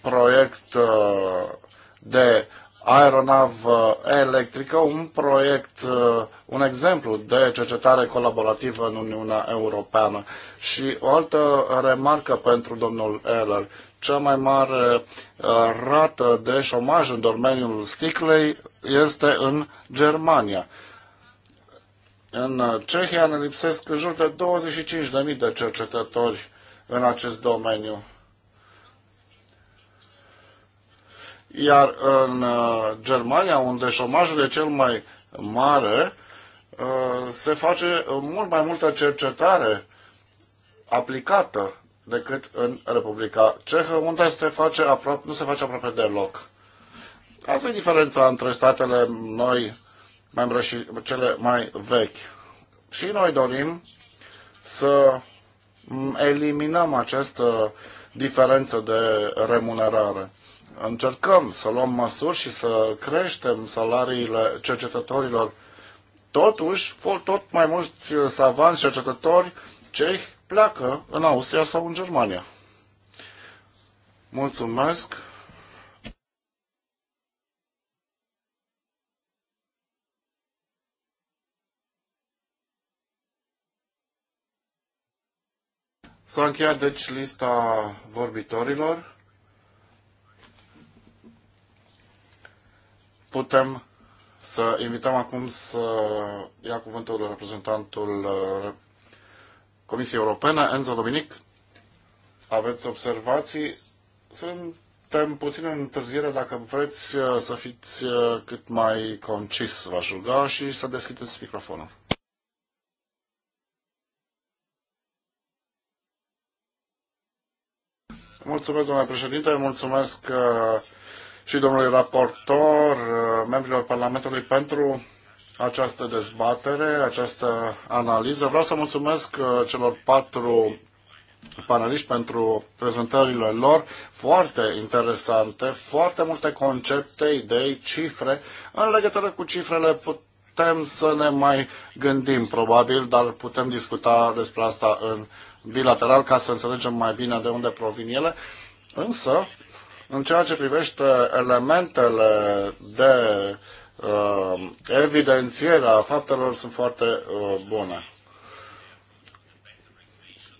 proiect uh, de aeronav electrică, un proiect, uh, un exemplu de cercetare colaborativă în Uniunea Europeană. Și o altă remarcă pentru domnul Eller. Cea mai mare uh, rată de șomaj în domeniul sticlei este în Germania. În uh, Cehia ne lipsesc în jur de 25.000 de cercetători în acest domeniu. Iar în uh, Germania, unde șomajul e cel mai mare, uh, se face mult mai multă cercetare aplicată decât în Republica Cehă, unde se face aproape, nu se face aproape deloc. Asta e diferența între statele noi membre și cele mai vechi. Și noi dorim să eliminăm această diferență de remunerare. Încercăm să luăm măsuri și să creștem salariile cercetătorilor. Totuși, tot mai mulți savanți cercetători cehi pleacă în Austria sau în Germania. Mulțumesc! S-a încheiat deci lista vorbitorilor. Putem să invităm acum să ia cuvântul reprezentantul uh, Comisiei Europene, Enzo Dominic. Aveți observații? Suntem puțin în întârziere. Dacă vreți uh, să fiți uh, cât mai concis, v-aș ruga și să deschideți microfonul. Mulțumesc, domnule președinte, mulțumesc uh, și domnului raportor, uh, membrilor Parlamentului pentru această dezbatere, această analiză. Vreau să mulțumesc uh, celor patru paneliști pentru prezentările lor, foarte interesante, foarte multe concepte, idei, cifre. În legătură cu cifrele putem să ne mai gândim, probabil, dar putem discuta despre asta în bilateral ca să înțelegem mai bine de unde provin ele, însă în ceea ce privește elementele de uh, evidențiere a faptelor sunt foarte uh, bune.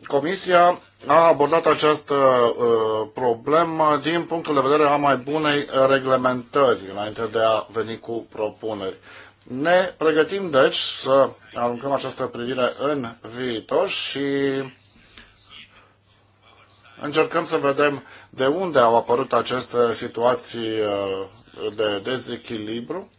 Comisia a abordat această uh, problemă din punctul de vedere a mai bunei reglementări înainte de a veni cu propuneri. Ne pregătim, deci, să aruncăm această privire în viitor și Încercăm să vedem de unde au apărut aceste situații uh, de dezechilibru.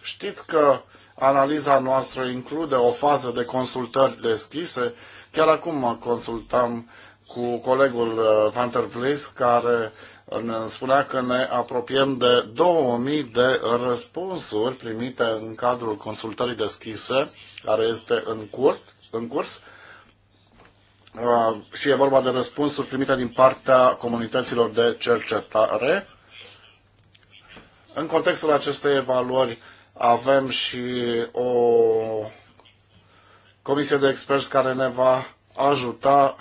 Știți că analiza noastră include o fază de consultări deschise. Chiar acum consultam cu colegul uh, Van der Vlis, care uh, ne spunea că ne apropiem de 2000 de răspunsuri primite în cadrul consultării deschise, care este în, curt, în curs. Uh, și e vorba de răspunsuri primite din partea comunităților de cercetare. În contextul acestei evaluări avem și o comisie de experți care ne va ajuta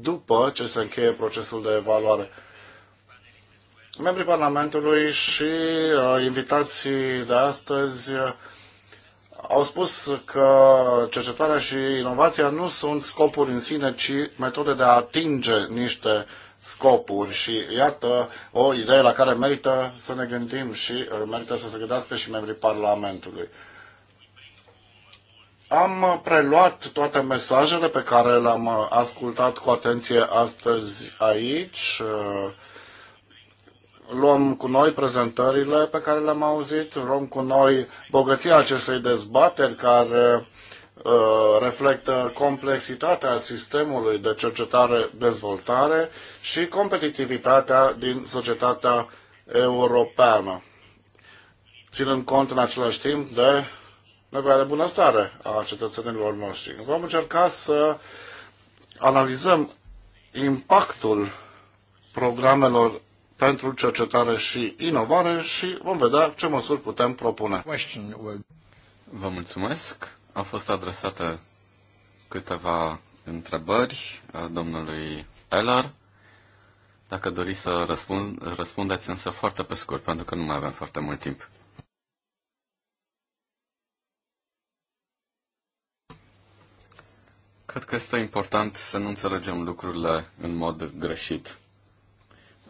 după ce se încheie procesul de evaluare. Membrii Parlamentului și uh, invitații de astăzi au spus că cercetarea și inovația nu sunt scopuri în sine, ci metode de a atinge niște scopuri și iată o idee la care merită să ne gândim și uh, merită să se gândească și membrii Parlamentului. Am preluat toate mesajele pe care le-am uh, ascultat cu atenție astăzi aici. Uh, luăm cu noi prezentările pe care le-am auzit, luăm cu noi bogăția acestei dezbateri care uh, reflectă complexitatea sistemului de cercetare-dezvoltare și competitivitatea din societatea europeană, ținând cont în același timp de nevoia de bunăstare a cetățenilor noștri. Vom încerca să analizăm impactul programelor pentru cercetare și inovare și vom vedea ce măsuri putem propune. Vă mulțumesc. Au fost adresate câteva întrebări uh, domnului Elar. Dacă doriți să răspund, răspundeți însă foarte pe scurt, pentru că nu mai avem foarte mult timp. Cred că este important să nu înțelegem lucrurile în mod greșit.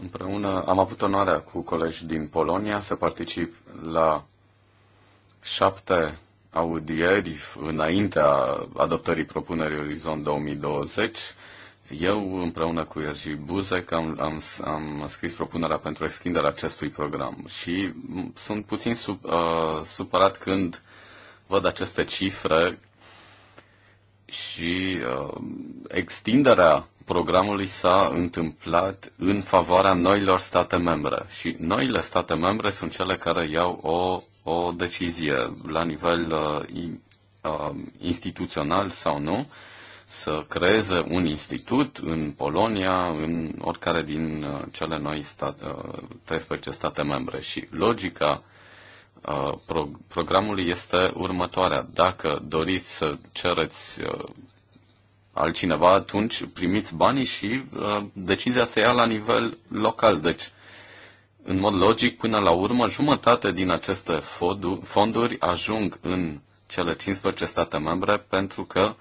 Împreună am avut onoarea cu colegi din Polonia să particip la șapte audieri înaintea adoptării propunerii Orizont 2020. Eu, împreună cu Iergi Buzek, am, am, am scris propunerea pentru extinderea acestui program și sunt puțin sub, uh, supărat când văd aceste cifre și uh, extinderea programului s-a întâmplat în favoarea noilor state membre și noile state membre sunt cele care iau o, o decizie la nivel uh, uh, instituțional sau nu să creeze un institut în Polonia, în oricare din uh, cele noi state, 13 uh, state membre. Și logica uh, Uh, pro, programului este următoarea. Dacă doriți să cereți uh, altcineva, atunci primiți banii și uh, decizia se ia la nivel local. Deci, în mod logic, până la urmă, jumătate din aceste fonduri ajung în cele 15 state membre pentru că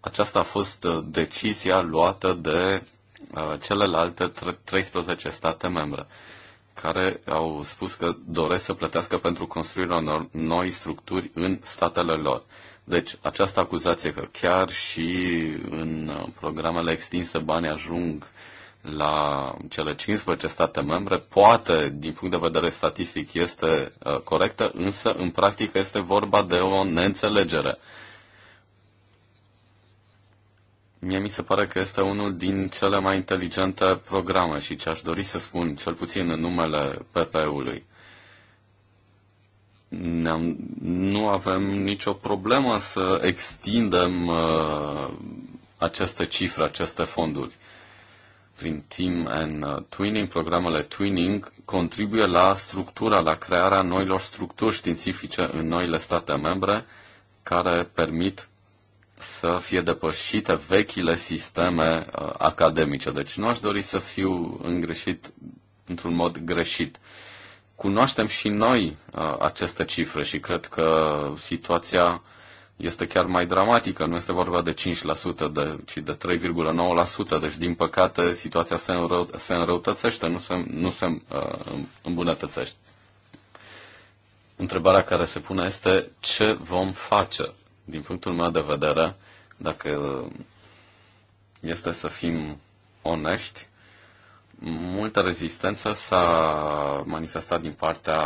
aceasta a fost decizia luată de celelalte 13 state membre care au spus că doresc să plătească pentru construirea unor noi structuri în statele lor. Deci, această acuzație că chiar și în programele extinse banii ajung la cele 15 state membre, poate, din punct de vedere statistic, este uh, corectă, însă, în practică, este vorba de o neînțelegere. Mie mi se pare că este unul din cele mai inteligente programe și ce aș dori să spun, cel puțin în numele PP-ului, ne-am, nu avem nicio problemă să extindem uh, aceste cifre, aceste fonduri. Prin Team and uh, Twinning, programele Twinning contribuie la structura, la crearea noilor structuri științifice în noile state membre care permit să fie depășite vechile sisteme uh, academice. Deci nu aș dori să fiu îngreșit într-un mod greșit. Cunoaștem și noi uh, aceste cifre și cred că situația este chiar mai dramatică. Nu este vorba de 5%, de, ci de 3,9%. Deci, din păcate, situația se, înrău, se înrăutățește, nu se, nu se uh, îmbunătățește. Întrebarea care se pune este ce vom face? Din punctul meu de vedere, dacă este să fim onești, multă rezistență s-a manifestat din partea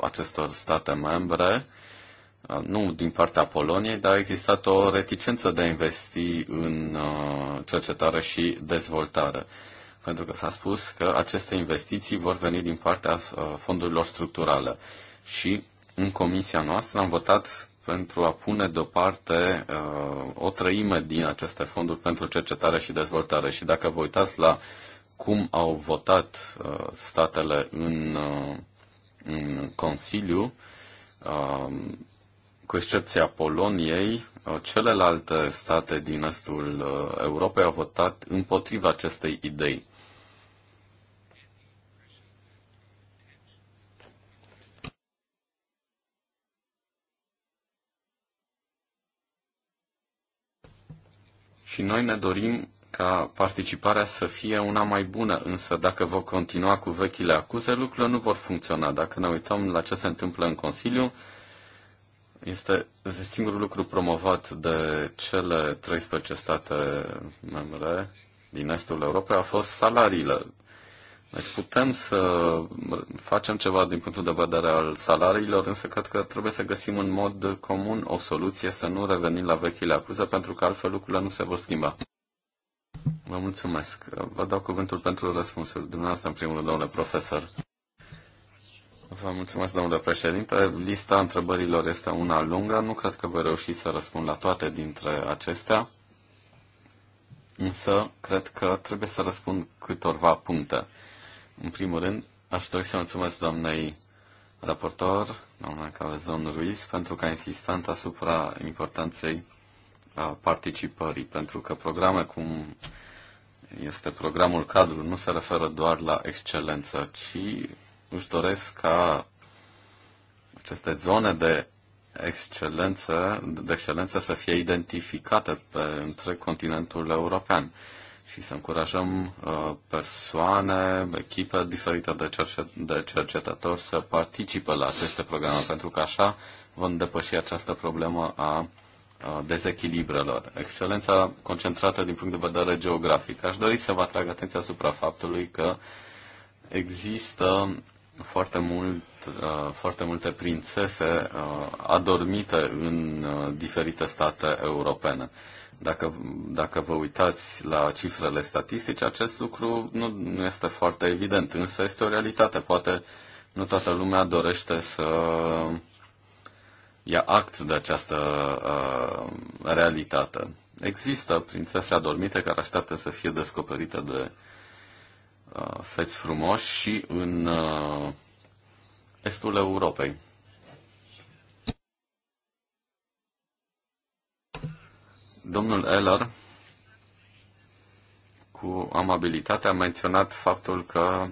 acestor state membre, nu din partea Poloniei, dar a existat o reticență de a investi în uh, cercetare și dezvoltare. Pentru că s-a spus că aceste investiții vor veni din partea uh, fondurilor structurale. Și în comisia noastră am votat pentru a pune deoparte uh, o treime din aceste fonduri pentru cercetare și dezvoltare. Și dacă vă uitați la cum au votat uh, statele în, uh, în Consiliu, uh, cu excepția Poloniei, uh, celelalte state din estul uh, Europei au votat împotriva acestei idei. și noi ne dorim ca participarea să fie una mai bună, însă dacă vor continua cu vechile acuze, lucrurile nu vor funcționa. Dacă ne uităm la ce se întâmplă în Consiliu, este, este singurul lucru promovat de cele 13 state membre din estul Europei a fost salariile. Deci putem să facem ceva din punctul de vedere al salariilor, însă cred că trebuie să găsim în mod comun o soluție, să nu revenim la vechile acuze, pentru că altfel lucrurile nu se vor schimba. Vă mulțumesc. Vă dau cuvântul pentru răspunsuri. Dumneavoastră, în primul rând, domnule profesor. Vă mulțumesc, domnule președinte. Lista întrebărilor este una lungă. Nu cred că voi reuși să răspund la toate dintre acestea, însă cred că trebuie să răspund câtorva puncte. În primul rând, aș dori să mulțumesc doamnei raportor, doamna Cavezon Ruiz, pentru că a insistat asupra importanței a participării, pentru că programe cum este programul cadru nu se referă doar la excelență, ci își doresc ca aceste zone de excelență, de excelență să fie identificate pe întreg continentul european și să încurajăm uh, persoane, echipe diferite de, cercet- de cercetători să participe la aceste programe, pentru că așa vom depăși această problemă a dezechilibrelor. Excelența concentrată din punct de vedere geografic. Aș dori să vă atrag atenția asupra faptului că există foarte, mult, uh, foarte multe prințese uh, adormite în diferite state europene. Dacă, dacă vă uitați la cifrele statistice, acest lucru nu, nu este foarte evident, însă este o realitate. Poate nu toată lumea dorește să ia act de această uh, realitate. Există prințese adormite care așteaptă să fie descoperite de uh, feți frumoși și în uh, estul Europei. Domnul Eller, cu amabilitate, a menționat faptul că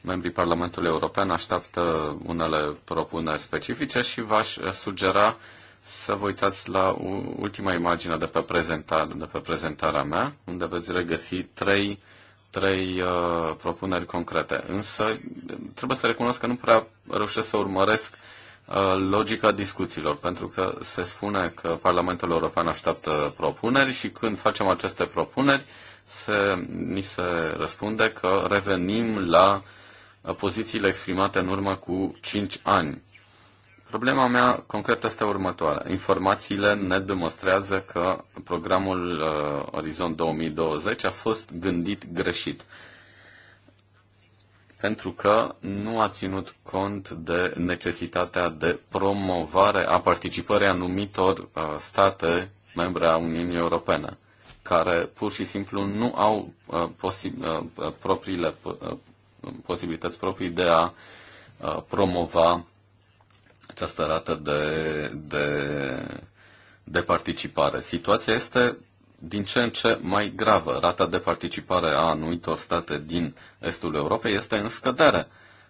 membrii Parlamentului European așteaptă unele propuneri specifice și v-aș sugera să vă uitați la ultima imagine de pe, prezentare, de pe prezentarea mea, unde veți regăsi trei, trei uh, propuneri concrete. Însă trebuie să recunosc că nu prea reușesc să urmăresc uh, Uh, logica discuțiilor, pentru că se spune că Parlamentul European așteaptă propuneri și când facem aceste propuneri, se, ni se răspunde că revenim la pozițiile exprimate în urmă cu 5 ani. Problema mea concretă este următoarea. Informațiile ne demonstrează că programul uh, Orizont 2020 a fost gândit greșit pentru că nu a ținut cont de necesitatea de promovare a participării anumitor uh, state membre a Uniunii Europene, care pur și simplu nu au uh, posi- uh, propriile posibilități proprii de a promova această rată de, de, de participare. Situația este din ce în ce mai gravă. Rata de participare a anumitor state din estul Europei este în scădere.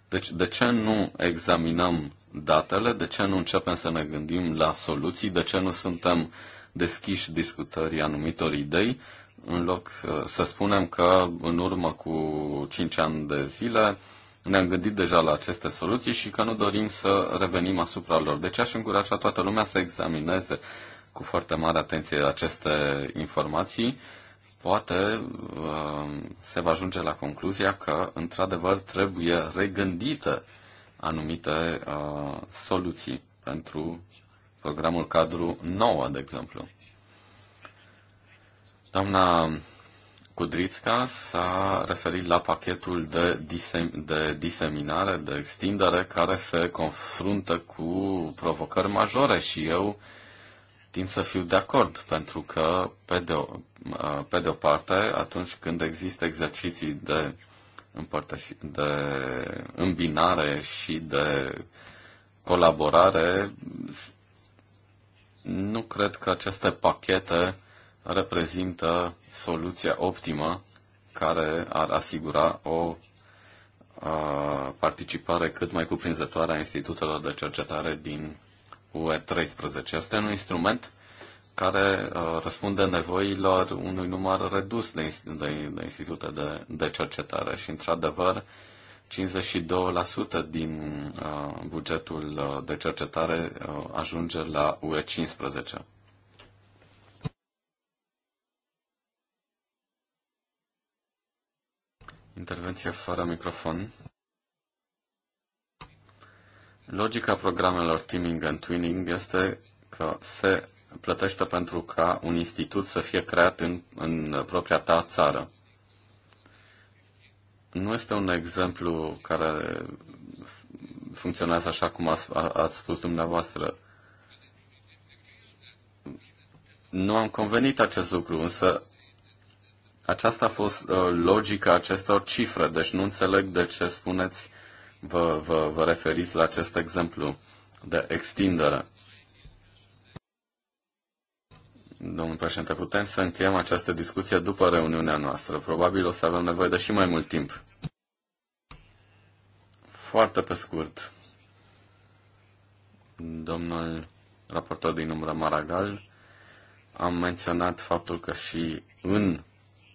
Deci de ce nu examinăm datele, de ce nu începem să ne gândim la soluții, de ce nu suntem deschiși discutării anumitor idei, în loc uh, să spunem că în urmă cu 5 ani de zile ne-am gândit deja la aceste soluții și că nu dorim să revenim asupra lor. Deci aș încuraja toată lumea să examineze uh, cu foarte mare atenție aceste informații, poate uh, se va ajunge la concluzia că, într-adevăr, trebuie regândită anumite uh, soluții pentru programul cadru nouă, de exemplu. Doamna Cudrițca s-a referit la pachetul de, disem- de diseminare, de extindere, care se confruntă cu provocări majore și eu uh, tind să fiu de acord, pentru că, pe de, o, pe de o parte, atunci când există exerciții de, împărtăși, de îmbinare și de colaborare, nu cred că aceste pachete reprezintă soluția optimă care ar asigura o a, participare cât mai cuprinzătoare a institutelor de cercetare din UE13. Este un instrument care uh, răspunde nevoilor unui număr redus de, de, de institute de, de cercetare și, într-adevăr, 52% din uh, bugetul uh, de cercetare uh, ajunge la UE15. Intervenție fără microfon. Logica programelor teaming and twinning este că se plătește pentru ca un institut să fie creat în, în propria ta țară. Nu este un exemplu care funcționează așa cum ați, ați spus dumneavoastră. Nu am convenit acest lucru, însă aceasta a fost uh, logica acestor cifre, deci nu înțeleg de ce spuneți vă, vă, vă referiți la acest exemplu de extindere. Domnul președinte, putem să încheiem această discuție după reuniunea noastră. Probabil o să avem nevoie de și mai mult timp. Foarte pe scurt. Domnul raportor din umbră Maragal, am menționat faptul că și în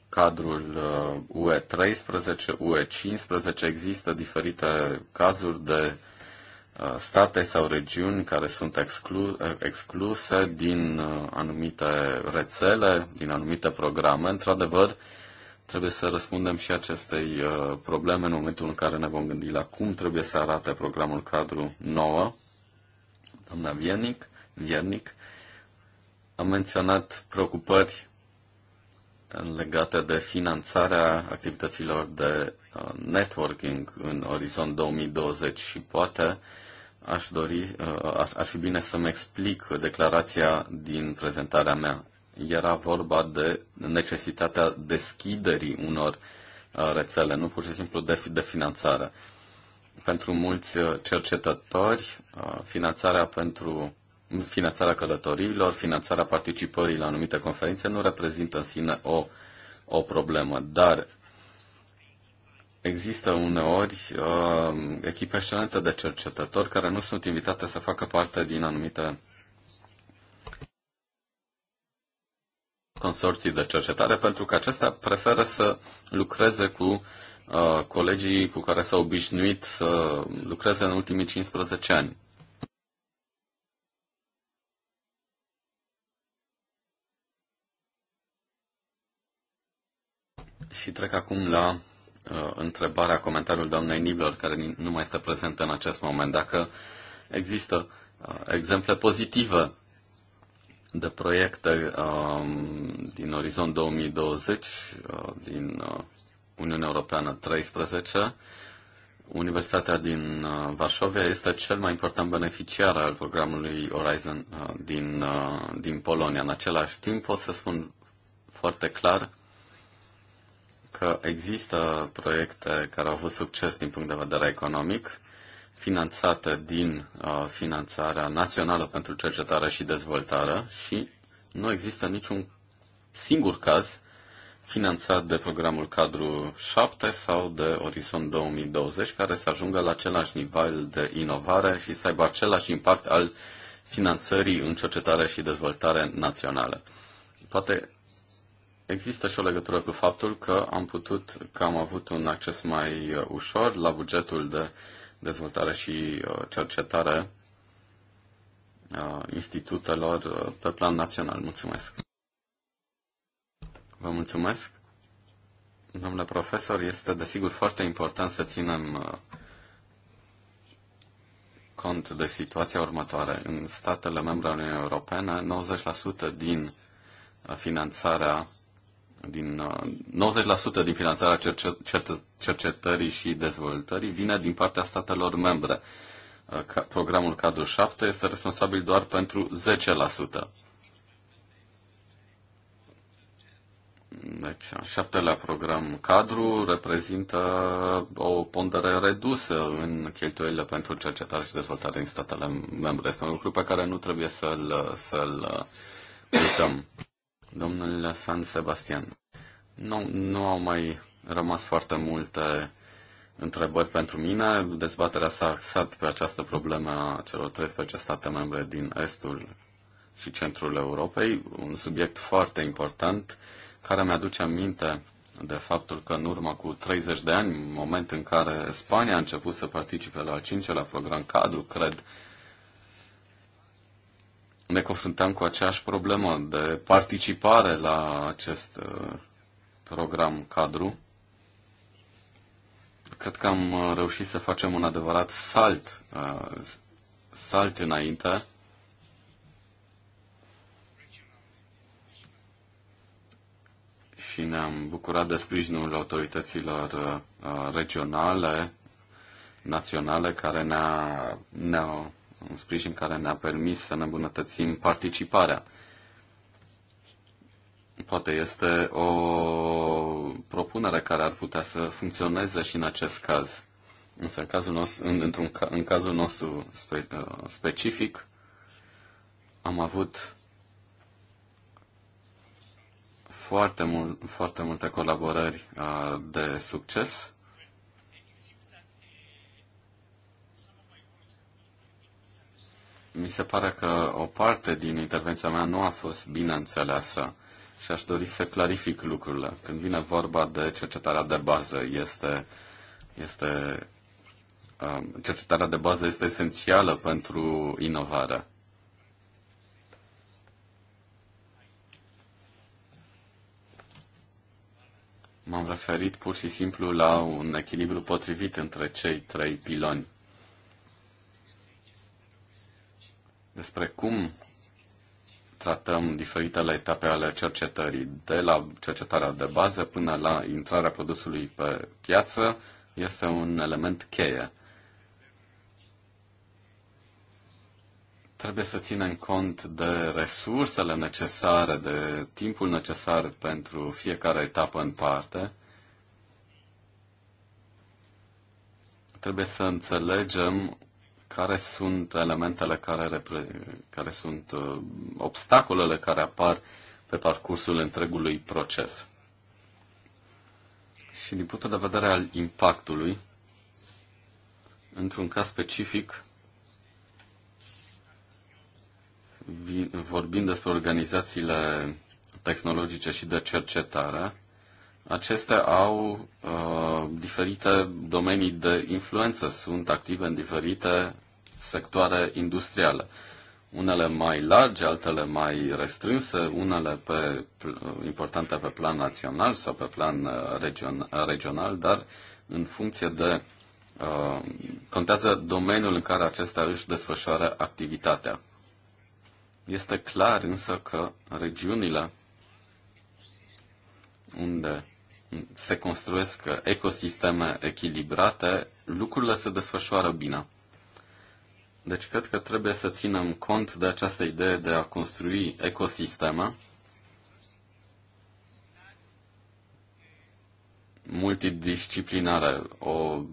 cadrul uh, UE 13, UE 15 există diferite cazuri de uh, state sau regiuni care sunt exclu- uh, excluse din anumite rețele, din anumite programe. Într-adevăr, trebuie să răspundem și acestei probleme în momentul în care ne vom gândi la cum trebuie să arate programul cadru nouă. Doamna Viernic, Viernic a menționat preocupări legate de finanțarea activităților de uh, networking în orizont 2020 și poate aș dori, uh, ar, ar fi bine să-mi explic declarația din prezentarea mea. Era vorba de necesitatea deschiderii unor uh, rețele, nu pur și simplu de, de finanțare. Pentru mulți cercetători, finanțarea pentru finanțarea călătoriilor, finanțarea participării la anumite conferințe nu reprezintă în sine o, o problemă, dar există uneori uh, echipe excelente de cercetători care nu sunt invitate să facă parte din anumite consorții de cercetare pentru că acestea preferă să lucreze cu uh, colegii cu care s-au obișnuit să lucreze în ultimii 15 ani. Și trec acum la uh, întrebarea, comentariul doamnei Nibler, care nu mai este prezentă în acest moment. Dacă există uh, exemple pozitive de proiecte uh, din Orizont 2020, uh, din uh, Uniunea Europeană 13, Universitatea din uh, Varșovia este cel mai important beneficiar al programului Horizon uh, din, uh, din Polonia. În același timp pot să spun foarte clar că există proiecte care au avut succes din punct de vedere economic, finanțate din uh, finanțarea națională pentru cercetare și dezvoltare și nu există niciun singur caz finanțat de programul cadru 7 sau de Orizont 2020 care să ajungă la același nivel de inovare și să aibă același impact al finanțării în cercetare și dezvoltare națională. Toate Există și o legătură cu faptul că am putut, că am avut un acces mai uh, ușor la bugetul de dezvoltare și uh, cercetare uh, institutelor pe plan național. Mulțumesc! Vă mulțumesc! Domnule profesor, este desigur foarte important să ținem cont de situația următoare. În statele membre ale Uniunii Europene, 90% din finanțarea din uh, 90% din finanțarea cercetării și dezvoltării vine din partea statelor membre. Uh, programul cadru 7 este responsabil doar pentru 10%. Deci, șaptelea program cadru reprezintă o pondere redusă în cheltuielile pentru cercetare și dezvoltare din statele membre. Este un lucru pe care nu trebuie să-l, să-l uh, uităm. Domnul San Sebastian, nu, nu au mai rămas foarte multe întrebări pentru mine. Dezbaterea s-a axat pe această problemă a celor 13 state membre din estul și centrul Europei, un subiect foarte important care mi-aduce aminte de faptul că în urmă cu 30 de ani, moment în care Spania a început să participe la al cincelea program cadru, cred, ne confruntăm cu aceeași problemă de participare la acest uh, program cadru. Cred că am uh, reușit să facem un adevărat salt, uh, salt înainte. Și ne-am bucurat de sprijinul autorităților regionale, naționale, care ne-a, ne-a un sprijin care ne-a permis să ne îmbunătățim participarea. Poate este o propunere care ar putea să funcționeze și în acest caz. Însă în cazul nostru, în, într-un, în cazul nostru spe, uh, specific am avut foarte, mul, foarte multe colaborări uh, de succes mi se pare că o parte din intervenția mea nu a fost bine înțeleasă și aș dori să clarific lucrurile. Când vine vorba de cercetarea de bază, este, este, um, cercetarea de bază este esențială pentru inovare. M-am referit pur și simplu la un echilibru potrivit între cei trei piloni despre cum tratăm diferitele etape ale cercetării, de la cercetarea de bază până la intrarea produsului pe piață, este un element cheie. Trebuie să ținem cont de resursele necesare, de timpul necesar pentru fiecare etapă în parte. Trebuie să înțelegem care sunt elementele care, repre care sunt uh, obstacolele care apar pe parcursul întregului proces. Și din punctul de vedere al impactului, într-un caz specific, vorbind despre organizațiile tehnologice și de cercetare, acestea au uh, diferite domenii de influență, sunt active în diferite sectoare industriale. Unele mai largi, altele mai restrânse, unele pe, uh, importante pe plan național sau pe plan uh, region, regional, dar în funcție de. Uh, contează domeniul în care acesta își desfășoară activitatea. Este clar însă că regiunile unde se construiesc ecosisteme echilibrate, lucrurile se desfășoară bine. Deci cred că trebuie să ținem cont de această idee de a construi ecosisteme multidisciplinare, o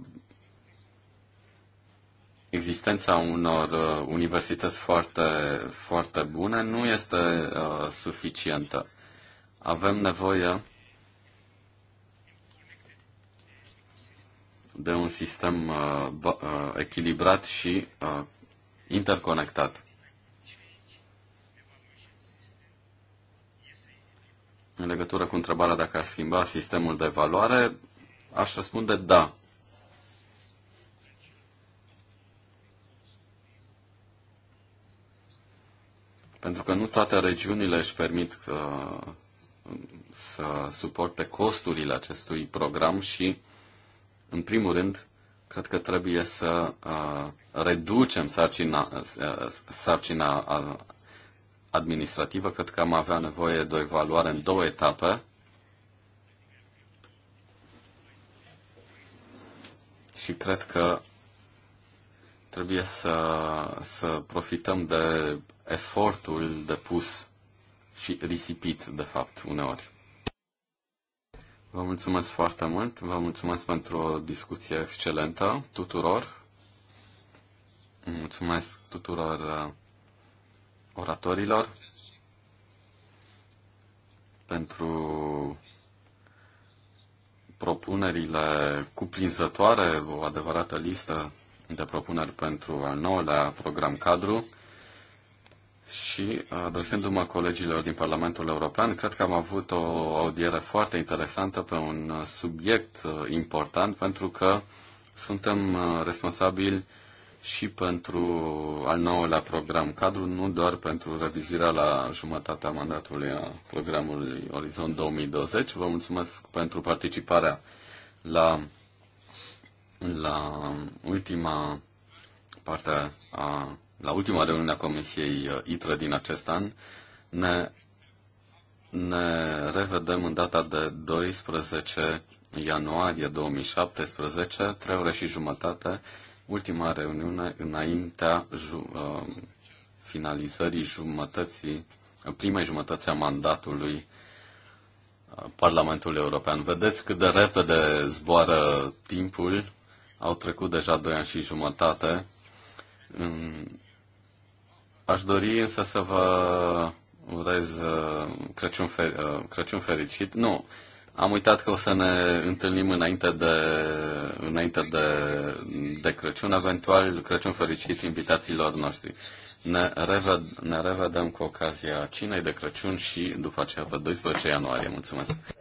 existența unor uh, universități foarte, foarte bune nu este uh, suficientă. Avem nevoie de un sistem uh, uh, echilibrat și uh, interconectat. În legătură cu întrebarea dacă ar schimba sistemul de valoare, aș răspunde da. Pentru că nu toate regiunile își permit uh, să suporte costurile acestui program și uh, în primul rând, cred că trebuie să reducem sarcina, sarcina administrativă. Cred că am avea nevoie de o evaluare în două etape. Și cred că trebuie să, să profităm de efortul depus și risipit, de fapt, uneori. Vă mulțumesc foarte mult, vă mulțumesc pentru o discuție excelentă tuturor. Mulțumesc tuturor uh, oratorilor pentru propunerile cuprinzătoare, o adevărată listă de propuneri pentru al nouălea program cadru și adresându-mă colegilor din Parlamentul European, cred că am avut o audiere foarte interesantă pe un uh, subiect uh, important, pentru că suntem uh, responsabili și pentru al nouălea program cadru, nu doar pentru revizuirea la jumătatea mandatului a programului Orizont 2020. Vă mulțumesc pentru participarea la, la ultima parte a la ultima reuniune a Comisiei uh, ITRE din acest an, ne, ne revedem în data de 12 ianuarie 2017, 3 ore și jumătate, ultima reuniune înaintea ju- uh, finalizării jumătății, uh, primei jumătăți a mandatului Parlamentul European. Vedeți cât de repede zboară timpul. Au trecut deja doi ani și jumătate. În, Aș dori însă să vă urez uh, Crăciun, fer- uh, Crăciun fericit. Nu, am uitat că o să ne întâlnim înainte de, înainte de, de Crăciun, eventual Crăciun fericit invitațiilor noștri. Ne, reved, ne revedem cu ocazia cinei de Crăciun și după aceea pe 12 ianuarie. Mulțumesc!